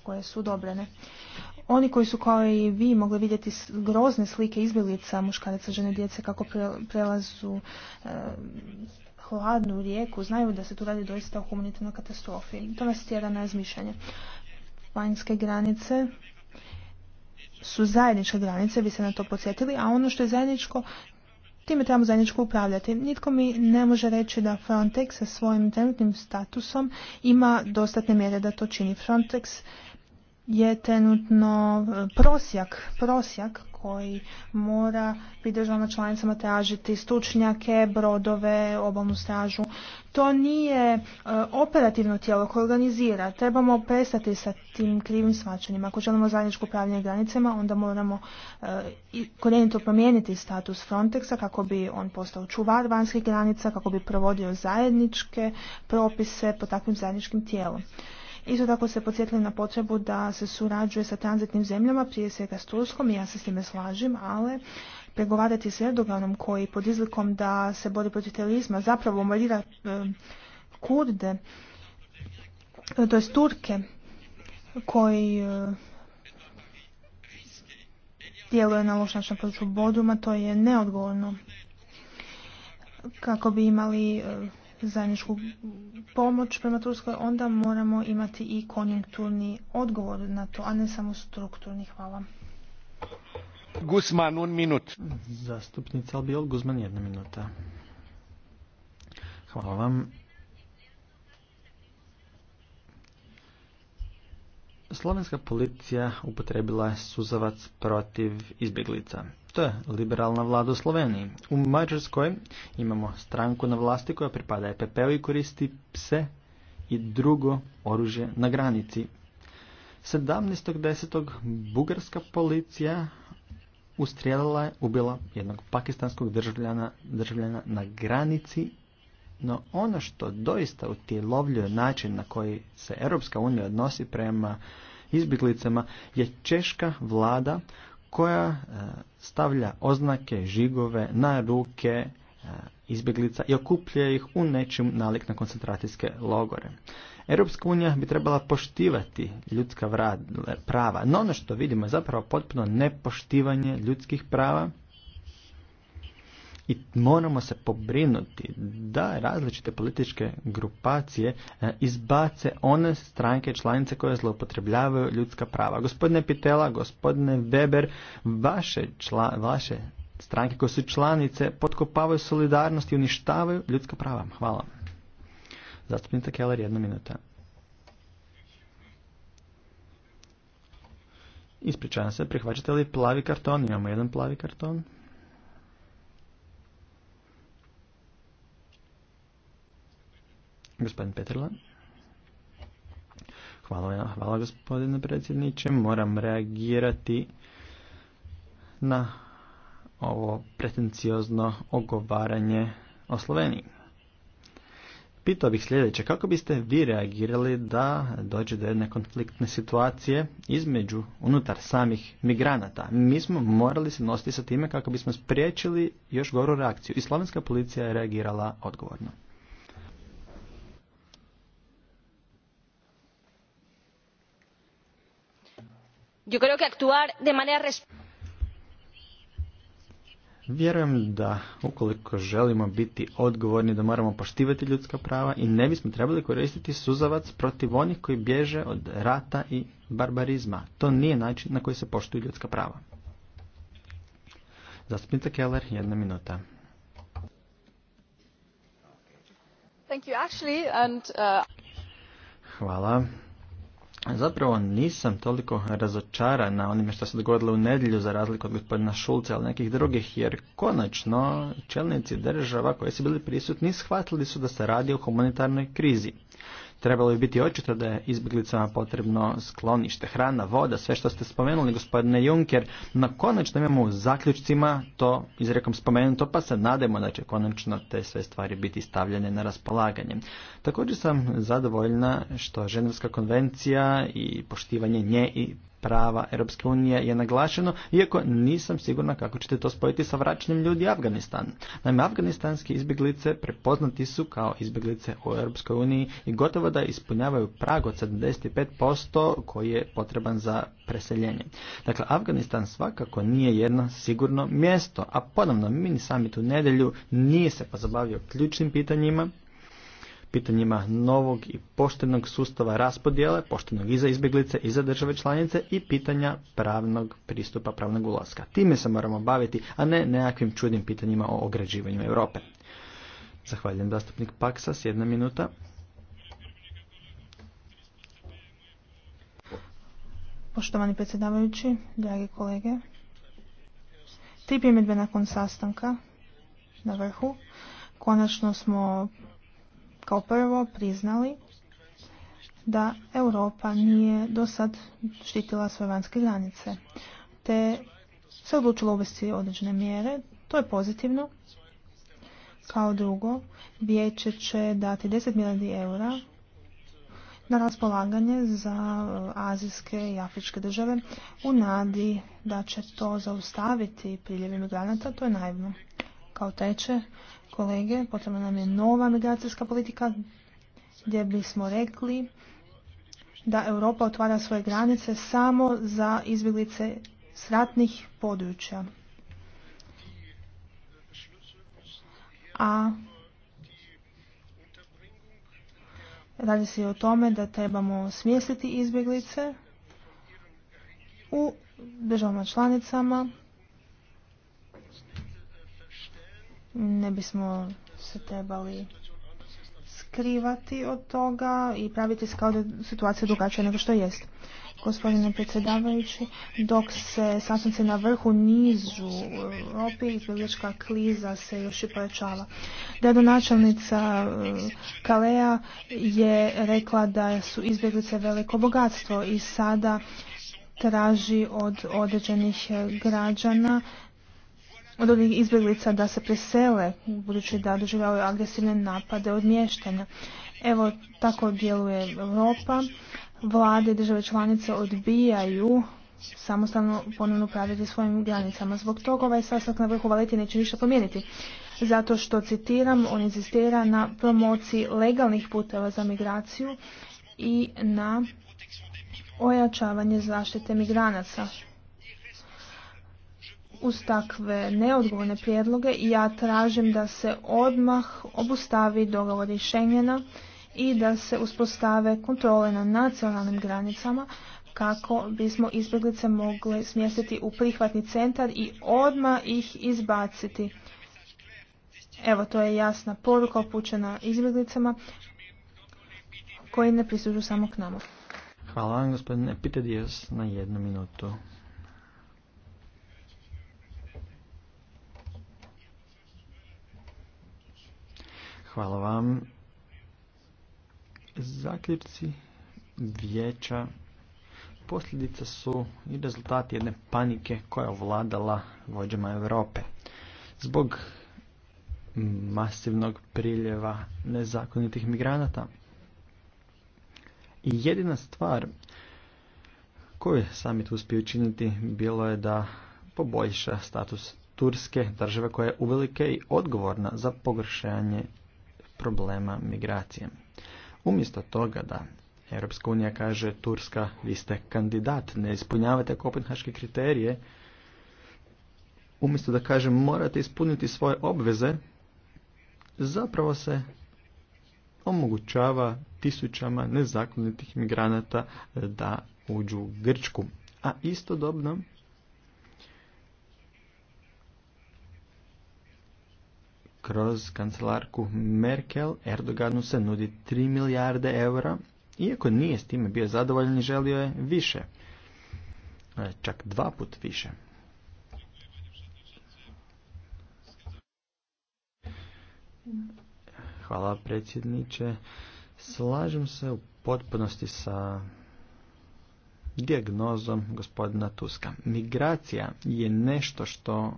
Speaker 5: koje su dobrene. Oni koji su kao i vi mogli vidjeti grozne slike izbjeglica muškaraca, žene, djece kako prelazu e, hladnu rijeku znaju da se tu radi doista o humanitarnoj katastrofi. To nas tjera na razmišljanje. Vanjske granice su zajedničke granice, vi se na to podsjetili, a ono što je zajedničko, time trebamo zajedničko upravljati. Nitko mi ne može reći da Frontex sa svojim trenutnim statusom ima dostatne mjere da to čini. Frontex je trenutno e, prosjak, prosjak koji mora pri državama članicama tražiti stručnjake, brodove, obalnu stražu. To nije e, operativno tijelo koje organizira. Trebamo prestati sa tim krivim svačanjima. Ako želimo zajedničko upravljanje granicama, onda moramo e, korijenito promijeniti status Frontexa kako bi on postao čuvar vanjskih granica, kako bi provodio zajedničke propise po takvim zajedničkim tijelom. Isto tako se podsjetili na potrebu da se surađuje sa tranzitnim zemljama, prije svega s Turskom i ja se s time slažem, ali pregovarati s Erdoganom koji pod izlikom da se bori protiv terorizma zapravo marira kurde, to je Turke koji djeluje na loš način području to je neodgovorno kako bi imali zajedničku pomoć prema Turskoj, onda moramo imati i konjunkturni odgovor na to, a ne samo strukturni. Hvala.
Speaker 8: Guzman, un minut. Zastupnica bio Guzman, jedna minuta. Hvala vam. Slovenska policija upotrebila suzavac protiv izbjeglica. To je liberalna vlada u Sloveniji. U Mađarskoj imamo stranku na vlasti koja pripada epp i koristi pse i drugo oružje na granici. 17.10. bugarska policija ustrijelila je, ubila jednog pakistanskog državljana, državljana na granici, no ono što doista utjelovljuje način na koji se Europska unija odnosi prema izbjeglicama je češka vlada koja e, stavlja oznake, žigove na ruke e, izbjeglica i okuplja ih u nečim nalik na koncentracijske logore. Europska unija bi trebala poštivati ljudska prava, no ono što vidimo je zapravo potpuno nepoštivanje ljudskih prava i moramo se pobrinuti da različite političke grupacije e, izbace one stranke članice koje zloupotrebljavaju ljudska prava. Gospodine Pitela, gospodine Weber, vaše, vaše stranke koje su članice potkopavaju solidarnost i uništavaju ljudska prava. Hvala. Zastupnica Keller, jedna minuta. Ispričavam se, prihvaćate li plavi karton? Imamo jedan plavi karton. Gospodin Petrla. Hvala, gospodine predsjedniče. Moram reagirati na ovo pretenciozno ogovaranje o Sloveniji. Pitao bih sljedeće, kako biste vi reagirali da dođe do jedne konfliktne situacije između unutar samih migranata? Mi smo morali se nositi sa time kako bismo spriječili još goru reakciju i slovenska policija je reagirala odgovorno.
Speaker 6: yo creo que actuar de manera
Speaker 8: Vjerujem da ukoliko želimo biti odgovorni da moramo poštivati ljudska prava i ne bismo trebali koristiti suzavac protiv onih koji bježe od rata i barbarizma. To nije način na koji se poštuju ljudska prava. Zastupnica Keller, jedna minuta.
Speaker 9: Thank uh,
Speaker 8: Hvala. Zapravo nisam toliko na onime što se dogodilo u nedjelju za razliku od gospodina Šulca ili nekih drugih jer konačno čelnici država koji su bili prisutni shvatili su da se radi o humanitarnoj krizi. Trebalo bi biti očito da je izbjeglicama potrebno sklonište, hrana, voda, sve što ste spomenuli gospodine Juncker, na konačno imamo u zaključcima to izrekom spomenuto pa se nademo da će konačno te sve stvari biti stavljene na raspolaganje. Također sam zadovoljna što Ženevska konvencija i poštivanje nje i prava Europske unije je naglašeno, iako nisam sigurna kako ćete to spojiti sa vraćanjem ljudi Afganistan. Naime, afganistanske izbjeglice prepoznati su kao izbjeglice u Europskoj uniji i gotovo da ispunjavaju prag od 75% koji je potreban za preseljenje. Dakle, Afganistan svakako nije jedno sigurno mjesto, a ponovno mini summit u nedjelju nije se pozabavio ključnim pitanjima, pitanjima novog i poštenog sustava raspodjele, poštenog i za izbjeglice i za države članice i pitanja pravnog pristupa, pravnog ulaska. Time se moramo baviti, a ne nekakvim čudnim pitanjima o ograđivanju Europe. Zahvaljujem zastupnik s jedna minuta.
Speaker 5: Poštovani predsjedavajući, dragi kolege, tri primjedbe nakon sastanka na vrhu. Konačno smo kao prvo priznali da Europa nije do sad štitila svoje vanjske granice, te se odlučilo uvesti određene mjere. To je pozitivno. Kao drugo, vijeće će dati 10 milijardi eura na raspolaganje za uh, azijske i afričke države u nadi da će to zaustaviti priljev migranata to je naivno. Kao treće, kolege, potrebna nam je nova migracijska politika gdje bismo rekli da Europa otvara svoje granice samo za izbjeglice s ratnih područja. A radi se i o tome da trebamo smjestiti izbjeglice u državama članicama ne bismo se trebali skrivati od toga i praviti se kao da je situacija drugačija nego što jest. Gospodine predsjedavajući, dok se sastanci na vrhu nizu u Europi, izbjeglička kliza se još i pojačava. Gradonačelnica eh, Kalea je rekla da su izbjeglice veliko bogatstvo i sada traži od određenih eh, građana od ovih izbjeglica da se presele, budući da doživljavaju agresivne napade od mještanja. Evo, tako djeluje Europa. Vlade i države članice odbijaju samostalno ponovno upravljati svojim granicama. Zbog toga ovaj sastanak na vrhu valeti neće ništa promijeniti. Zato što, citiram, on insistira na promociji legalnih puteva za migraciju i na ojačavanje zaštite migranaca uz takve neodgovorne prijedloge i ja tražim da se odmah obustavi dogovor rješenjena i da se uspostave kontrole na nacionalnim granicama kako bismo izbjeglice mogli smjestiti u prihvatni centar i odmah ih izbaciti. Evo, to je jasna poruka upućena izbjeglicama koji ne prisužu samo k nama.
Speaker 8: Hvala vam, gospodine na jednu minutu. Hvala vam. Zaključci vijeća posljedica su i rezultati jedne panike koja je ovladala vođama Europe. Zbog masivnog priljeva nezakonitih migranata. I jedina stvar koju je samit uspio učiniti bilo je da poboljša status Turske, države koja je uvelike i odgovorna za pogoršanje problema migracije. Umjesto toga da Europska unija kaže Turska, vi ste kandidat, ne ispunjavate kopenhaške kriterije, umjesto da kaže morate ispuniti svoje obveze, zapravo se omogućava tisućama nezakonitih migranata da uđu u Grčku. A istodobno kroz kancelarku Merkel Erdoganu se nudi 3 milijarde eura, iako nije s time bio zadovoljan želio je više. E, čak dva put više. Hvala predsjedniče. Slažem se u potpunosti sa dijagnozom gospodina Tuska. Migracija je nešto što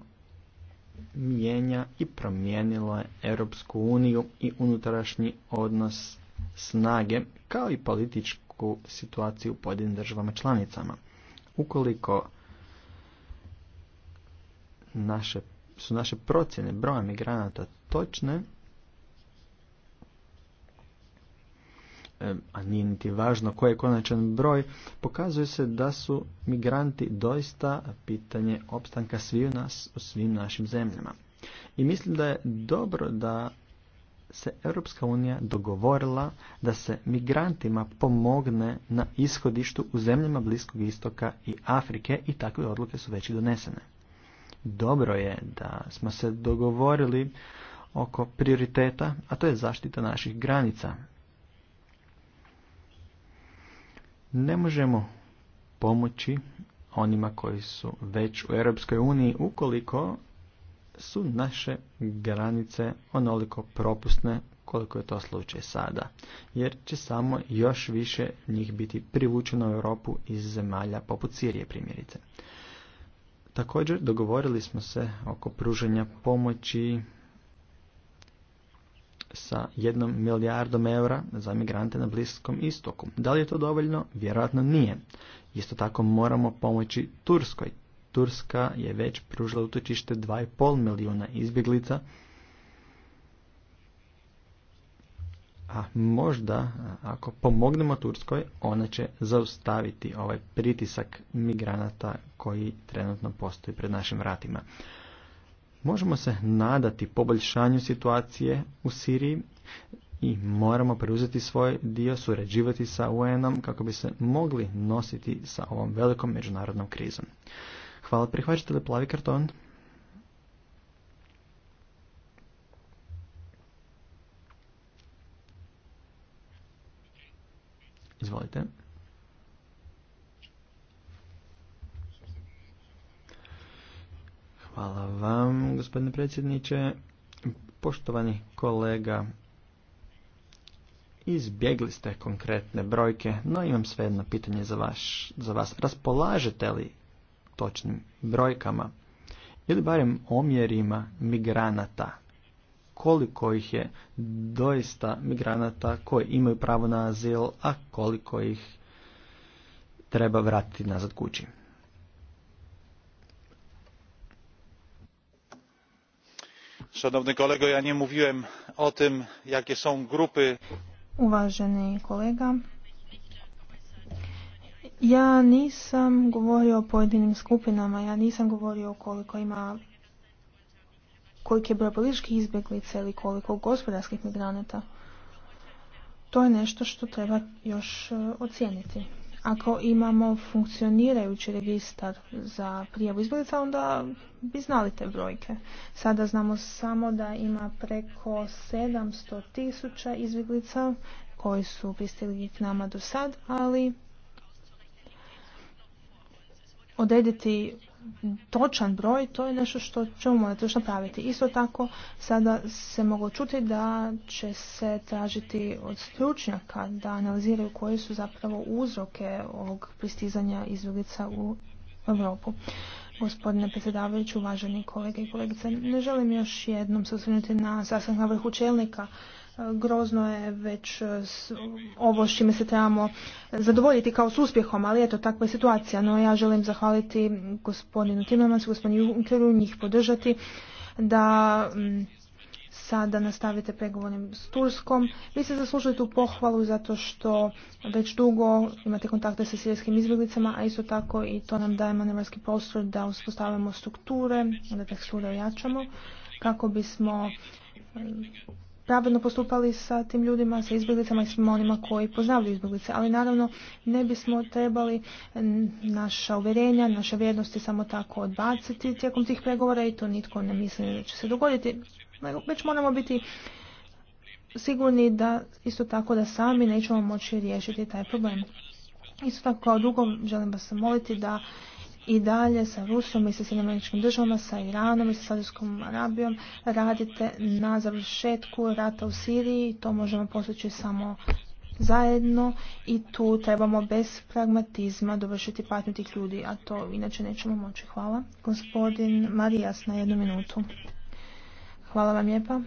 Speaker 8: mijenja i promijenila je Europsku uniju i unutrašnji odnos snage, kao i političku situaciju u pojedinim državama članicama. Ukoliko naše, su naše procjene broja migranata točne, a nije niti važno koji je konačan broj, pokazuje se da su migranti doista pitanje opstanka sviju nas u svim našim zemljama. I mislim da je dobro da se Europska unija dogovorila da se migrantima pomogne na ishodištu u zemljama Bliskog istoka i Afrike i takve odluke su već i donesene. Dobro je da smo se dogovorili oko prioriteta, a to je zaštita naših granica, ne možemo pomoći onima koji su već u Europskoj uniji ukoliko su naše granice onoliko propusne koliko je to slučaj sada, jer će samo još više njih biti privučeno u Europu iz zemalja poput Sirije primjerice. Također dogovorili smo se oko pružanja pomoći sa jednom milijardom eura za migrante na Bliskom istoku. Da li je to dovoljno? Vjerojatno nije. Isto tako moramo pomoći Turskoj. Turska je već pružila utočište 2,5 milijuna izbjeglica, a možda ako pomognemo Turskoj, ona će zaustaviti ovaj pritisak migranata koji trenutno postoji pred našim vratima. Možemo se nadati poboljšanju situacije u Siriji i moramo preuzeti svoj dio, surađivati sa UN-om kako bi se mogli nositi sa ovom velikom međunarodnom krizom. Hvala, prihvaćate li plavi karton? Izvolite. Hvala vam, gospodine predsjedniče. Poštovani kolega, izbjegli ste konkretne brojke, no imam sve jedno pitanje za, za vas. Raspolažete li točnim brojkama ili barem omjerima migranata? Koliko ih je doista migranata koji imaju pravo na azil, a koliko ih treba vratiti nazad kući?
Speaker 6: ja nie mówiłem o tym jakie są grupy.
Speaker 5: uvaženi kolega ja nisam govorio o pojedinim skupinama ja nisam govorio koliko ima koliki je broj političkih izbjeglica ili koliko gospodarskih migranata to je nešto što treba još e, ocijeniti. Ako imamo funkcionirajući registar za prijavu izbjeglica, onda bi znali te brojke. Sada znamo samo da ima preko 700 tisuća izbjeglica koji su pristigli k nama do sad, ali odrediti točan broj, to je nešto što ćemo morati još napraviti. Isto tako, sada se moglo čuti da će se tražiti od stručnjaka da analiziraju koje su zapravo uzroke ovog pristizanja izbjeglica u Europu. Gospodine predsjedavajući, uvaženi kolege i kolegice, ne želim još jednom se osvrnuti na sastanak vrhu čelnika grozno je već e, ovo s čime se trebamo zadovoljiti kao s uspjehom, ali eto takva je situacija. No ja želim zahvaliti gospodinu Timmermansu, gospodinu Junkeru, njih podržati da sada nastavite pregovore s Turskom. Vi ste zaslužili tu pohvalu zato što već dugo imate kontakte sa sirijskim izbjeglicama, a isto tako i to nam daje manevarski prostor da uspostavimo strukture, da teksture ojačamo kako bismo pravilno postupali sa tim ljudima, sa izbjeglicama i svima onima koji poznavaju izbjeglice. Ali naravno ne bismo trebali naša uvjerenja, naše vrijednosti samo tako odbaciti tijekom tih pregovora i to nitko ne misli da će se dogoditi. Već moramo biti sigurni da isto tako da sami nećemo moći riješiti taj problem. Isto tako kao drugo želim vas moliti da i dalje sa Rusom i sa Sjedinomeničkim državama, sa Iranom i sa Saudijskom Arabijom radite na završetku rata u Siriji. To možemo postići samo zajedno i tu trebamo bez pragmatizma dovršiti patnju ljudi, a to inače nećemo moći. Hvala. Gospodin Marijas na jednu minutu. Hvala vam lijepa.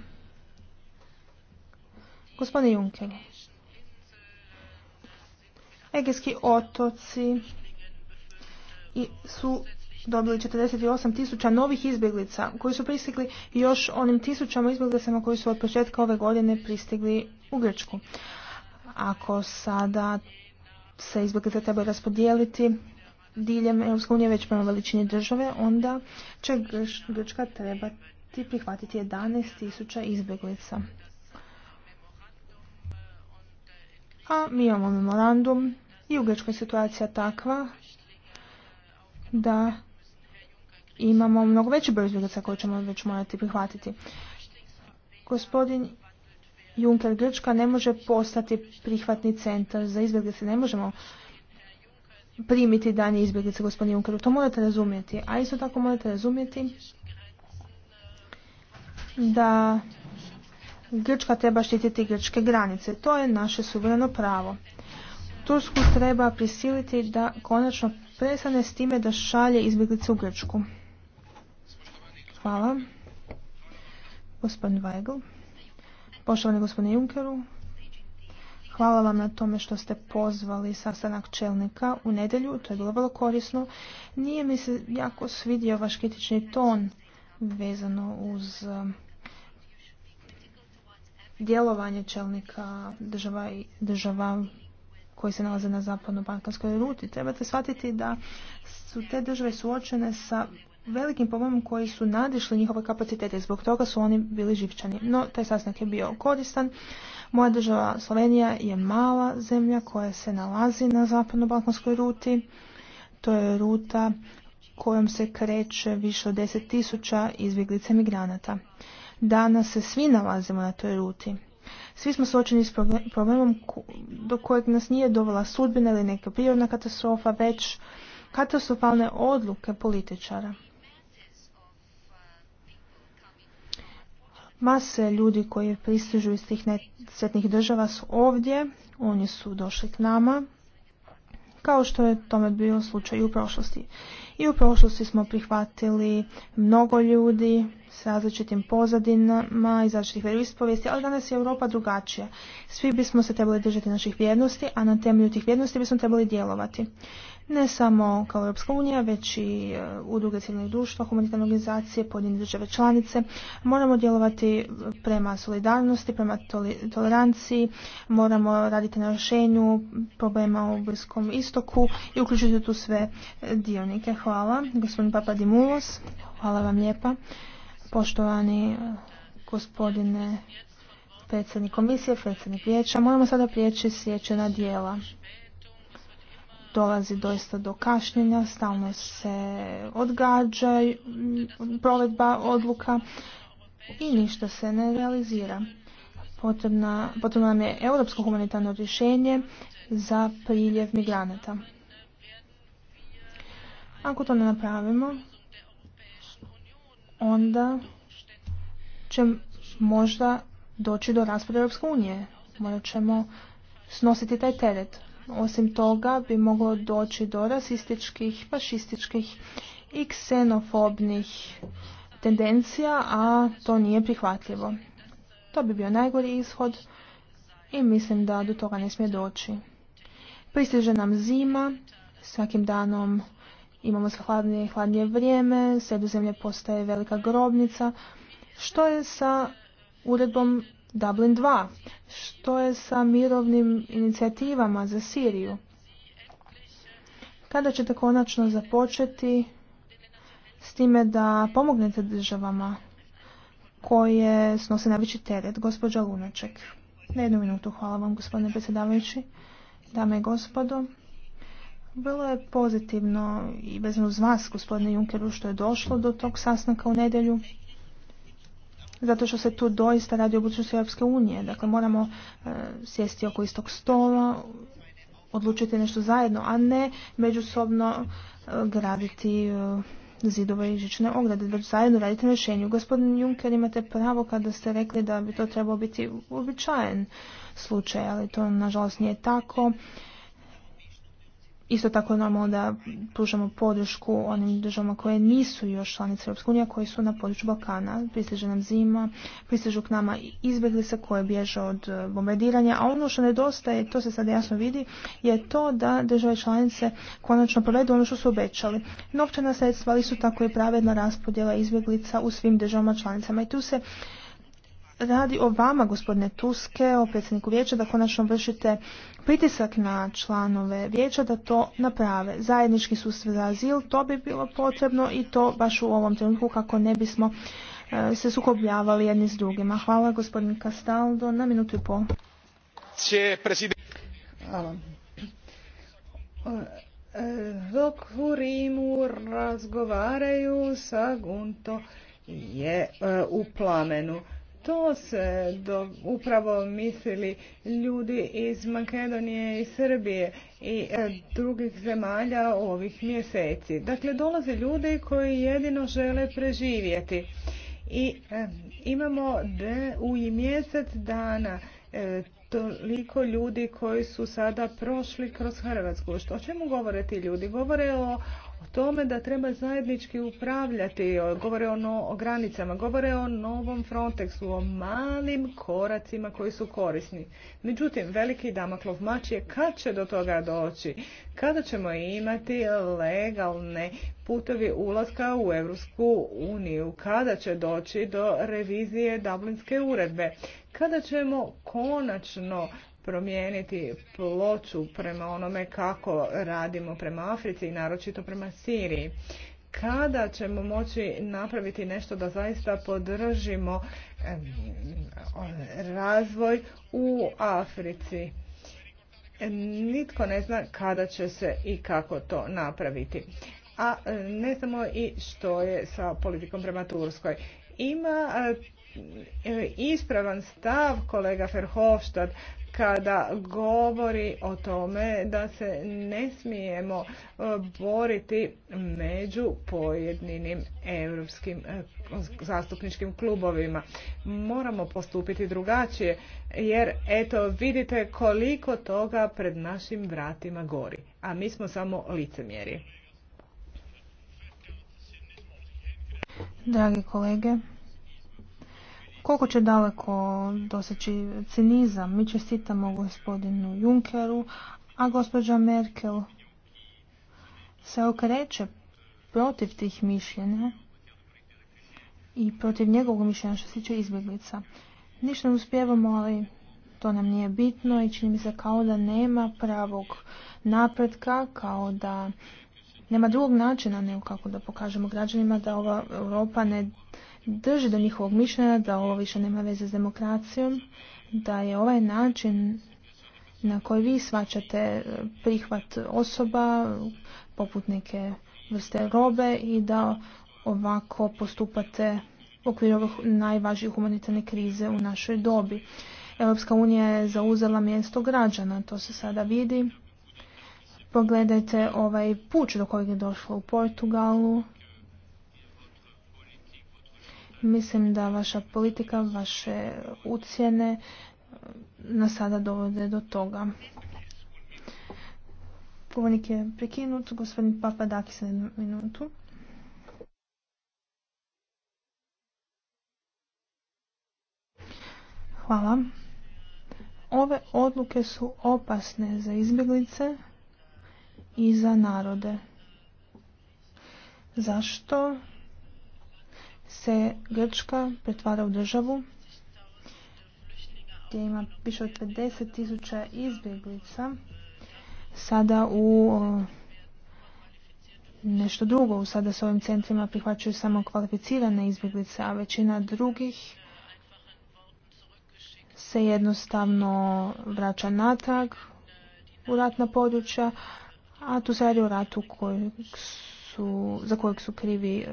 Speaker 5: Gospodin Juncker. Egeski otoci i su dobili 48 tisuća novih izbjeglica koji su pristigli još onim tisućama izbjeglicama koji su od početka ove godine pristigli u Grčku. Ako sada se izbjeglice trebaju raspodijeliti diljem EU već prema veličini države, onda će Grčka trebati prihvatiti 11 tisuća izbjeglica. A mi imamo memorandum i u Grčkoj situacija takva da imamo mnogo veći broj izbjeglica koje ćemo već morati prihvatiti. Gospodin Juncker Grčka ne može postati prihvatni centar za izbjeglice. Ne možemo primiti danje izbjeglice, gospodin Junkeru. To morate razumjeti. A isto tako morate razumjeti da Grčka treba štititi grčke granice. To je naše suvereno pravo. Tursku treba prisiliti da konačno prestane s time da šalje izbjeglice u Grčku. Hvala. Gospodin Weigl. Poštovani gospodine Junkeru. Hvala vam na tome što ste pozvali sastanak čelnika u nedjelju, to je bilo vrlo korisno. Nije mi se jako svidio vaš kritični ton vezano uz eh, djelovanje čelnika država, država koji se nalaze na zapadno-balkanskoj ruti. Trebate shvatiti da su te države suočene sa velikim problemom koji su nadišli njihove kapacitete. Zbog toga su oni bili živčani. No, taj sastanak je bio koristan. Moja država Slovenija je mala zemlja koja se nalazi na zapadno-balkanskoj ruti. To je ruta kojom se kreće više od 10.000 izbjeglica migranata. Danas se svi nalazimo na toj ruti. Svi smo suočeni s problemom do kojeg nas nije dovela sudbina ili neka prirodna katastrofa, već katastrofalne odluke političara. Mase ljudi koji pristižu iz tih nesretnih država su ovdje, oni su došli k nama, kao što je tome bio slučaj i u prošlosti. I u prošlosti smo prihvatili mnogo ljudi, s različitim pozadinama iz različitih vjeroispovijesti, ali danas je Europa drugačija. Svi bismo se trebali držati naših vrijednosti, a na temelju tih vrijednosti bismo trebali djelovati. Ne samo kao Europska unija, već i e, udruge civilnog društva, humanitarne organizacije, pojedine države članice. Moramo djelovati prema solidarnosti, prema toleranciji, moramo raditi na rješenju problema u Bliskom istoku i uključiti tu sve dionike. Hvala, gospodin Dimulos. Hvala vam lijepa. Poštovani eh, gospodine predsjednik komisije, predsjednik vijeća, moramo sada prijeći sjećena na dijela. Dolazi doista do kašnjenja, stalno se odgađa mm, provedba odluka i ništa se ne realizira. potrebno nam je europsko humanitarno rješenje za priljev migranata. Ako to ne napravimo, onda će možda doći do raspada Europske unije. Morat ćemo snositi taj teret. Osim toga bi moglo doći do rasističkih, fašističkih i ksenofobnih tendencija, a to nije prihvatljivo. To bi bio najgori ishod i mislim da do toga ne smije doći. Pristiže nam zima, svakim danom imamo sve hladnije i hladnije vrijeme, sredozemlje postaje velika grobnica. Što je sa uredbom Dublin 2? Što je sa mirovnim inicijativama za Siriju? Kada ćete konačno započeti s time da pomognete državama koje snose najveći teret? Gospođa Lunaček. Na jednu minutu. Hvala vam, gospodine predsjedavajući. Dame i gospodo, bilo je pozitivno i vezano uz vas, gospodine Junkeru, što je došlo do tog sastanka u nedjelju. Zato što se tu doista radi o budućnosti Europske unije. Dakle, moramo e, sjesti oko istog stola, odlučiti nešto zajedno, a ne međusobno e, graditi e, zidove i žične ograde, već zajedno raditi na rješenju. Gospodin Juncker, imate pravo kada ste rekli da bi to trebao biti uobičajen slučaj, ali to nažalost nije tako. Isto tako je normalno da pružamo podršku onim državama koje nisu još članice Europske unije, koji su na području Balkana. Pristiže nam zima, pristižu k nama izbjeglice koje bježe od e, bombardiranja, a ono što nedostaje, to se sada jasno vidi, je to da države članice konačno provedu ono što su obećali. Novčana sredstva, ali su tako i pravedna raspodjela izbjeglica u svim državama članicama. I tu se radi o vama, gospodine Tuske, o predsjedniku vijeća, da konačno vršite pritisak na članove vijeća da to naprave. Zajednički sustav za azil, to bi bilo potrebno i to baš u ovom trenutku kako ne bismo e, se sukobljavali jedni s drugima. Hvala gospodin Castaldo na minutu i pol. Hvala. E, dok u Rimu
Speaker 7: razgovaraju sa Gunto je e, u plamenu to se do, upravo mislili ljudi iz Makedonije i Srbije i e, drugih zemalja ovih mjeseci. Dakle, dolaze ljudi koji jedino žele preživjeti. I e, imamo de, u mjesec dana e, toliko ljudi koji su sada prošli kroz Hrvatsku. Što o čemu govore ti ljudi? Govore o o tome da treba zajednički upravljati, govore ono o granicama, govore o novom Frontexu, o malim koracima koji su korisni. Međutim, veliki damaklov mač je kad će do toga doći, kada ćemo imati legalne putovi ulaska u Europsku uniju, kada će doći do revizije Dublinske uredbe, kada ćemo konačno promijeniti ploču prema onome kako radimo prema Africi i naročito prema Siriji. Kada ćemo moći napraviti nešto da zaista podržimo razvoj u Africi? Nitko ne zna kada će se i kako to napraviti. A ne samo i što je sa politikom prema Turskoj. Ima e, ispravan stav kolega Ferhofstadt kada govori o tome da se ne smijemo e, boriti među pojedinim europskim e, zastupničkim klubovima. Moramo postupiti drugačije jer eto vidite koliko toga pred našim vratima gori, a mi smo samo licemjeri.
Speaker 5: Dragi kolege, koliko će daleko doseći cinizam? Mi čestitamo gospodinu Junkeru, a gospođa Merkel se okreće protiv tih mišljenja i protiv njegovog mišljenja što se tiče izbjeglica. Ništa ne uspjevamo, ali to nam nije bitno i čini mi se kao da nema pravog napretka, kao da nema drugog načina nego kako da pokažemo građanima da ova Europa ne drži do njihovog mišljenja da ovo više nema veze s demokracijom, da je ovaj način na koji vi svačate prihvat osoba, poput neke vrste robe i da ovako postupate u okviru ovih najvažnijih humanitarne krize u našoj dobi. Europska unija je zauzela mjesto građana, to se sada vidi. Pogledajte ovaj puč do kojeg je došlo u Portugalu, Mislim da vaša politika, vaše ucijene eh, na sada dovode do toga. Govornik je prekinut, gospodin Papadakis na minutu. Hvala. Ove odluke su opasne za izbjeglice i za narode. Zašto se Grčka pretvara u državu gdje ima više od 50 tisuća izbjeglica sada u nešto drugo. Sada s ovim centrima prihvaćaju samo kvalificirane izbjeglice, a većina drugih se jednostavno vraća natrag u ratna područja, a tu se radi o ratu za kojeg su krivi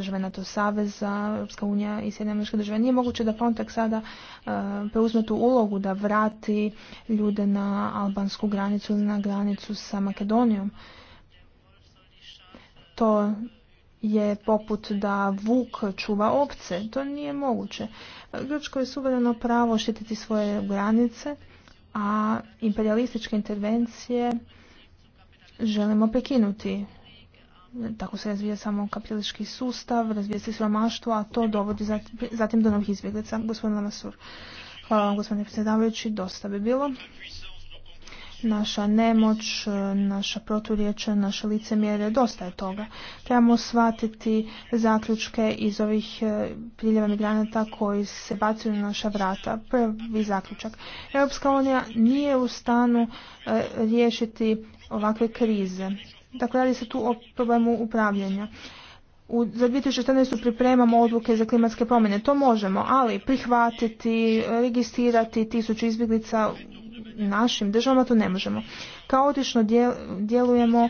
Speaker 5: države NATO saveza, Europska unija i Sjedinjene države. Nije moguće da Frontex sada e, preuzme tu ulogu da vrati ljude na albansku granicu ili na granicu sa Makedonijom. To je poput da vuk čuva opce. To nije moguće. Grčko je suvereno pravo štititi svoje granice, a imperialističke intervencije želimo prekinuti tako se razvija samo kapitalistički sustav, razvija se siromaštvo, a to dovodi zatim do novih izbjeglica. Gospodin Lamasur, hvala vam gospodine predsjedavajući, dosta bi bilo. Naša nemoć, naša proturječa, naše licemjere, dosta je toga. Trebamo shvatiti zaključke iz ovih eh, priljeva migranata koji se bacuju na naša vrata. Prvi zaključak. Europska unija nije u stanu eh, riješiti ovakve krize Dakle, radi se tu o problemu upravljanja. U, za 2014. pripremamo odluke za klimatske promjene. To možemo, ali prihvatiti, registrirati tisuću izbjeglica našim državama to ne možemo. Kaotično djelujemo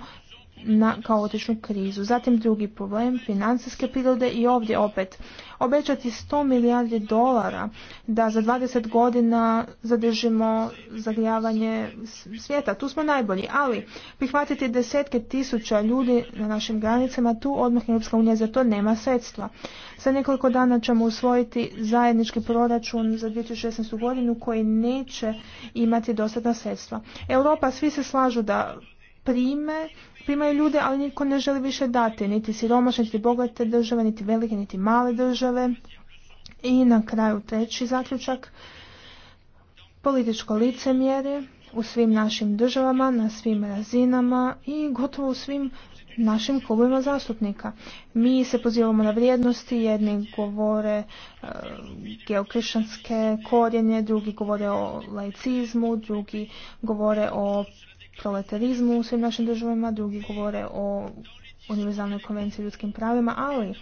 Speaker 5: na kaotičnu krizu. Zatim drugi problem, financijske prirode i ovdje opet obećati 100 milijardi dolara da za 20 godina zadržimo zagrijavanje svijeta. Tu smo najbolji, ali prihvatiti desetke tisuća ljudi na našim granicama, tu odmah Europska unija za to nema sredstva. Za nekoliko dana ćemo usvojiti zajednički proračun za 2016. godinu koji neće imati dostatna sredstva. Europa, svi se slažu da prime, primaju ljude, ali niko ne želi više dati, niti siromašne, niti bogate države, niti velike, niti male države. I na kraju treći zaključak, političko licemjerje u svim našim državama, na svim razinama i gotovo u svim našim klubima zastupnika. Mi se pozivamo na vrijednosti, jedni govore geokrišanske geokršćanske drugi govore o laicizmu, drugi govore o proletarizmu u svim našim državama, drugi govore o univerzalnoj konvenciji o ljudskim pravima, ali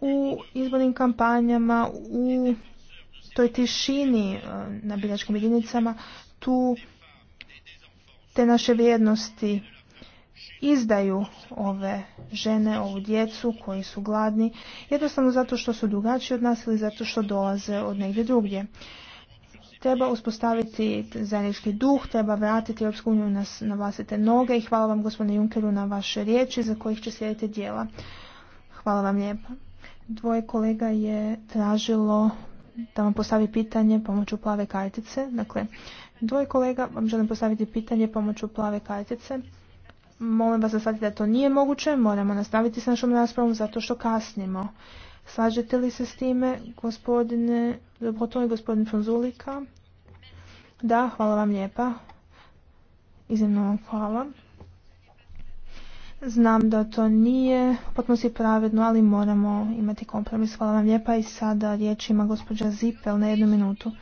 Speaker 5: u izbornim kampanjama, u toj tišini eh, na biljačkim jedinicama, tu te naše vrijednosti izdaju ove žene, ovu djecu koji su gladni, jednostavno zato što su drugačiji od nas ili zato što dolaze od negdje drugdje. Treba uspostaviti zajednički duh, treba vratiti Europsku uniju na, na vlastite noge i hvala vam gospodine Junkeru na vaše riječi za kojih će slijediti dijela. Hvala vam lijepa. Dvoje kolega je tražilo da vam postavi pitanje pomoću plave kartice. Dakle, dvoje kolega vam želim postaviti pitanje pomoću plave kartice. Molim vas da shvatite da to nije moguće, moramo nastaviti s našom raspravom zato što kasnimo. Slažete li se s time, gospodine, to i gospodin Fonzulika? Da, hvala vam lijepa. Iznimno vam hvala. Znam da to nije potpuno si pravedno, ali moramo imati kompromis. Hvala vam lijepa i sada riječ ima gospođa Zipel na jednu minutu.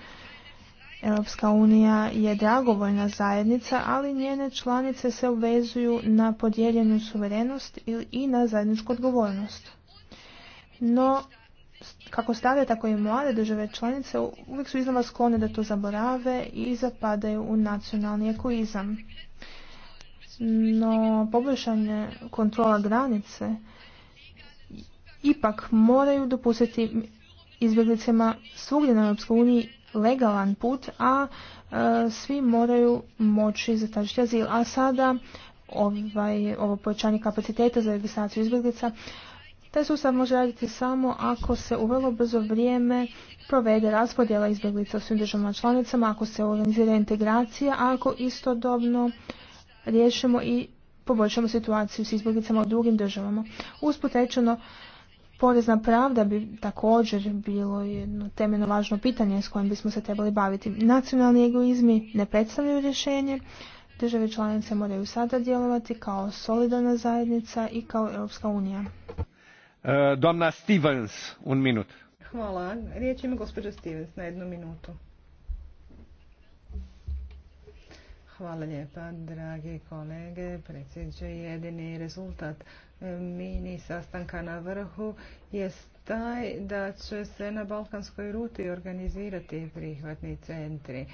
Speaker 5: Europska unija je dragovoljna zajednica, ali njene članice se obvezuju na podijeljenu suverenost i na zajedničku odgovornost. No, kako stave, tako i mlade države članice uvijek su iznova sklone da to zaborave i zapadaju u nacionalni ekoizam. No, poboljšanje kontrola granice ipak moraju dopustiti izbjeglicama svugdje na EU legalan put, a e, svi moraju moći zatražiti azil. A sada ovaj, ovo povećanje kapaciteta za registraciju izbjeglica taj sustav može raditi samo ako se u vrlo brzo vrijeme provede raspodjela izbjeglica u svim državama članicama, ako se organizira integracija, ako istodobno riješimo i poboljšamo situaciju s izbjeglicama u drugim državama. Usput rečeno, Porezna pravda bi također bilo jedno temeljno važno pitanje s kojim bismo se trebali baviti. Nacionalni egoizmi ne predstavljaju rješenje. Države članice moraju sada djelovati kao solidarna zajednica i kao Europska unija.
Speaker 2: Eh, Domna Stevens, un minut.
Speaker 7: Hvala. na jednu minutu. Hvala lijepa, dragi kolege. Predsjedniče, jedini rezultat eh, mini sastanka na vrhu je taj da će se na balkanskoj ruti organizirati prihvatni centri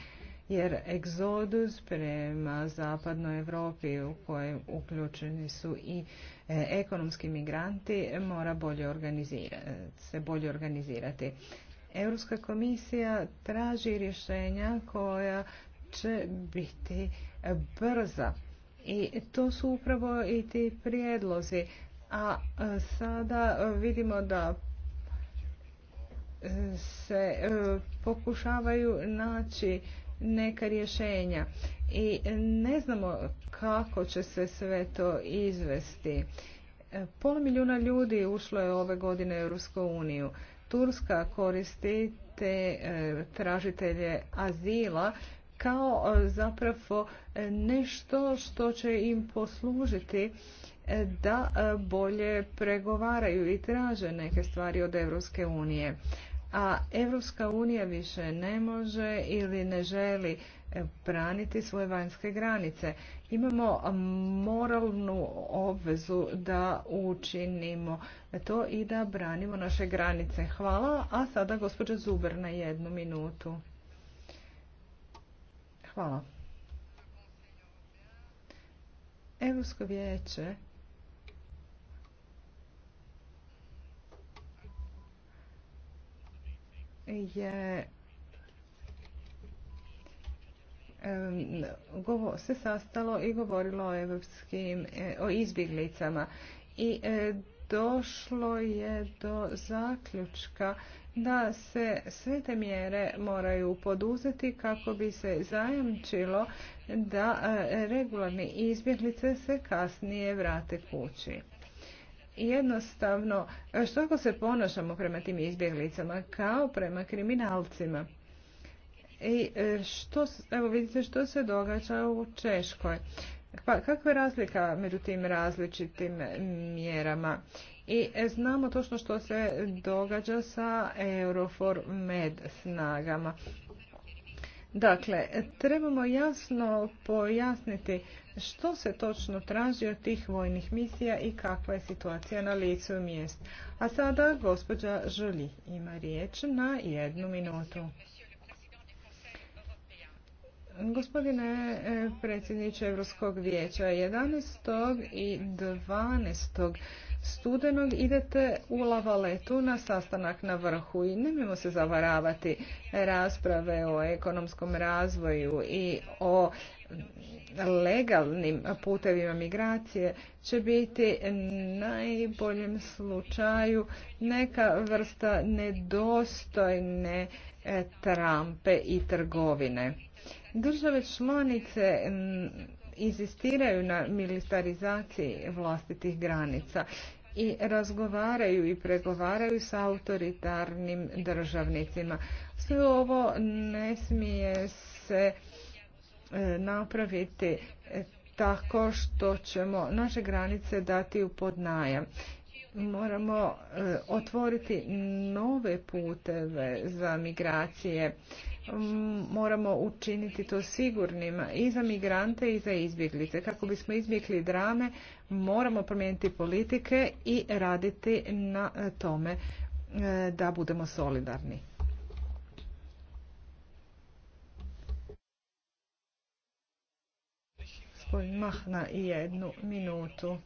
Speaker 7: jer egzodus prema zapadnoj Europi u kojoj uključeni su i e, ekonomski migranti mora bolje se bolje organizirati. Europska komisija traži rješenja koja će biti brza i to su upravo i ti prijedlozi. A e, sada vidimo da e, se pokušavaju naći neka rješenja i ne znamo kako će se sve to izvesti. pol milijuna ljudi ušlo je ove godine u Europsku uniju. Turska koristi te e, tražitelje azila kao e, zapravo e, nešto što će im poslužiti da bolje pregovaraju i traže neke stvari od Europske unije a Evropska unija više ne može ili ne želi e, braniti svoje vanjske granice. Imamo moralnu obvezu da učinimo to i da branimo naše granice. Hvala, a sada gospođa Zuber na jednu minutu. Hvala. Europsko vijeće je se sastalo i govorilo o evropskim, e, o izbjeglicama i e, došlo je do zaključka da se sve te mjere moraju poduzeti kako bi se zajamčilo da e, regularni izbjeglice se kasnije vrate kući jednostavno, što ako se ponašamo prema tim izbjeglicama kao prema kriminalcima? I e, što, evo vidite što se događa u Češkoj. Pa kakva je razlika među tim različitim mjerama? I e, znamo točno što se događa sa Eurofor med snagama. Dakle, trebamo jasno pojasniti što se točno traži od tih vojnih misija i kakva je situacija na licu mjesta. A sada gospođa Žuli ima riječ na jednu minutu. Gospodine e, predsjedniče Europskog vijeća, 11. i 12. studenog idete u Lavaletu na sastanak na vrhu i nemojmo se zavaravati rasprave o ekonomskom razvoju i o legalnim putevima migracije će biti najboljem slučaju neka vrsta nedostojne trampe i trgovine. Države članice mm, izistiraju na militarizaciji vlastitih granica i razgovaraju i pregovaraju sa autoritarnim državnicima. Sve ovo ne smije se e, napraviti e, tako što ćemo naše granice dati u podnajam moramo e, otvoriti nove puteve za migracije. Moramo učiniti to sigurnim i za migrante i za izbjeglice. Kako bismo izbjegli drame, moramo promijeniti politike i raditi na e, tome e, da budemo solidarni. Gospodin Mahna jednu minutu.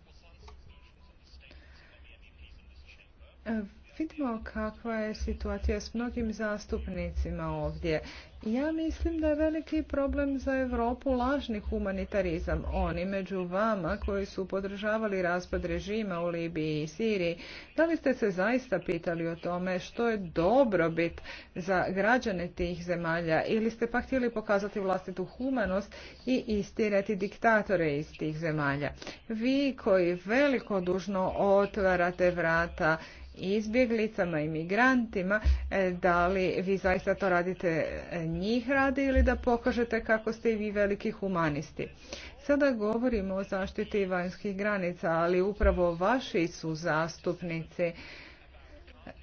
Speaker 7: Vidimo kakva je situacija s mnogim zastupnicima ovdje. Ja mislim da je veliki problem za Europu lažni humanitarizam. Oni među vama koji su podržavali raspad režima u Libiji i Siriji, da li ste se zaista pitali o tome što je dobrobit za građane tih zemalja ili ste pa htjeli pokazati vlastitu humanost i istirati diktatore iz tih zemalja? Vi koji veliko dužno otvarate vrata izbjeglicama i migrantima, e, da li vi zaista to radite e, njih radi ili da pokažete kako ste i vi veliki humanisti. Sada govorimo o zaštiti vanjskih granica, ali upravo vaši su zastupnici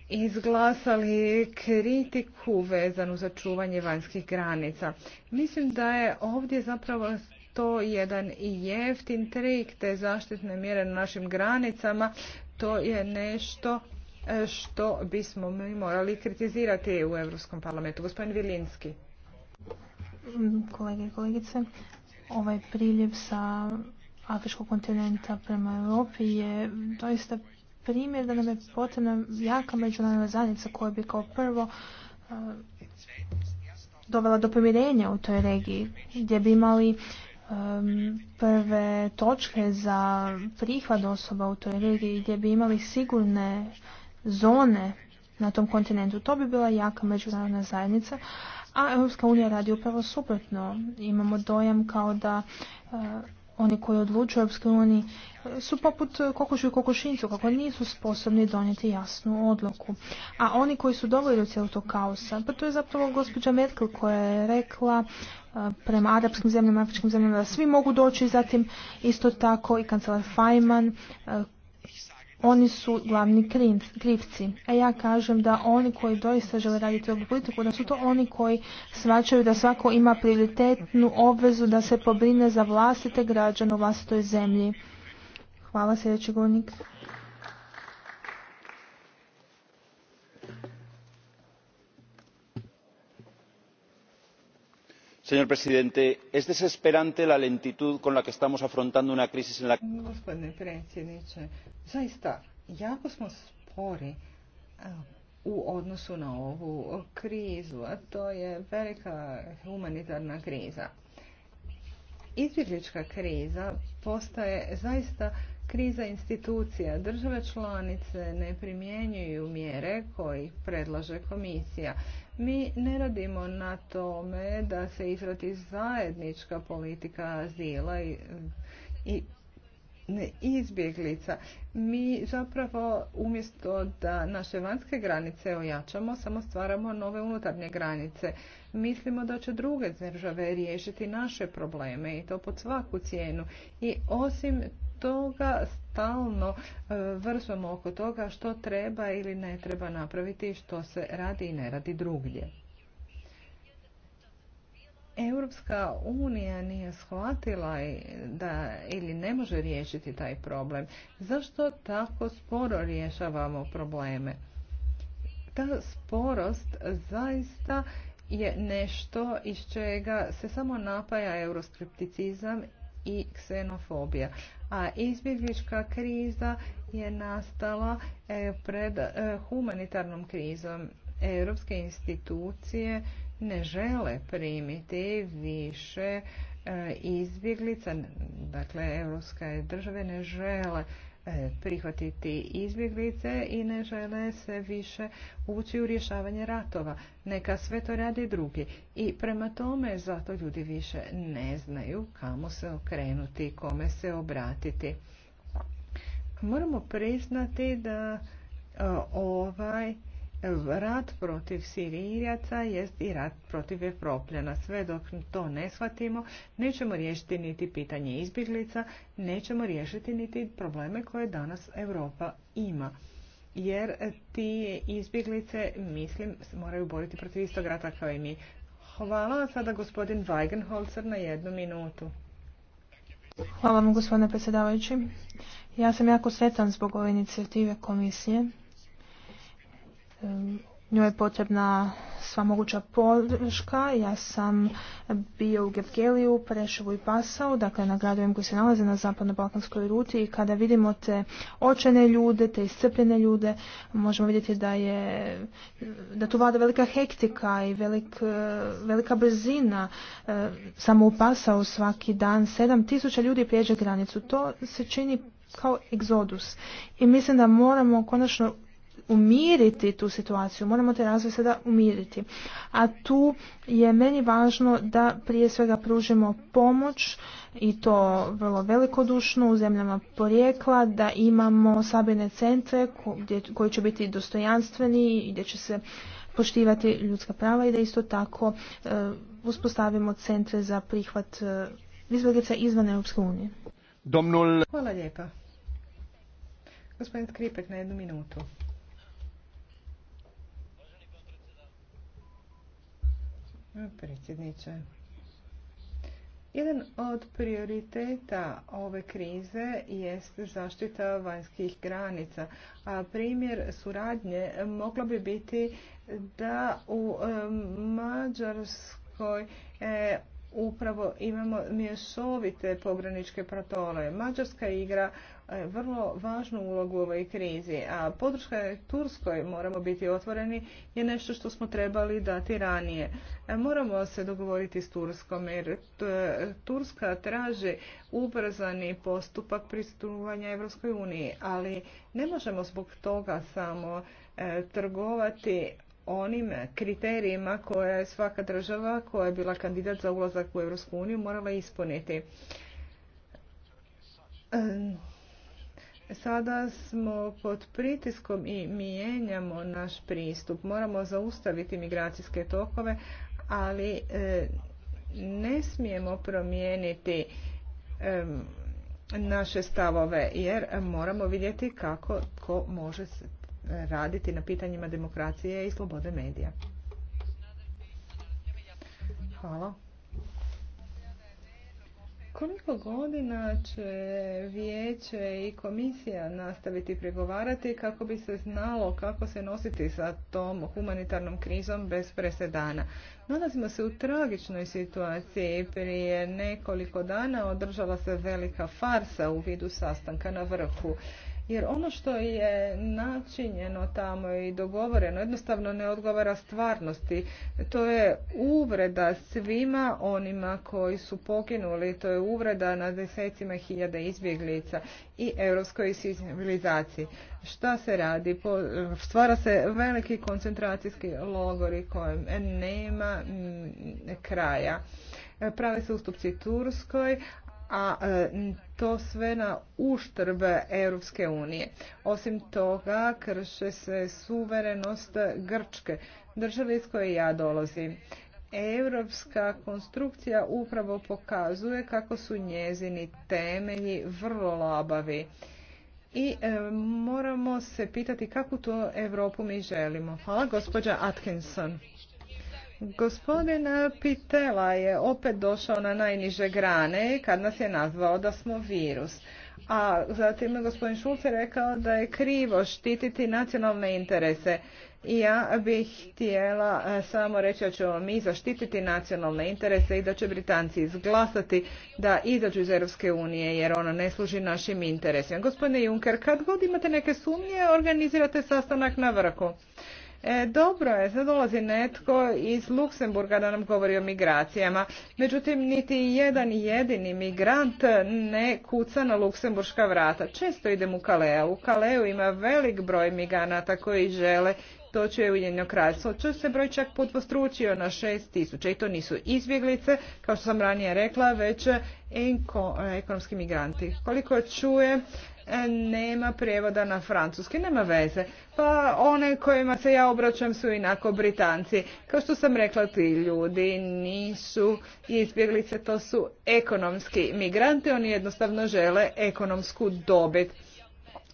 Speaker 7: izglasali kritiku vezanu za čuvanje vanjskih granica. Mislim da je ovdje zapravo to jedan i jeftin trik te zaštitne mjere na našim granicama. To je nešto što bismo mi morali kritizirati u Europskom parlamentu. Gospodin Vilinski.
Speaker 5: Kolege i kolegice, ovaj priljev sa afričkog kontinenta prema Europi je doista primjer da nam je potrebna jaka međunarodna zajednica koja bi kao prvo e, dovela do pomirenja u toj regiji gdje bi imali e, prve točke za prihvat osoba u toj regiji gdje bi imali sigurne zone na tom kontinentu. To bi bila jaka međunarodna zajednica, a Europska unija radi upravo suprotno. Imamo dojam kao da e, oni koji odlučuju u Europskoj e, su poput kokošu i kokošincu, kako nisu sposobni donijeti jasnu odluku. A oni koji su doveli u cijelu tog kaosa, pa to je zapravo gospođa Merkel koja je rekla e, prema arapskim zemljama, afričkim zemljama da svi mogu doći, zatim isto tako i kancelar Feynman oni su glavni krivci. A ja kažem da oni koji doista žele raditi ovu politiku, da su to oni koji svačaju da svako ima prioritetnu obvezu da se pobrine za vlastite građane u vlastitoj zemlji. Hvala sljedeći govornik.
Speaker 6: señor presidente es desesperante la lentitud con la que estamos afrontando una la
Speaker 7: Gospodine predsjedniče, zaista jako smo spori u odnosu na ovu krizu, a to je velika humanitarna kriza. Izbjeglička kriza postaje zaista kriza institucija. Države članice ne primjenjuju mjere koje predlaže komisija mi ne radimo na tome da se izradi zajednička politika azila i, i izbjeglica. Mi zapravo umjesto da naše vanjske granice ojačamo, samo stvaramo nove unutarnje granice. Mislimo da će druge države riješiti naše probleme i to pod svaku cijenu. I osim toga stalno e, vršamo oko toga što treba ili ne treba napraviti što se radi i ne radi drugdje. Europska unija nije shvatila da ili ne može riješiti taj problem. Zašto tako sporo rješavamo probleme? Ta sporost zaista je nešto iz čega se samo napaja euroskripticizam i ksenofobija a izbjeglička kriza je nastala e, pred e, humanitarnom krizom. Europske institucije ne žele primiti više e, izbjeglica, dakle europske države ne žele E, prihvatiti izbjeglice i ne žele se više ući u rješavanje ratova. Neka sve to radi drugi. I prema tome zato ljudi više ne znaju kamo se okrenuti, kome se obratiti. Moramo priznati da e, ovaj rat protiv Sirijaca jest i rat protiv Evropljana. Sve dok to ne shvatimo, nećemo riješiti niti pitanje izbjeglica, nećemo riješiti niti probleme koje danas Europa ima. Jer ti izbjeglice, mislim, moraju boriti protiv istog rata kao i mi. Hvala sada gospodin Weigenholzer na jednu minutu.
Speaker 5: Hvala vam gospodine predsjedavajući. Ja sam jako sretan zbog ove inicijative komisije Njoj je potrebna sva moguća podrška. Ja sam bio u Gevgeliju, Preševu i Pasao, dakle na gradovim koji se nalaze na zapadno-balkanskoj ruti i kada vidimo te očene ljude, te iscrpljene ljude, možemo vidjeti da je da tu vlada velika hektika i velik, e, velika brzina. E, samo u Pasao svaki dan tisuća ljudi prijeđe granicu. To se čini kao egzodus. I mislim da moramo konačno umiriti tu situaciju, moramo te razvoj sada umiriti. A tu je meni važno da prije svega pružimo pomoć i to vrlo velikodušno u zemljama porijekla, da imamo sabirne centre koji će biti dostojanstveni i gdje će se poštivati ljudska prava i da isto tako eh, uspostavimo centre za prihvat e, izvan Europske unije.
Speaker 7: Hvala lijepa. Gospodin na jednu minutu. predsjedniče. Jedan od prioriteta ove krize jest zaštita vanjskih granica, a primjer suradnje moglo bi biti da u e, Mađarskoj e, upravo imamo mješovite pograničke protole. Mađarska igra e, vrlo važnu ulogu u ovoj krizi, a podrška Turskoj, moramo biti otvoreni, je nešto što smo trebali dati ranije. E, moramo se dogovoriti s Turskom, jer e, Turska traži ubrzani postupak pristupanja EU, uniji, ali ne možemo zbog toga samo trgovati onim kriterijima koje je svaka država koja je bila kandidat za ulazak u Europsku uniju morala ispuniti. Sada smo pod pritiskom i mijenjamo naš pristup. Moramo zaustaviti migracijske tokove, ali ne smijemo promijeniti naše stavove jer moramo vidjeti kako tko može raditi na pitanjima demokracije i slobode medija. Hvala. Koliko godina će vijeće i komisija nastaviti pregovarati kako bi se znalo kako se nositi sa tom humanitarnom krizom bez presedana? Nalazimo se u tragičnoj situaciji. Prije nekoliko dana održala se velika farsa u vidu sastanka na vrhu jer ono što je načinjeno tamo i dogovoreno jednostavno ne odgovara stvarnosti. To je uvreda svima onima koji su poginuli, to je uvreda na desecima hiljada izbjeglica i europskoj civilizaciji. Šta se radi? Stvara se veliki koncentracijski logori kojem nema kraja. Prave se ustupci Turskoj, a e, to sve na uštrb Europske unije. Osim toga, krše se suverenost Grčke, države iz koje ja dolazim. Europska konstrukcija upravo pokazuje kako su njezini temelji vrlo labavi. I e, moramo se pitati kakvu to Europu mi želimo. Hvala gospođa Atkinson. Gospodin eh, Pitela je opet došao na najniže grane kad nas je nazvao da smo virus. A zatim je gospodin Šulc rekao da je krivo štititi nacionalne interese. I ja bih htjela eh, samo reći da ćemo mi zaštititi nacionalne interese i da će Britanci izglasati da izađu iz Europske unije jer ona ne služi našim interesima. Gospodine Juncker, kad god imate neke sumnje, organizirate sastanak na vrhu. E Dobro je, sad dolazi netko iz Luksemburga da nam govori o migracijama. Međutim, niti jedan jedini migrant ne kuca na luksemburška vrata. Često idem u Kaleu. U Kaleu ima velik broj migranata koji žele to će Ujedinjeno kraljevstvo. Često se broj čak postručio na tisuća i to nisu izbjeglice, kao što sam ranije rekla, već ekonomski migranti. Koliko čuje, E, nema prijevoda na francuski, nema veze. Pa one kojima se ja obraćam su inako Britanci. Kao što sam rekla, ti ljudi nisu izbjeglice, to su ekonomski migranti, oni jednostavno žele ekonomsku dobit.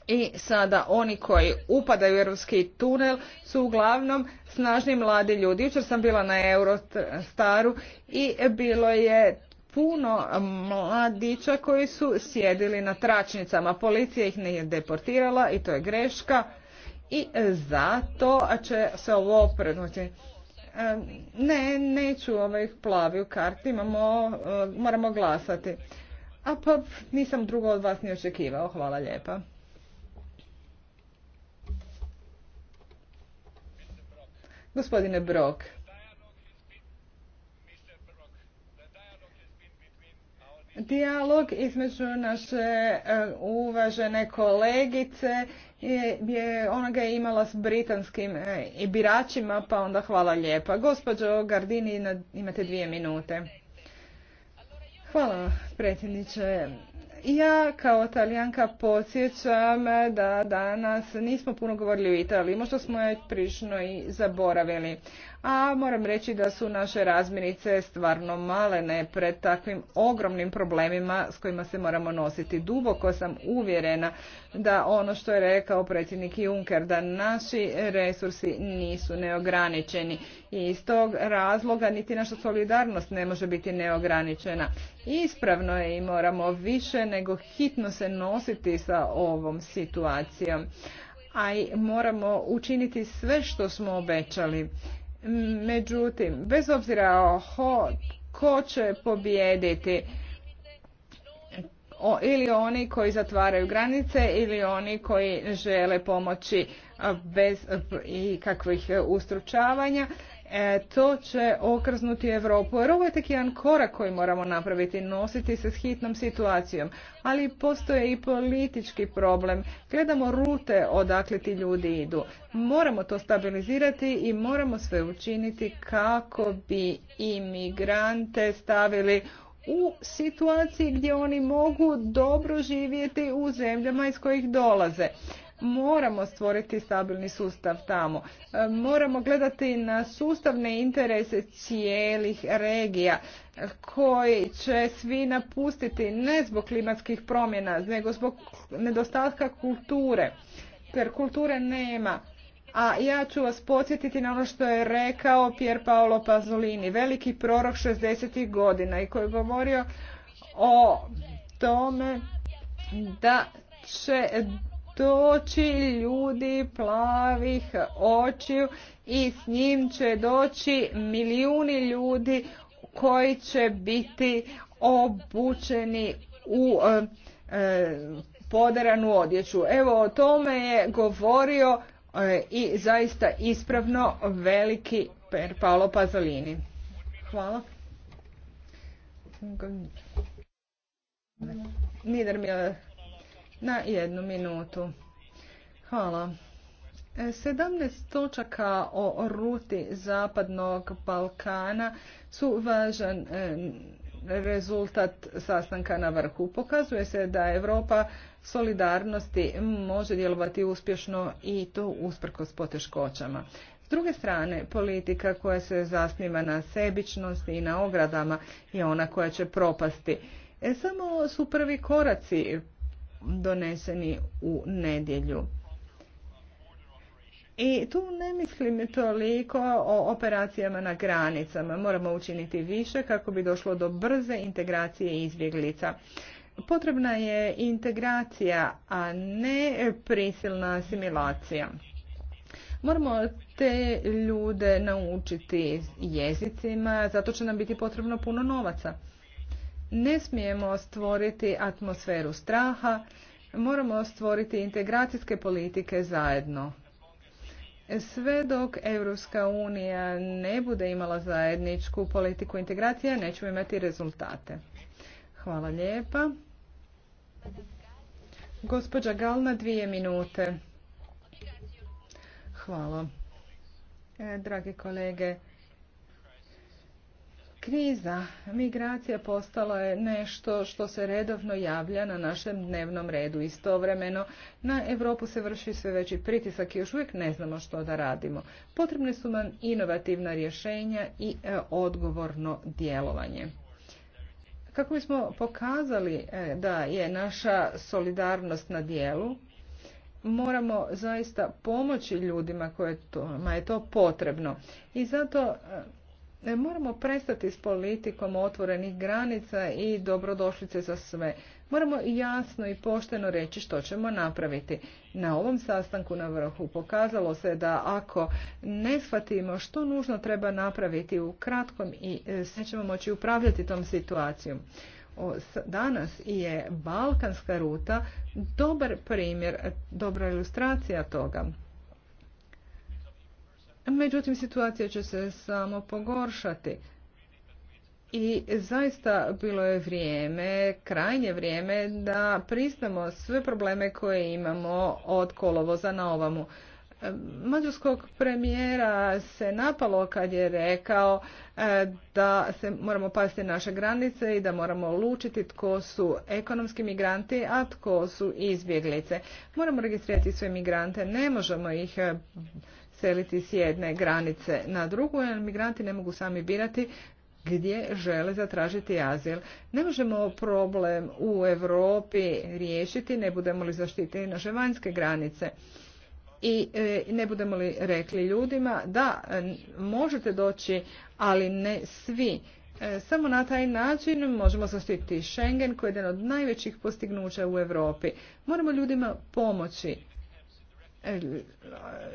Speaker 7: I sada oni koji upadaju u europski tunel su uglavnom snažni mladi ljudi. Jučer sam bila na Eurostaru i bilo je puno mladića koji su sjedili na tračnicama. Policija ih ne je deportirala i to je greška i zato će se ovo prednuti. E, ne, neću ovaj plavi u imamo, e, moramo glasati. A pa nisam drugo od vas ni očekivao, hvala lijepa. Gospodine Brok. Dijalog između naše e, uvažene kolegice je, ona ga je imala s britanskim e, biračima, pa onda hvala lijepa. Gospođo Gardini, imate dvije minute. Hvala, predsjedniče. Ja kao talijanka podsjećam da danas nismo puno govorili o Italiji, možda smo je prično i zaboravili a moram reći da su naše razmirice stvarno malene pred takvim ogromnim problemima s kojima se moramo nositi. Duboko sam uvjerena da ono što je rekao predsjednik Juncker, da naši resursi nisu neograničeni i iz tog razloga niti naša solidarnost ne može biti neograničena. Ispravno je i moramo više nego hitno se nositi sa ovom situacijom a i moramo učiniti sve što smo obećali. Međutim, bez obzira o ho, ko će pobijediti, o, ili oni koji zatvaraju granice ili oni koji žele pomoći bez ikakvih e, ustručavanja E, to će okrznuti Europu. Jer ovo je tek jedan korak koji moramo napraviti, nositi se s hitnom situacijom. Ali postoje i politički problem. Gledamo rute odakle ti ljudi idu. Moramo to stabilizirati i moramo sve učiniti kako bi imigrante stavili u situaciji gdje oni mogu dobro živjeti u zemljama iz kojih dolaze moramo stvoriti stabilni sustav tamo. E, moramo gledati na sustavne interese cijelih regija koji će svi napustiti ne zbog klimatskih promjena, nego zbog nedostatka kulture. Jer kulture nema. A ja ću vas podsjetiti na ono što je rekao Pier Paolo pazolini veliki prorok 60. godina i koji je govorio o tome da će doći ljudi plavih očiju i s njim će doći milijuni ljudi koji će biti obučeni u e, e, podaranu odjeću. Evo o tome je govorio e, i zaista ispravno veliki Per Paolo Pazolini. Hvala na jednu minutu. Hvala. 17 e, točaka o ruti Zapadnog Balkana su važan e, rezultat sastanka na vrhu. Pokazuje se da Europa solidarnosti može djelovati uspješno i to usprkos poteškoćama. S druge strane, politika koja se zasniva na sebičnosti i na ogradama je ona koja će propasti. E, samo su prvi koraci doneseni u nedjelju. I tu ne mislim toliko o operacijama na granicama. Moramo učiniti više kako bi došlo do brze integracije izbjeglica. Potrebna je integracija, a ne prisilna asimilacija. Moramo te ljude naučiti jezicima, zato će nam biti potrebno puno novaca. Ne smijemo stvoriti atmosferu straha, moramo stvoriti integracijske politike zajedno. Sve dok Europska unija ne bude imala zajedničku politiku integracije, nećemo imati rezultate. Hvala lijepa. Gospođa Galna, dvije minute. Hvala. E, dragi kolege, kriza migracija postala je nešto što se redovno javlja na našem dnevnom redu. Istovremeno na Europu se vrši sve veći pritisak i još uvijek ne znamo što da radimo. Potrebne su nam inovativna rješenja i e, odgovorno djelovanje. Kako bismo pokazali e, da je naša solidarnost na dijelu, moramo zaista pomoći ljudima kojima je to potrebno. I zato e, E, moramo prestati s politikom otvorenih granica i dobrodošlice za sve. Moramo jasno i pošteno reći što ćemo napraviti. Na ovom sastanku na vrhu pokazalo se da ako ne shvatimo što nužno treba napraviti u kratkom i e, nećemo moći upravljati tom situacijom. Danas je Balkanska ruta dobar primjer, dobra ilustracija toga. Međutim, situacija će se samo pogoršati. I zaista bilo je vrijeme, krajnje vrijeme, da priznamo sve probleme koje imamo od kolovoza na ovamu. E, mađarskog premijera se napalo kad je rekao e, da se moramo pasti naše granice i da moramo lučiti tko su ekonomski migranti, a tko su izbjeglice. Moramo registrirati sve migrante, ne možemo ih seliti s jedne granice na drugu, jer migranti ne mogu sami birati gdje žele zatražiti azil. Ne možemo problem u Europi riješiti, ne budemo li zaštitili naše vanjske granice. I e, ne budemo li rekli ljudima da e, možete doći, ali ne svi. E, samo na taj način možemo zaštititi Schengen koji je jedan od najvećih postignuća u Europi. Moramo ljudima pomoći E,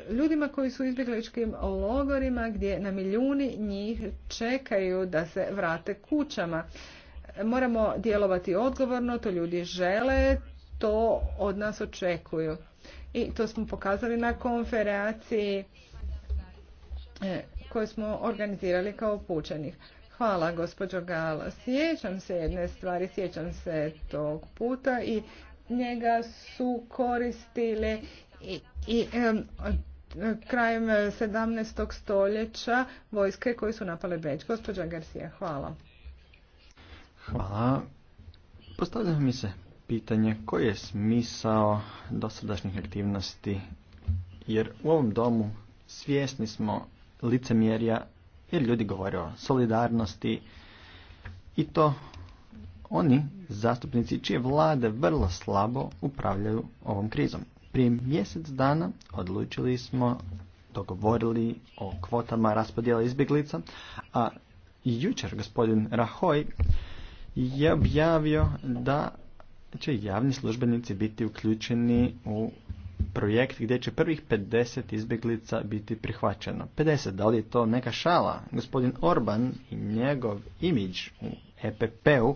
Speaker 7: ljudima koji su u izbjegličkim logorima gdje na milijuni njih čekaju da se vrate kućama. Moramo djelovati odgovorno, to ljudi žele, to od nas očekuju. I to smo pokazali na konferenciji e, koju smo organizirali kao pučenih. Hvala, gospođo Gala. Sjećam se jedne stvari, sjećam se tog puta i njega su koristili i, krajem 17. Eh, stoljeća vojske koji su napale Beč. Gospođa Garcia, hvala.
Speaker 8: Hvala. Postavlja mi se pitanje koji je smisao dosadašnjih aktivnosti jer u ovom domu svjesni smo licemjerja jer ljudi govore o solidarnosti i to oni zastupnici čije vlade vrlo slabo upravljaju ovom krizom. Prije mjesec dana odlučili smo, dogovorili o kvotama raspodjela izbjeglica, a jučer gospodin Rahoj je objavio da će javni službenici biti uključeni u projekt gdje će prvih 50 izbjeglica biti prihvaćeno. 50, da li je to neka šala? Gospodin Orban i njegov imidž u EPP-u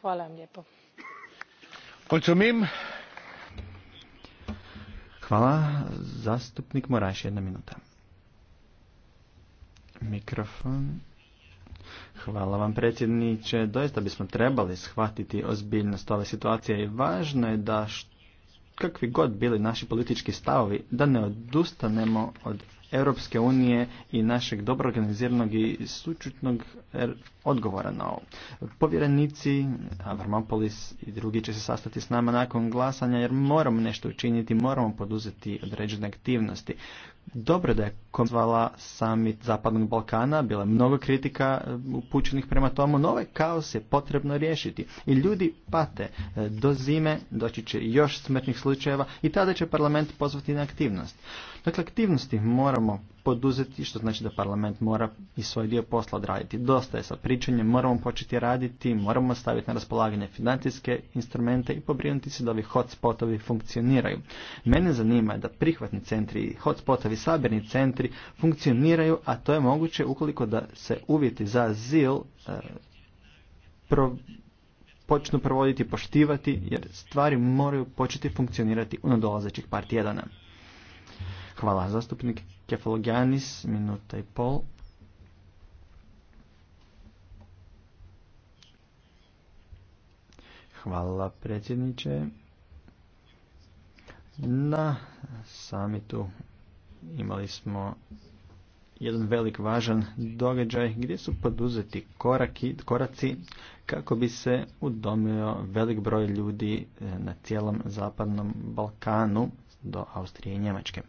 Speaker 9: hvala vam
Speaker 8: Hvala. Zastupnik Moraš, jedna minuta. Mikrofon. Hvala vam predsjedniče. Doista bismo trebali shvatiti ozbiljnost ove situacije i važno je da kakvi god bili naši politički stavovi, da ne odustanemo od Europske unije i našeg dobro organiziranog i sučutnog er, odgovora na ovo. Povjerenici Avramopolis i drugi će se sastati s nama nakon glasanja jer moramo nešto učiniti, moramo poduzeti određene aktivnosti. Dobro da je konzvala summit Zapadnog Balkana, bila je mnogo kritika e, upućenih prema tomu, no ovaj kaos je potrebno riješiti. I ljudi pate, e, do zime doći će još smrtnih slučajeva i tada će parlament pozvati na aktivnost. Dakle, aktivnosti moramo poduzeti, što znači da parlament mora i svoj dio posla odraditi. Dosta je sa pričanjem, moramo početi raditi, moramo staviti na raspolaganje financijske instrumente i pobrinuti se da ovi hotspotovi funkcioniraju. Mene zanima da prihvatni centri i hotspotovi, saberni centri funkcioniraju, a to je moguće ukoliko da se uvjeti za azil e, počnu provoditi, poštivati, jer stvari moraju početi funkcionirati u nadolazećih par tjedana. Hvala. Zastupnik Kefalogianis, minuta i pol. Hvala predsjedniče. Na samitu imali smo jedan velik važan događaj gdje su poduzeti koraki, koraci kako bi se udomio velik broj ljudi eh, na cijelom zapadnom Balkanu do Austrije i Njemačke.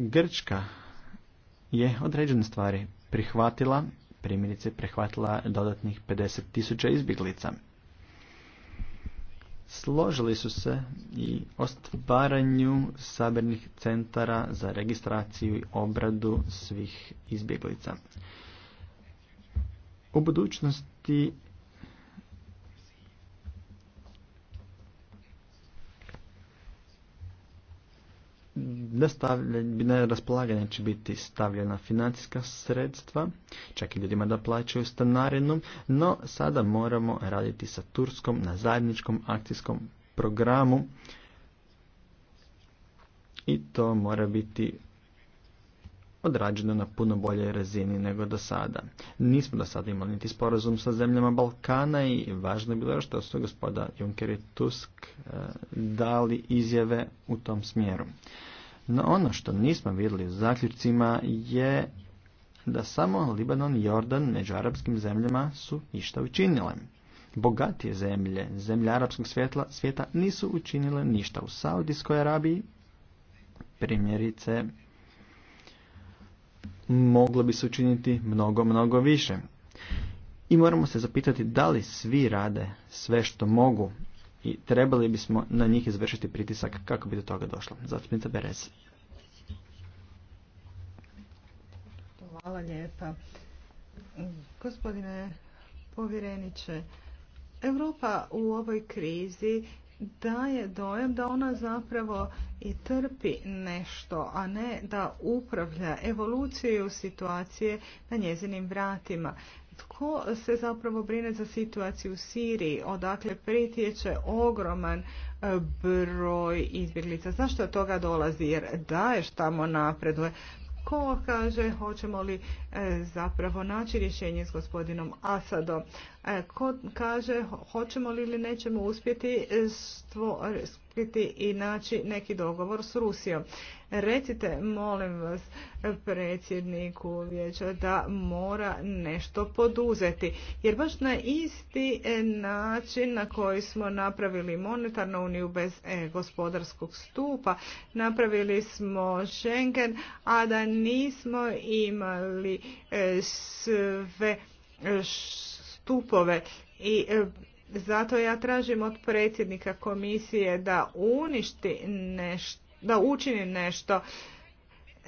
Speaker 8: Grčka je određene stvari prihvatila, primjerice prihvatila dodatnih 50 tisuća izbjeglica. Složili su se i o stvaranju sabernih centara za registraciju i obradu svih izbjeglica. U budućnosti na, na raspolaganje će biti stavljena financijska sredstva, čak i ljudima da plaćaju stanarinu, no sada moramo raditi sa Turskom na zajedničkom akcijskom programu i to mora biti odrađeno na puno boljoj razini nego do sada. Nismo do sada imali niti sporazum sa zemljama Balkana i važno je bilo što su gospoda Juncker i Tusk e, dali izjave u tom smjeru. No ono što nismo vidjeli u zaključcima je da samo Libanon i Jordan među arapskim zemljama su ništa učinile. Bogatije zemlje, zemlje arapskog svjetla, svijeta nisu učinile ništa u Saudijskoj Arabiji, primjerice moglo bi se učiniti mnogo, mnogo više. I moramo se zapitati da li svi rade sve što mogu i trebali bismo na njih izvršiti pritisak kako bi do toga došlo. Zastupnica Berez.
Speaker 7: Hvala lijepa. Gospodine povjereniče, Europa u ovoj krizi daje dojam da ona zapravo i trpi nešto, a ne da upravlja evoluciju situacije na njezinim vratima. Tko se zapravo brine za situaciju u Siriji, odakle pritječe ogroman e, broj izbjeglica? Zašto od toga dolazi? Jer daješ tamo napreduje. Ko kaže hoćemo li E, zapravo naći rješenje s gospodinom Asadom. E, ko kaže hoćemo li ili nećemo uspjeti e, stvoriti i naći neki dogovor s Rusijom. Recite, molim vas, predsjedniku vijeća da mora nešto poduzeti. Jer baš na isti način na koji smo napravili monetarnu uniju bez gospodarskog stupa, napravili smo Schengen, a da nismo imali E, sve stupove i e, zato ja tražim od predsjednika komisije da uništi nešto, da učini nešto.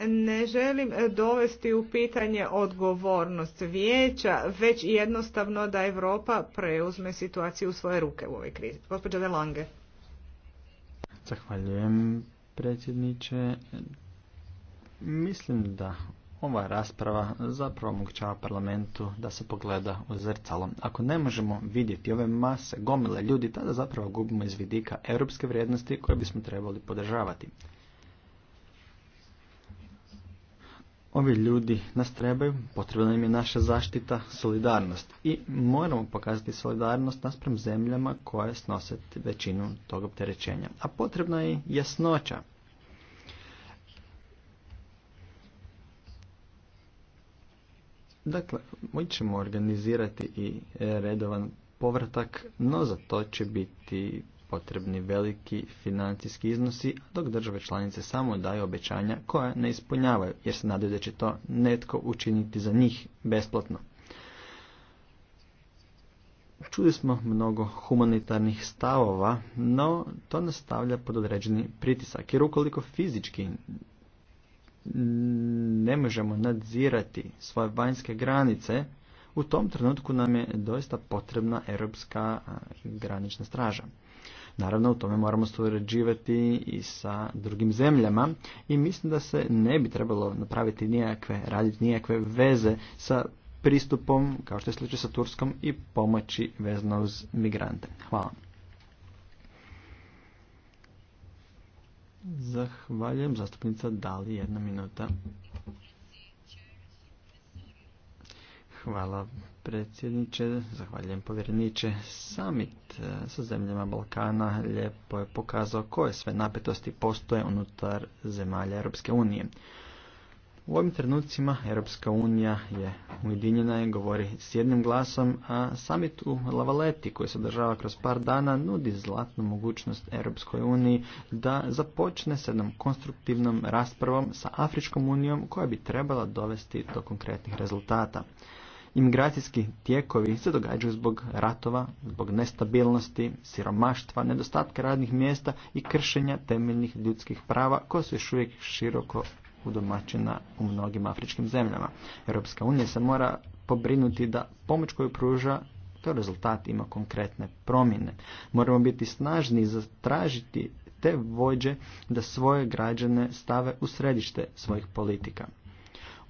Speaker 7: Ne želim dovesti u pitanje odgovornost vijeća, već jednostavno da Europa preuzme situaciju u svoje ruke u ovoj krizi. Gospođa De
Speaker 8: Lange. Zahvaljujem predsjedniče. Mislim da ova rasprava zapravo omogućava parlamentu da se pogleda u zrcalo. Ako ne možemo vidjeti ove mase, gomile ljudi, tada zapravo gubimo iz vidika europske vrijednosti koje bismo trebali podržavati. Ovi ljudi nas trebaju, potrebna im je naša zaštita, solidarnost. I moramo pokazati solidarnost naspram zemljama koje snose većinu tog opterećenja. A potrebna je jasnoća. Dakle, mi ćemo organizirati i redovan povratak, no za to će biti potrebni veliki financijski iznosi, dok države članice samo daju obećanja koja ne ispunjavaju, jer se nadaju da će to netko učiniti za njih besplatno. Čuli smo mnogo humanitarnih stavova, no to nastavlja pod određeni pritisak, jer ukoliko fizički ne možemo nadzirati svoje vanjske granice, u tom trenutku nam je doista potrebna europska granična straža. Naravno, u tome moramo surađivati i sa drugim zemljama i mislim da se ne bi trebalo napraviti nijakve, raditi nijakve veze sa pristupom, kao što je slučaj sa Turskom, i pomoći vezano uz migrante. Hvala. Zahvaljujem. Zastupnica Dali, jedna minuta. Hvala predsjedniče, zahvaljujem povjereniče. Summit eh, sa zemljama Balkana lijepo je pokazao koje sve napetosti postoje unutar zemalja Europske unije. U ovim trenucima Europska unija je ujedinjena i govori s jednim glasom, a summit u Lavaleti koji se održava kroz par dana nudi zlatnu mogućnost Europskoj uniji da započne s jednom konstruktivnom raspravom sa Afričkom unijom koja bi trebala dovesti do konkretnih rezultata. Imigracijski tijekovi se događaju zbog ratova, zbog nestabilnosti, siromaštva, nedostatka radnih mjesta i kršenja temeljnih ljudskih prava koja su još uvijek široko udomaćena u mnogim afričkim zemljama. Europska unija se mora pobrinuti da pomoć koju pruža to rezultat ima konkretne promjene. Moramo biti snažni i zatražiti te vođe da svoje građane stave u središte svojih politika.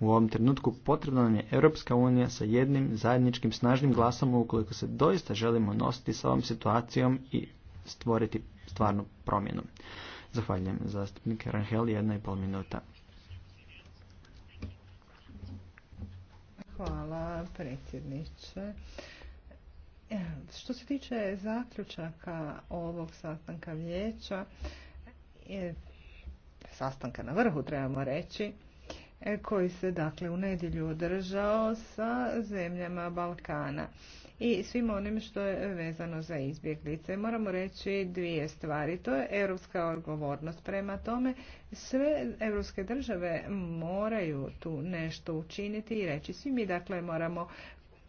Speaker 8: U ovom trenutku potrebna nam je Europska unija sa jednim zajedničkim snažnim glasom ukoliko se doista želimo nositi sa ovom situacijom i stvoriti stvarnu promjenu. Zahvaljujem zastupnik Rangel, jedna i pol minuta.
Speaker 7: Hvala predsjedniče. Što se tiče zaključaka ovog sastanka vijeća, e, sastanka na vrhu trebamo reći, e, koji se dakle u nedjelju održao sa zemljama Balkana i svim onim što je vezano za izbjeglice. Moramo reći dvije stvari. To je europska odgovornost. Prema tome sve europske države moraju tu nešto učiniti i reći. Svi mi dakle moramo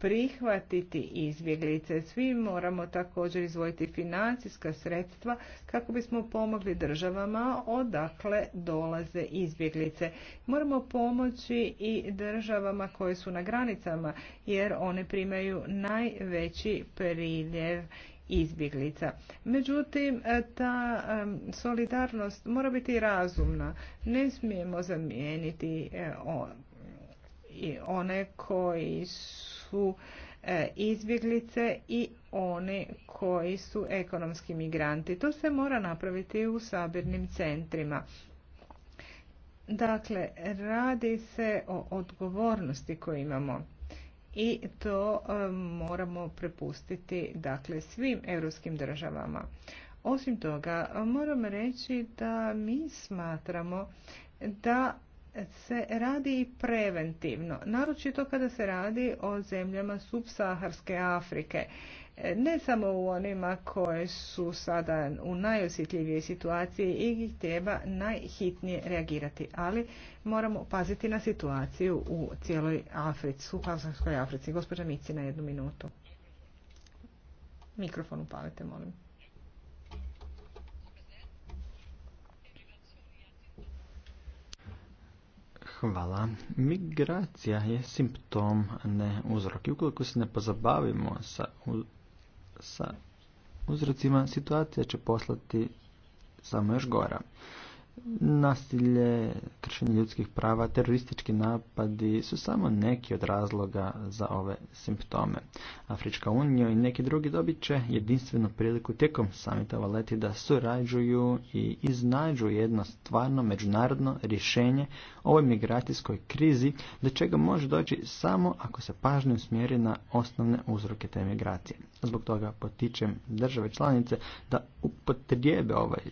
Speaker 7: prihvatiti izbjeglice. Svi moramo također izvojiti financijska sredstva kako bismo pomogli državama odakle dolaze izbjeglice. Moramo pomoći i državama koje su na granicama jer one primaju najveći priljev izbjeglica. Međutim, ta solidarnost mora biti razumna. Ne smijemo zamijeniti e, one koji su su e, izbjeglice i oni koji su ekonomski migranti. To se mora napraviti u sabirnim centrima. Dakle, radi se o odgovornosti koju imamo i to e, moramo prepustiti dakle, svim europskim državama. Osim toga, moram reći da mi smatramo da se radi i preventivno, naročito kada se radi o zemljama subsaharske Afrike. Ne samo u onima koje su sada u najosjetljivijoj situaciji i ih treba najhitnije reagirati, ali moramo paziti na situaciju u cijeloj Africi, subsaharskoj Africi. Gospođa Mici na jednu minutu. Mikrofon upavite, molim.
Speaker 8: Hvala. Migracija je simptom, ne uzrok. I ukoliko se ne pozabavimo sa, sa uzrocima, situacija će poslati samo još gora. Nasilje, kršenje ljudskih prava, teroristički napadi su samo neki od razloga za ove simptome. Afrička unija i neki drugi dobit će jedinstvenu priliku tijekom samita valeti da surađuju i iznađu jedno stvarno međunarodno rješenje ovoj migracijskoj krizi, do čega može doći samo ako se pažnju smjeri na osnovne uzroke te migracije. Zbog toga potičem države članice da upotrijebe ovaj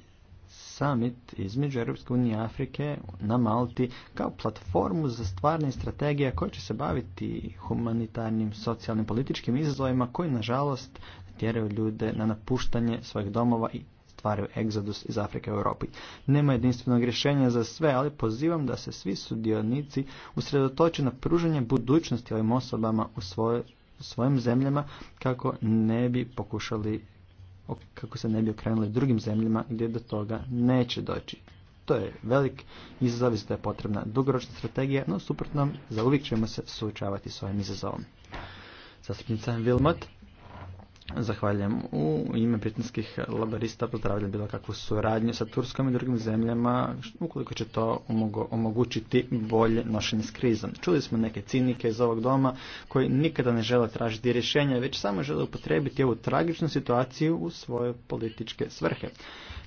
Speaker 8: summit između Europske unije i Afrike na Malti kao platformu za stvarne strategije koje će se baviti humanitarnim, socijalnim, političkim izazovima koji nažalost tjeraju ljude na napuštanje svojih domova i stvaraju egzodus iz Afrike u Europi. Nema jedinstvenog rješenja za sve, ali pozivam da se svi sudionici usredotoče na pružanje budućnosti ovim osobama u svojim zemljama kako ne bi pokušali kako se ne bi okrenuli drugim zemljama gdje do toga neće doći. To je velik izazov i je potrebna dugoročna strategija, no suprotno zauvijek ćemo se suočavati s ovim izazovom. Zastupnica Wilmot, Zahvaljujem. U ime britanskih laborista pozdravljam bilo kakvu suradnju sa Turskom i drugim zemljama, ukoliko će to omogućiti bolje nošenje s krizom. Čuli smo neke cinike iz ovog doma koji nikada ne žele tražiti rješenja, već samo žele upotrebiti ovu tragičnu situaciju u svoje političke svrhe.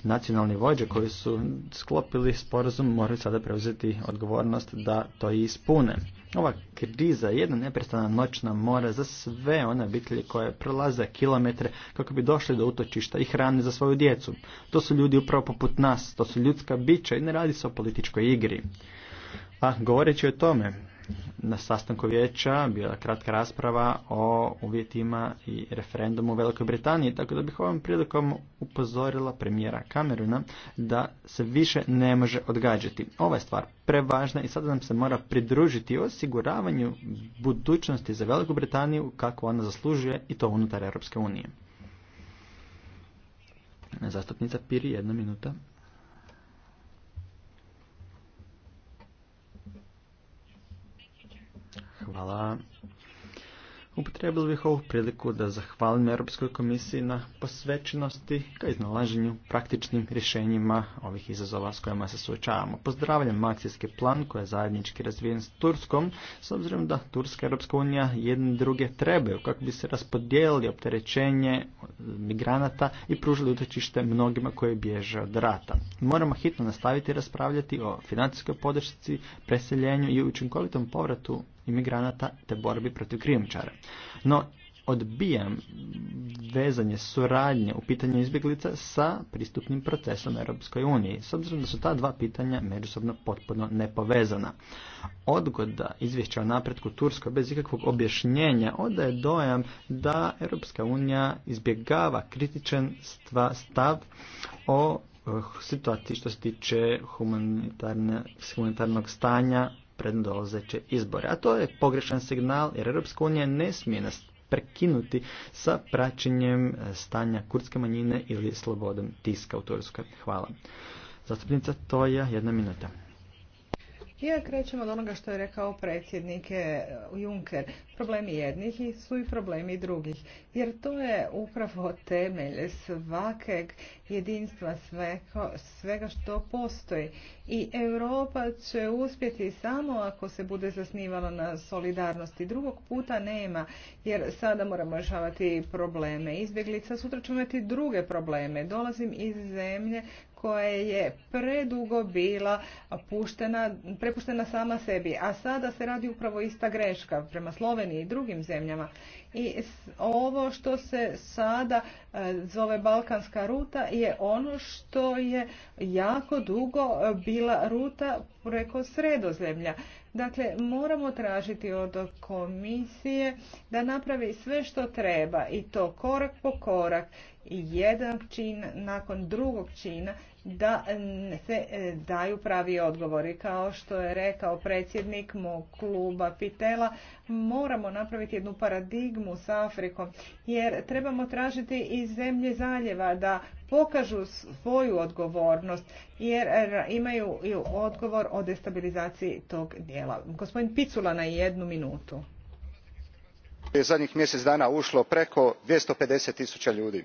Speaker 8: Nacionalni vođe koji su sklopili sporazum moraju sada preuzeti odgovornost da to i ispune. Ova kriza je jedna neprestana noćna mora za sve one obitelji koje prolaze kilometre kako bi došli do utočišta i hrane za svoju djecu. To su ljudi upravo poput nas, to su ljudska bića i ne radi se o političkoj igri. A govoreći o tome, na sastanku vijeća bila kratka rasprava o uvjetima i referendumu u Velikoj Britaniji, tako da bih ovom prilikom upozorila premijera Kameruna da se više ne može odgađati. Ova je stvar prevažna i sada nam se mora pridružiti osiguravanju budućnosti za Veliku Britaniju kako ona zaslužuje i to unutar Europske unije. Zastupnica Piri, jedna minuta. Hvala. Upotrebili bih ovu priliku da zahvalim Europskoj komisiji na posvećenosti ka iznalaženju praktičnim rješenjima ovih izazova s kojima se suočavamo. Pozdravljam akcijski plan koji je zajednički razvijen s Turskom, s obzirom da Turska i Europska unija jedne druge trebaju kako bi se raspodijelili opterećenje migranata i pružili utočište mnogima koji bježe od rata. Moramo hitno nastaviti raspravljati o financijskoj podršci, preseljenju i učinkovitom povratu imigranata te borbi protiv krijumčara. No, odbijam vezanje suradnje u pitanju izbjeglica sa pristupnim procesom Europskoj uniji, s obzirom da su ta dva pitanja međusobno potpuno nepovezana. Odgoda izvješća o napretku Turskoj bez ikakvog objašnjenja odaje dojam da Europska unija izbjegava kritičan stav o eh, situaciji što se tiče humanitarnog stanja pred izbore. A to je pogrešan signal jer Europska unija ne smije nas prekinuti sa praćenjem e, stanja kurdske manjine ili slobodom tiska u Turskoj. Hvala. Zastupnica Toja, jedna minuta.
Speaker 7: Ja krećem od onoga što je rekao predsjednik e, Juncker. Problemi jednih su i problemi drugih. Jer to je upravo temelj svakeg jedinstva svega, svega što postoji. I Europa će uspjeti samo ako se bude zasnivala na solidarnosti. Drugog puta nema, jer sada moramo rješavati probleme. Izbjeglica sutra ćemo imati druge probleme. Dolazim iz zemlje koja je predugo bila puštena, prepuštena sama sebi, a sada se radi upravo ista greška prema Sloveniji i drugim zemljama. I ovo što se sada e, zove Balkanska ruta je ono što je jako dugo e, bila ruta preko sredozemlja. Dakle, moramo tražiti od komisije da napravi sve što treba i to korak po korak, jedan čin nakon drugog čina da se e, daju pravi odgovori. Kao što je rekao predsjednik mog kluba Pitela, moramo napraviti jednu paradigmu s Afrikom, jer trebamo tražiti i zemlje zaljeva da pokažu svoju odgovornost, jer imaju i odgovor o destabilizaciji tog dijela. Gospodin Picula na jednu minutu.
Speaker 6: Je zadnjih mjesec dana ušlo preko 250 tisuća ljudi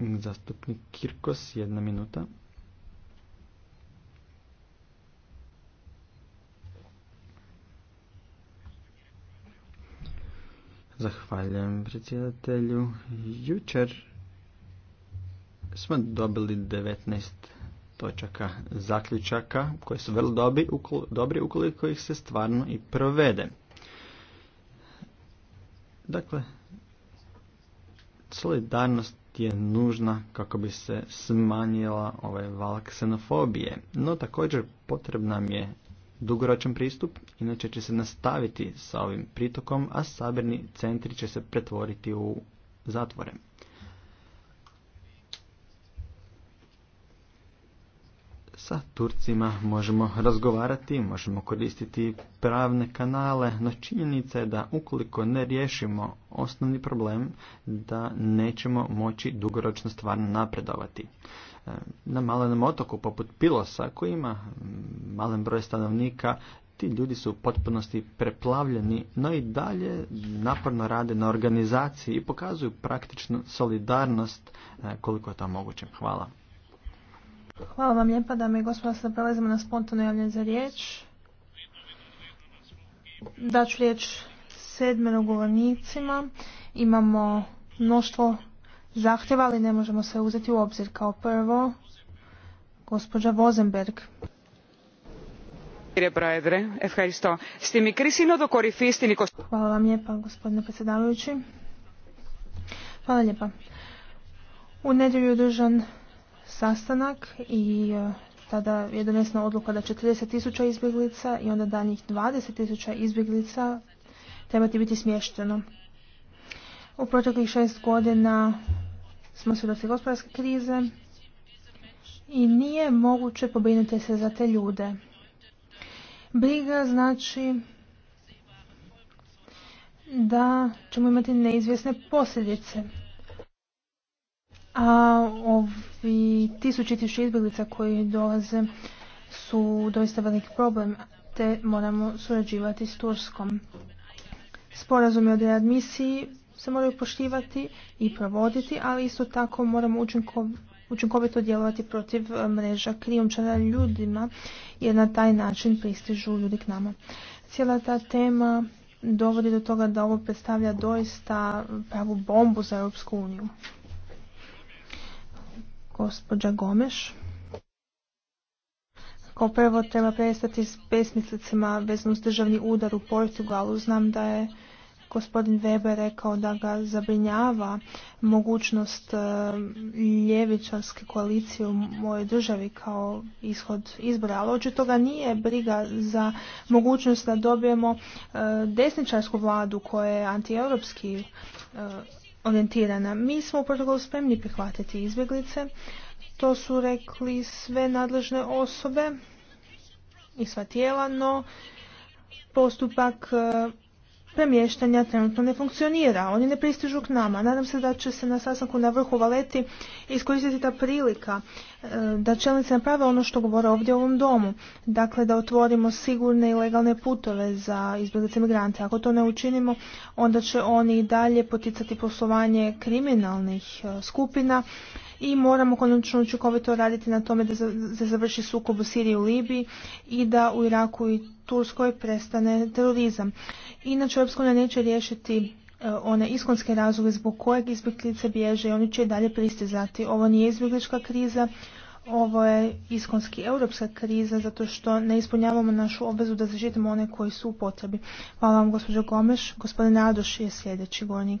Speaker 8: Zastupnik Kirkos, jedna minuta. Zahvaljujem predsjedatelju. Jučer smo dobili 19 točaka zaključaka koje su vrlo dobri ukoliko ih se stvarno i provede. Dakle, solidarnost je nužna kako bi se smanjila ovaj val no također potrebna nam je dugoročan pristup, inače će se nastaviti sa ovim pritokom, a sabirni centri će se pretvoriti u zatvore. sa Turcima možemo razgovarati, možemo koristiti pravne kanale, no činjenica je da ukoliko ne riješimo osnovni problem, da nećemo moći dugoročno stvarno napredovati. E, na malenom otoku poput Pilosa, koji ima mm, malen broj stanovnika, ti ljudi su u potpunosti preplavljeni, no i dalje naporno rade na organizaciji i pokazuju praktičnu solidarnost e, koliko je to moguće. Hvala.
Speaker 5: Hvala vam lijepa, dame i gospodo, sada prelazimo na spontano javljanje za riječ. Daću riječ sedmero govornicima. Imamo mnoštvo zahtjeva, ali ne možemo sve uzeti u obzir. Kao prvo, gospođa Vozenberg. Hvala vam lijepa, gospodine predsjedavajući. Hvala lijepa. U nedjelju je dužan sastanak i e, tada je donesena odluka da 40 tisuća izbjeglica i onda danjih 20 tisuća izbjeglica trebati biti smješteno. U proteklih šest godina smo svjedoci gospodarske krize i nije moguće pobrinuti se za te ljude. Briga znači da ćemo imati neizvjesne posljedice a ovi tisući izbjeglica koji dolaze su doista veliki problem, te moramo surađivati s Turskom. Sporazumi o readmisiji se moraju poštivati i provoditi, ali isto tako moramo učinkovito djelovati protiv e, mreža krijumčara ljudima, jer na taj način pristižu ljudi k nama. Cijela ta tema dovodi do toga da ovo predstavlja doista pravu bombu za Europsku uniju. Gospođa Gomeš. Kao prvo treba prestati s besmislicima vezano s državni udar u Portugalu. Znam da je gospodin Weber rekao da ga zabrinjava mogućnost e, ljevičarske koalicije u mojoj državi kao ishod izbora, ali očito ga nije briga za mogućnost da dobijemo e, desničarsku vladu koja je antieuropski e, orijentirana. Mi smo u protokolu spremni prihvatiti izbjeglice. To su rekli sve nadležne osobe i sva tijela, no postupak premještanja trenutno ne funkcionira. Oni ne pristižu k nama. Nadam se da će se na sastanku na vrhu valeti iskoristiti ta prilika e, da čelnici naprave ono što govore ovdje u ovom domu. Dakle, da otvorimo sigurne i legalne putove za izbjeglice migrante. Ako to ne učinimo, onda će oni i dalje poticati poslovanje kriminalnih e, skupina i moramo konačno učinkovito raditi na tome da se završi sukob u Siriji i u Libiji i da u Iraku i Turskoj prestane terorizam. Inače, Europska unija neće riješiti e, one iskonske razloge zbog kojeg izbjeglice bježe i oni će i dalje pristizati. Ovo nije izbjeglička kriza, ovo je iskonski europska kriza zato što ne ispunjavamo našu obvezu da zaštitimo one koji su u potrebi. Hvala vam gospođo Gomeš. Gospodin Adoš je sljedeći govornik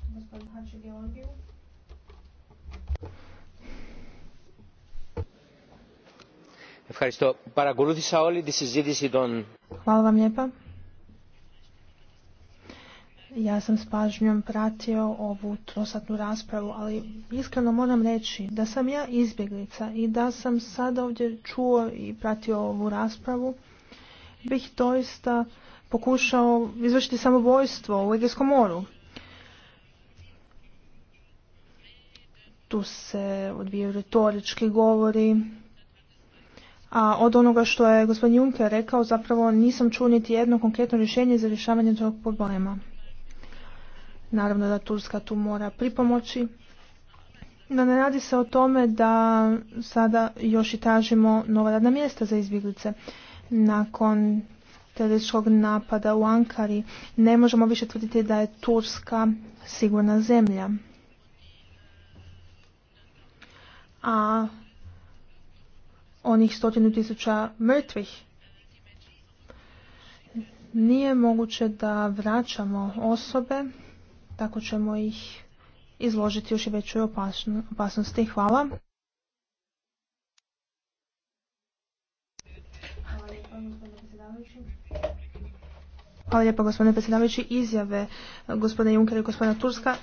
Speaker 5: Gospodin Hvala vam lijepa. Ja sam s pažnjom pratio ovu trosatnu raspravu, ali iskreno moram reći da sam ja izbjeglica i da sam sad ovdje čuo i pratio ovu raspravu, bih doista pokušao izvršiti samobojstvo u Egejskom moru. tu se odvijaju retorički govori, a od onoga što je gospodin Juncker rekao zapravo nisam čuo niti jedno konkretno rješenje za rješavanje tog problema. Naravno da Turska tu mora pripomoći, no ne radi se o tome da sada još i tražimo nova radna mjesta za izbjeglice. Nakon terorističkog napada u Ankari ne možemo više tvrditi da je Turska sigurna zemlja. a onih stotinu tisuća mrtvih. Nije moguće da vraćamo osobe, tako ćemo ih izložiti još i većoj opasnosti. Hvala. Hvala lijepa gospodine predsjedavajući. Izjave gospodine Junkera i gospodina Turska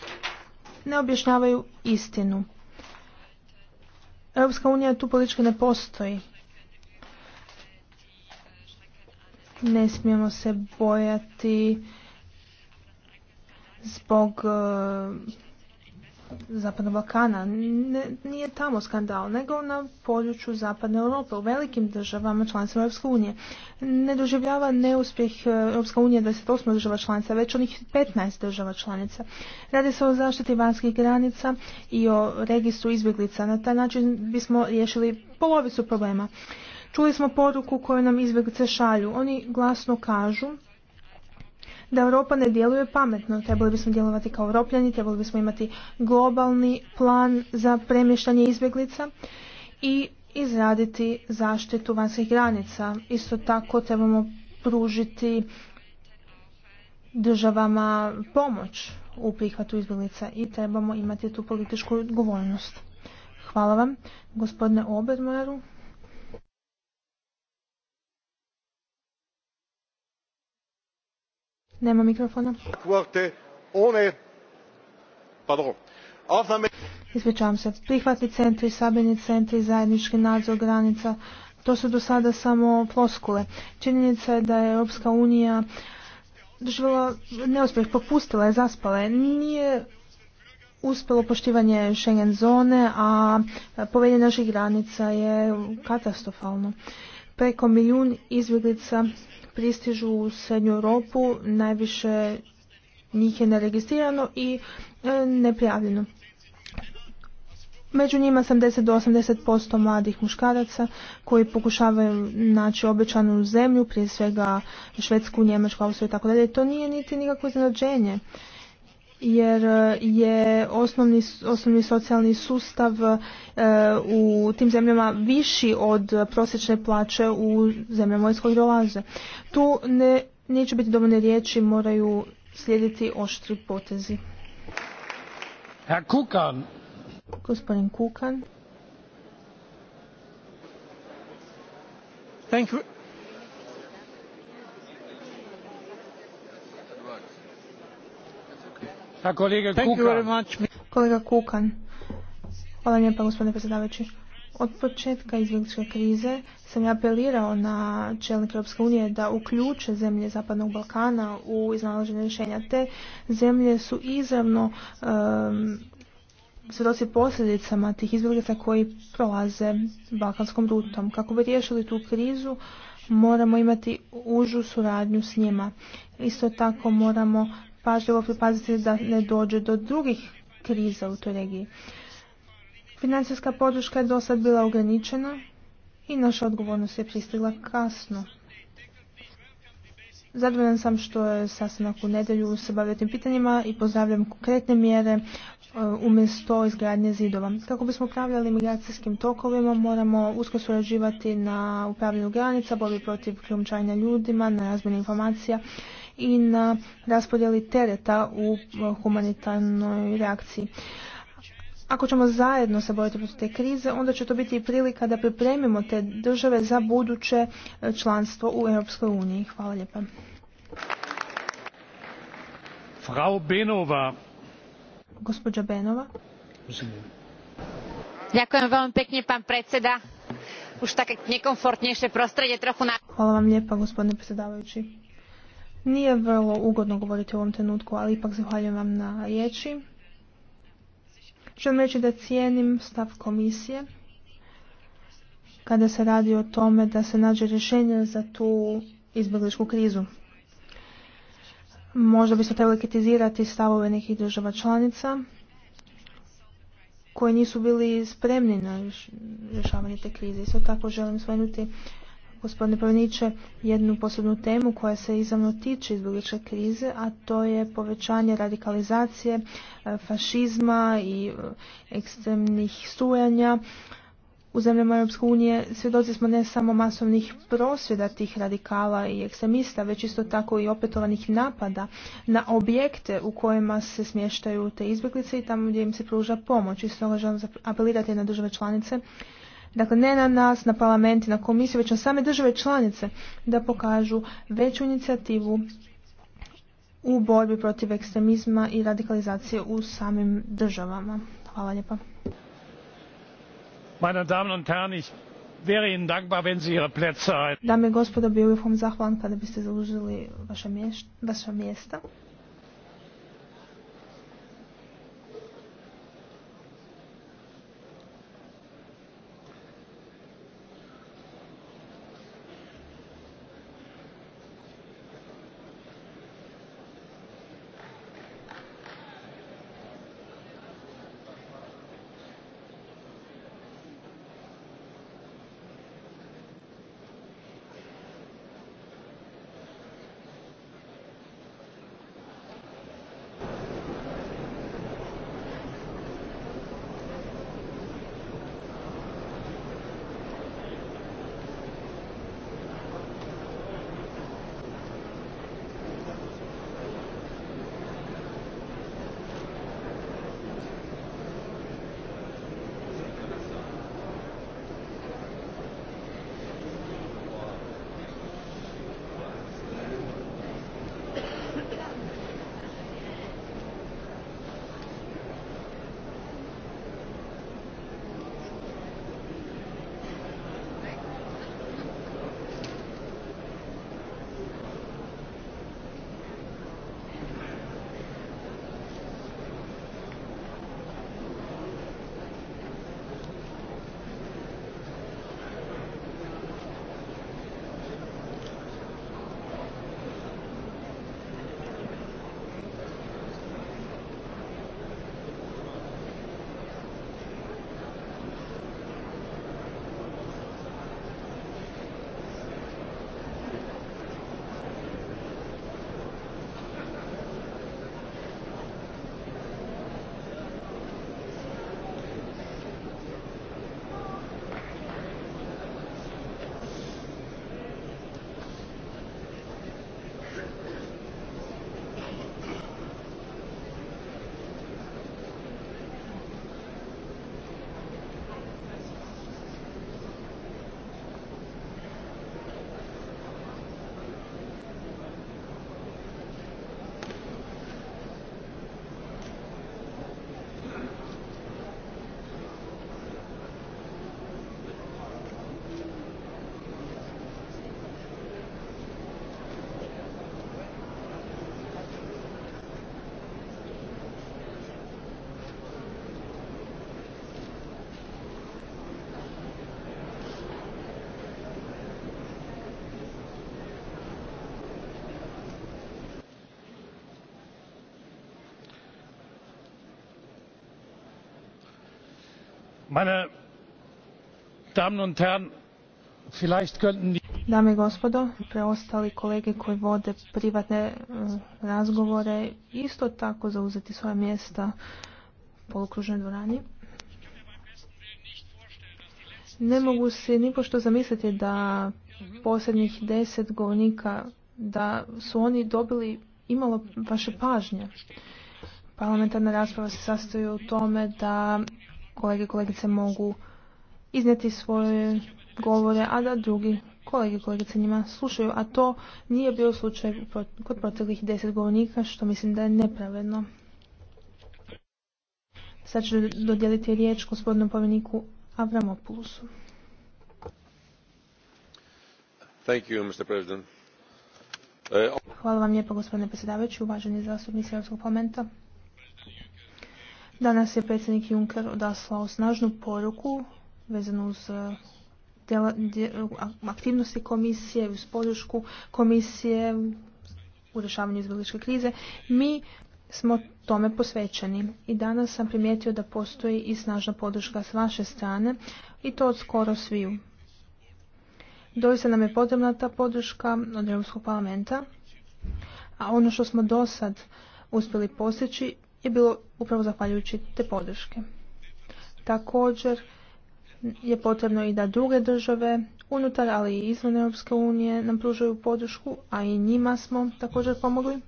Speaker 5: ne objašnjavaju istinu. Europska unija tu politički ne postoji. Ne smijemo se bojati zbog eh, Zapadnog Balkana. Ne, nije tamo skandal, nego na području Zapadne Europe, u velikim državama članstva Europske unije. Ne doživljava neuspjeh e, Europska unija 28 država članica, već onih 15 država članica. Radi se o zaštiti vanjskih granica i o registru izbjeglica. Na taj način bismo riješili polovicu problema. Čuli smo poruku koju nam izbjeglice šalju. Oni glasno kažu da Europa ne djeluje pametno. Trebali bismo djelovati kao europljani, trebali bismo imati globalni plan za premještanje izbjeglica i izraditi zaštitu vanjskih granica. Isto tako trebamo pružiti državama pomoć u prihvatu izbjeglica i trebamo imati tu političku odgovornost. Hvala vam, gospodine Obermaru. Nema mikrofona. Ispričavam se. Prihvatni centri, sabirni centri, zajednički nadzor granica, to su do sada samo ploskule. Činjenica je da je Europska unija doživjela neuspjeh, popustila je, zaspala je. Nije uspjelo poštivanje Schengen zone, a povedje naših granica je katastrofalno. Preko milijun izbjeglica pristižu u Srednju Europu, najviše njih je neregistrirano i e, neprijavljeno. Među njima 70 do 80% mladih muškaraca koji pokušavaju naći obećanu zemlju, prije svega Švedsku, Njemačku, Austriju i tako dalje. To nije niti nikakvo iznenađenje jer e, je osnovni, osnovni socijalni sustav e, u tim zemljama viši od prosječne plaće u zemljama iz kojih dolaze. Tu neće biti dovoljne riječi, moraju slijediti oštri potezi. Kukan. Gospodin Kukan. Thank you. Kolega Kukan. Hvala lijepa gospodine predsjedavajući. Od početka izbjegličke krize sam ja apelirao na čelnike Europske unije da uključe zemlje Zapadnog Balkana u iznalaženje rješenja. Te zemlje su izravno um, svjedoci posljedicama tih izbjeglica koji prolaze balkanskom rutom. Kako bi riješili tu krizu, moramo imati užu suradnju s njima. Isto tako moramo pažljivo pripaziti da ne dođe do drugih kriza u toj regiji. Financijska podrška je do sad bila ograničena i naša odgovornost je pristigla kasno. Zadovoljan sam što je sastanak u nedelju se bavio tim pitanjima i pozdravljam konkretne mjere e, umjesto izgradnje zidova. Kako bismo upravljali migracijskim tokovima, moramo usko surađivati na upravljanju granica, borbi protiv krijumčarenja ljudima, na razmjeni informacija i na raspodjeli tereta u humanitarnoj reakciji. Ako ćemo zajedno se boriti protiv te krize, onda će to biti i prilika da pripremimo te države za buduće članstvo u Europskoj uniji. Hvala lijepa.
Speaker 2: Frau Benova.
Speaker 4: Gospođa Benova. Ďakujem veľmi pekne, pán predseda. Už také nekomfortnejšie na... Hvala
Speaker 5: vam lijepa, gospodine predsjedavajući. Nije vrlo ugodno govoriti u ovom trenutku, ali ipak zahvaljujem vam na riječi. Želim reći da cijenim stav komisije kada se radi o tome da se nađe rješenje za tu izbjegličku krizu. Možda bi se trebali kritizirati stavove nekih država članica koji nisu bili spremni na rješavanje te krize. Isto tako želim uh, gospodine Pavniče, jednu posebnu temu koja se izravno tiče izbjegličke krize, a to je povećanje radikalizacije, e, fašizma i e, ekstremnih strujanja. U zemljama Europske unije svjedoci smo ne samo masovnih prosvjeda tih radikala i ekstremista, već isto tako i opetovanih napada na objekte u kojima se smještaju te izbjeglice i tamo gdje im se pruža pomoć. Isto toga želim apelirati na države članice dakle ne na nas, na parlamenti, na komisiju, već na same države članice da pokažu veću inicijativu u borbi protiv ekstremizma i radikalizacije u samim državama. Hvala lijepa.
Speaker 2: Meine Damen und Herren, ich wäre Ihnen dankbar, wenn Sie Ihre Plätze
Speaker 5: Dame i gospodo, bio bih vam zahvalan kada biste zaužili vaša mjesta. Dame i gospodo, preostali kolege koji vode privatne e, razgovore isto tako zauzeti svoja mjesta u polukružnoj dvorani. Ne mogu si nipošto zamisliti da posljednjih deset govornika da su oni dobili imalo vaše pažnje. Parlamentarna rasprava se sastoji u tome da kolege i kolegice mogu iznijeti svoje govore, a da drugi kolege i kolegice njima slušaju, a to nije bio slučaj kod proteklih deset govornika, što mislim da je nepravedno. Sad ću dodijeliti riječ gospodinu povjeniku Avramopoulosu. Hvala vam lijepo gospodine predsjedavajući, uvaženi zastupnici Europskog parlamenta. Danas je predsjednik Juncker odaslao snažnu poruku vezanu uz e, e, aktivnosti komisije, uz podršku komisije u rješavanju izbjegličke krize. Mi smo tome posvećeni i danas sam primijetio da postoji i snažna podrška s vaše strane i to od skoro sviju. Doista nam je potrebna ta podrška od Europskog parlamenta, a ono što smo do sad uspjeli postići bilo upravo zahvaljujući te podrške. Također je potrebno i da druge države unutar, ali i izvan Europske unije nam pružaju podršku, a i njima smo također pomogli.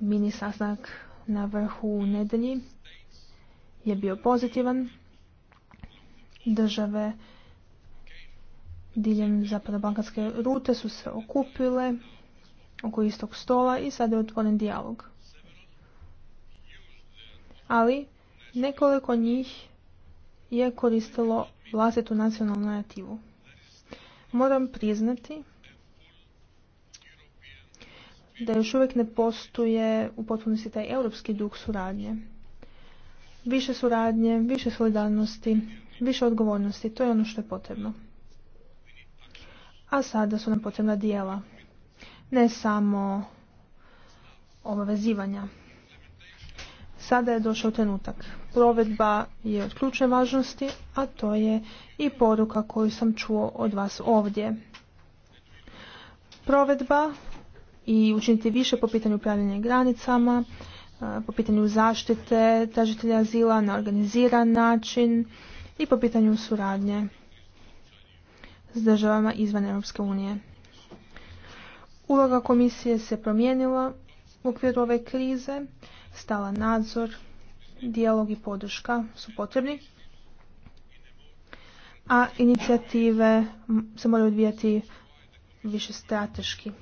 Speaker 5: Mini sastanak na vrhu u nedelji je bio pozitivan. Države diljem zapadno-bankarske rute su se okupile oko istog stola i sada je otvoren dijalog. Ali nekoliko njih je koristilo vlastitu nacionalnu nativu. Moram priznati da još uvijek ne postoje u potpunosti taj europski duh suradnje. Više suradnje, više solidarnosti, više odgovornosti, to je ono što je potrebno. A sada su nam potrebna dijela, ne samo obavezivanja. Sada je došao trenutak. Provedba je od ključne važnosti, a to je i poruka koju sam čuo od vas ovdje. Provedba i učiniti više po pitanju upravljanja granicama, po pitanju zaštite tražitelja azila na organiziran način i po pitanju suradnje s državama izvan Europske unije. Uloga komisije se promijenila u okviru ove krize, stala nadzor, dijalog i podrška su potrebni, a inicijative se moraju odvijati više strateški.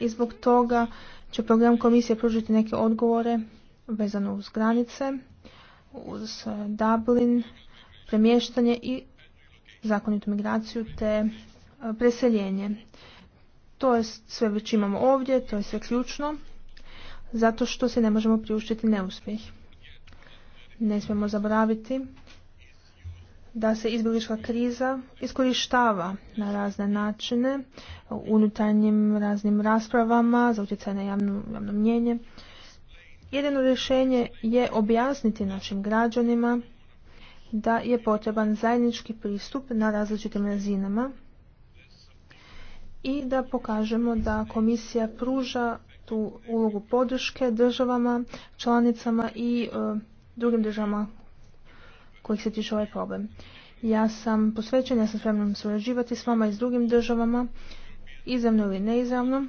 Speaker 5: I zbog toga će program komisije pružiti neke odgovore vezano uz granice, uz Dublin, premještanje i zakonitu migraciju te preseljenje. To je sve već imamo ovdje, to je sve ključno, zato što se ne možemo priuštiti neuspjeh. Ne smijemo zaboraviti da se izbjeglička kriza iskorištava na razne načine, unutarnjim raznim raspravama, za utjecaj na javno, javno mnjenje. Jedino rješenje je objasniti našim građanima da je potreban zajednički pristup na različitim razinama i da pokažemo da komisija pruža tu ulogu podrške državama, članicama i e, drugim državama kojih se tiče ovaj problem. Ja sam posvećena, ja sam spremna surađivati s vama i s drugim državama, izravno ili neizravno,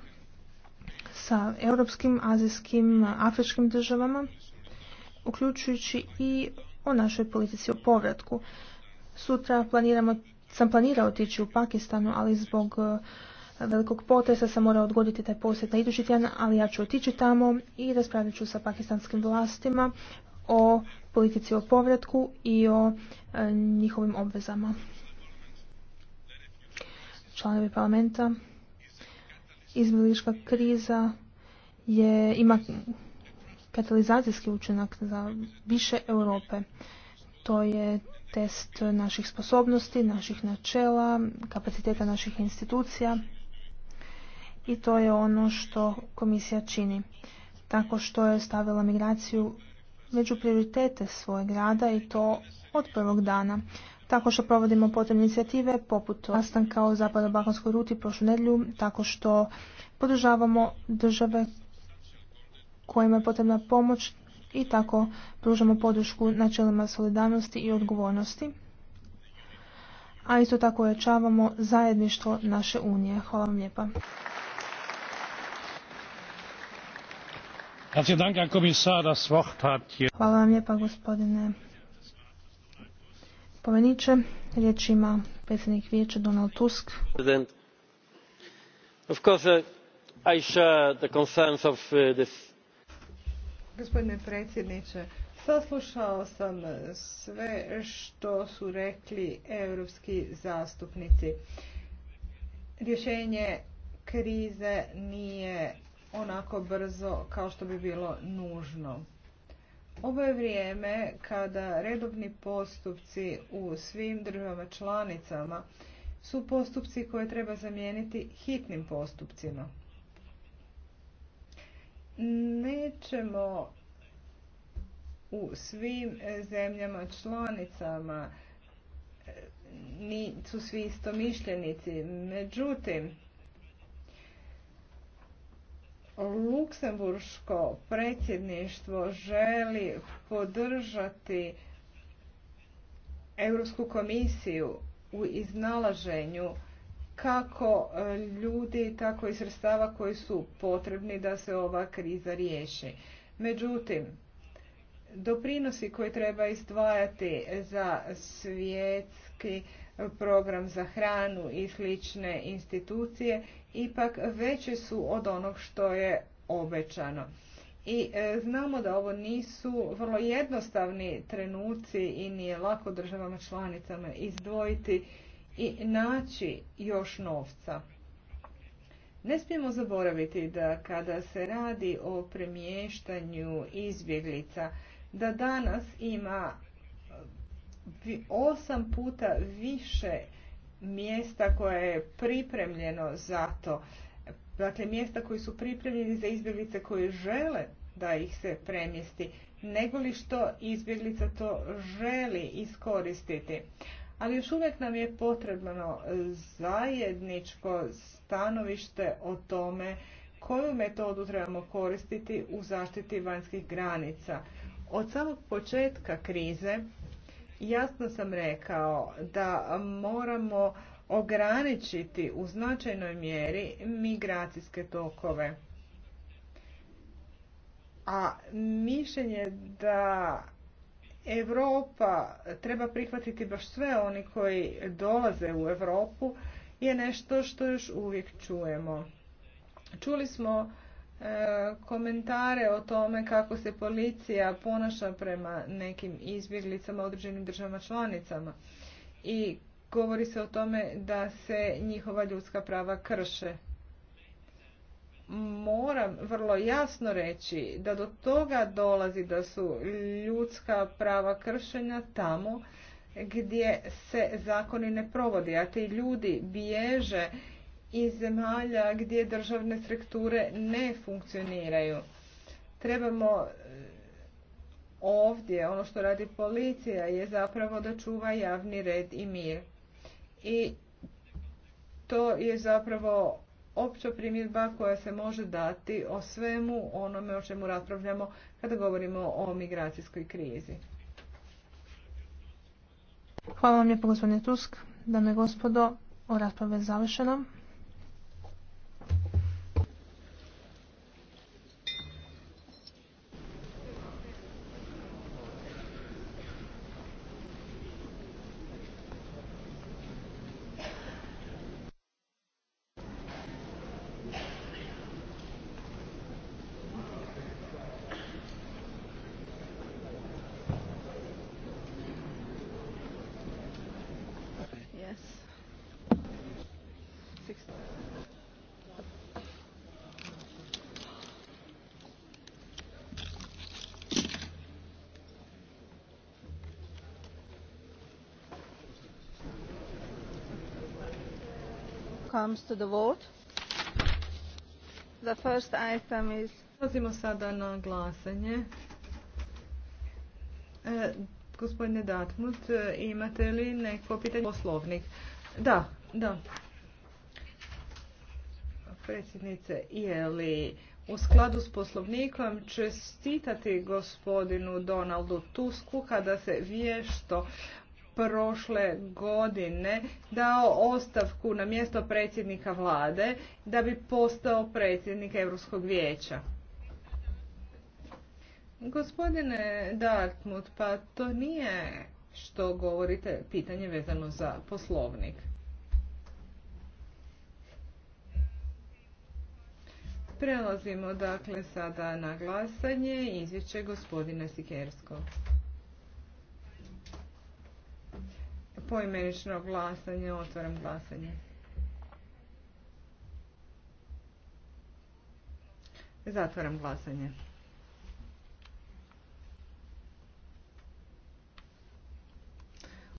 Speaker 5: sa europskim, azijskim, afričkim državama, uključujući i o našoj politici o povratku. Sutra sam planirao otići u Pakistanu, ali zbog e, velikog potresa sam morao odgoditi taj posjet na idući tjedan, ali ja ću otići tamo i raspravit ću sa pakistanskim vlastima o politici o povratku i o e, njihovim obvezama. Članovi parlamenta, izbjeglička kriza je, ima katalizacijski učinak za više Europe. To je test naših sposobnosti, naših načela, kapaciteta naših institucija i to je ono što komisija čini. Tako što je stavila migraciju među prioritete svojeg rada i to od prvog dana. Tako što provodimo potrebne inicijative poput nastanka o zapadno ruti prošlu nedlju, tako što podržavamo države kojima je potrebna pomoć i tako pružamo podršku načelima solidarnosti i odgovornosti. A isto tako ojačavamo zajedništvo naše unije. Hvala vam lijepa. Hvala vam lijepa gospodine poveniče. Riječ ima predsjednik vijeća Donald Tusk.
Speaker 2: Of course, uh, I share the concerns of uh, this.
Speaker 7: Gospodine predsjedniče, saslušao sam sve što su rekli europski zastupnici. Rješenje krize nije onako brzo kao što bi bilo nužno. Ovo je vrijeme kada redovni postupci u svim državama članicama su postupci koje treba zamijeniti hitnim postupcima. Nećemo u svim zemljama članicama e, su svi istomišljenici. Međutim, Luksemburško predsjedništvo želi podržati Europsku komisiju u iznalaženju kako e, ljudi, tako i sredstava koji su potrebni da se ova kriza riješi. Međutim, doprinosi koje treba izdvajati za svjetski program za hranu i slične institucije ipak veće su od onog što je obećano. I e, znamo da ovo nisu vrlo jednostavni trenuci i nije lako državama članicama izdvojiti i naći još novca. Ne smijemo zaboraviti da kada se radi o premještanju izbjeglica, da danas ima osam puta više mjesta koje je pripremljeno za to. Dakle, mjesta koji su pripremljeni za izbjeglice koje žele da ih se premjesti, nego li što izbjeglica to želi iskoristiti. Ali još uvijek nam je potrebno zajedničko stanovište o tome koju metodu trebamo koristiti u zaštiti vanjskih granica. Od samog početka krize Jasno sam rekao da moramo ograničiti u značajnoj mjeri migracijske tokove. A mišljenje da Europa treba prihvatiti baš sve oni koji dolaze u Europu je nešto što još uvijek čujemo. Čuli smo E, komentare o tome kako se policija ponaša prema nekim izbjeglicama određenim državama članicama i govori se o tome da se njihova ljudska prava krše. Moram vrlo jasno reći da do toga dolazi da su ljudska prava kršenja tamo gdje se zakoni ne provodi, a ti ljudi bježe iz zemalja gdje državne strukture ne funkcioniraju. Trebamo e, ovdje, ono što radi policija je zapravo da čuva javni red i mir. I to je zapravo opća primjedba koja se može dati o svemu onome o čemu raspravljamo kada govorimo o migracijskoj krizi.
Speaker 5: Hvala vam lijepo gospodine Tusk. Dame i gospodo, o rasprave je
Speaker 7: comes sada na glasanje. E, gospodine Datmut, e, imate li neko pitanje poslovnik? Da, da. Predsjednice, je li u skladu s poslovnikom čestitati gospodinu Donaldu Tusku kada se vješto prošle godine dao ostavku na mjesto predsjednika vlade da bi postao predsjednik Europskog vijeća. Gospodine Dartmut, pa to nije što govorite pitanje vezano za poslovnik. Prelazimo dakle sada na glasanje izvješće gospodina Sikerskog. poimenično glasanje, otvaram glasanje. Zatvaram glasanje.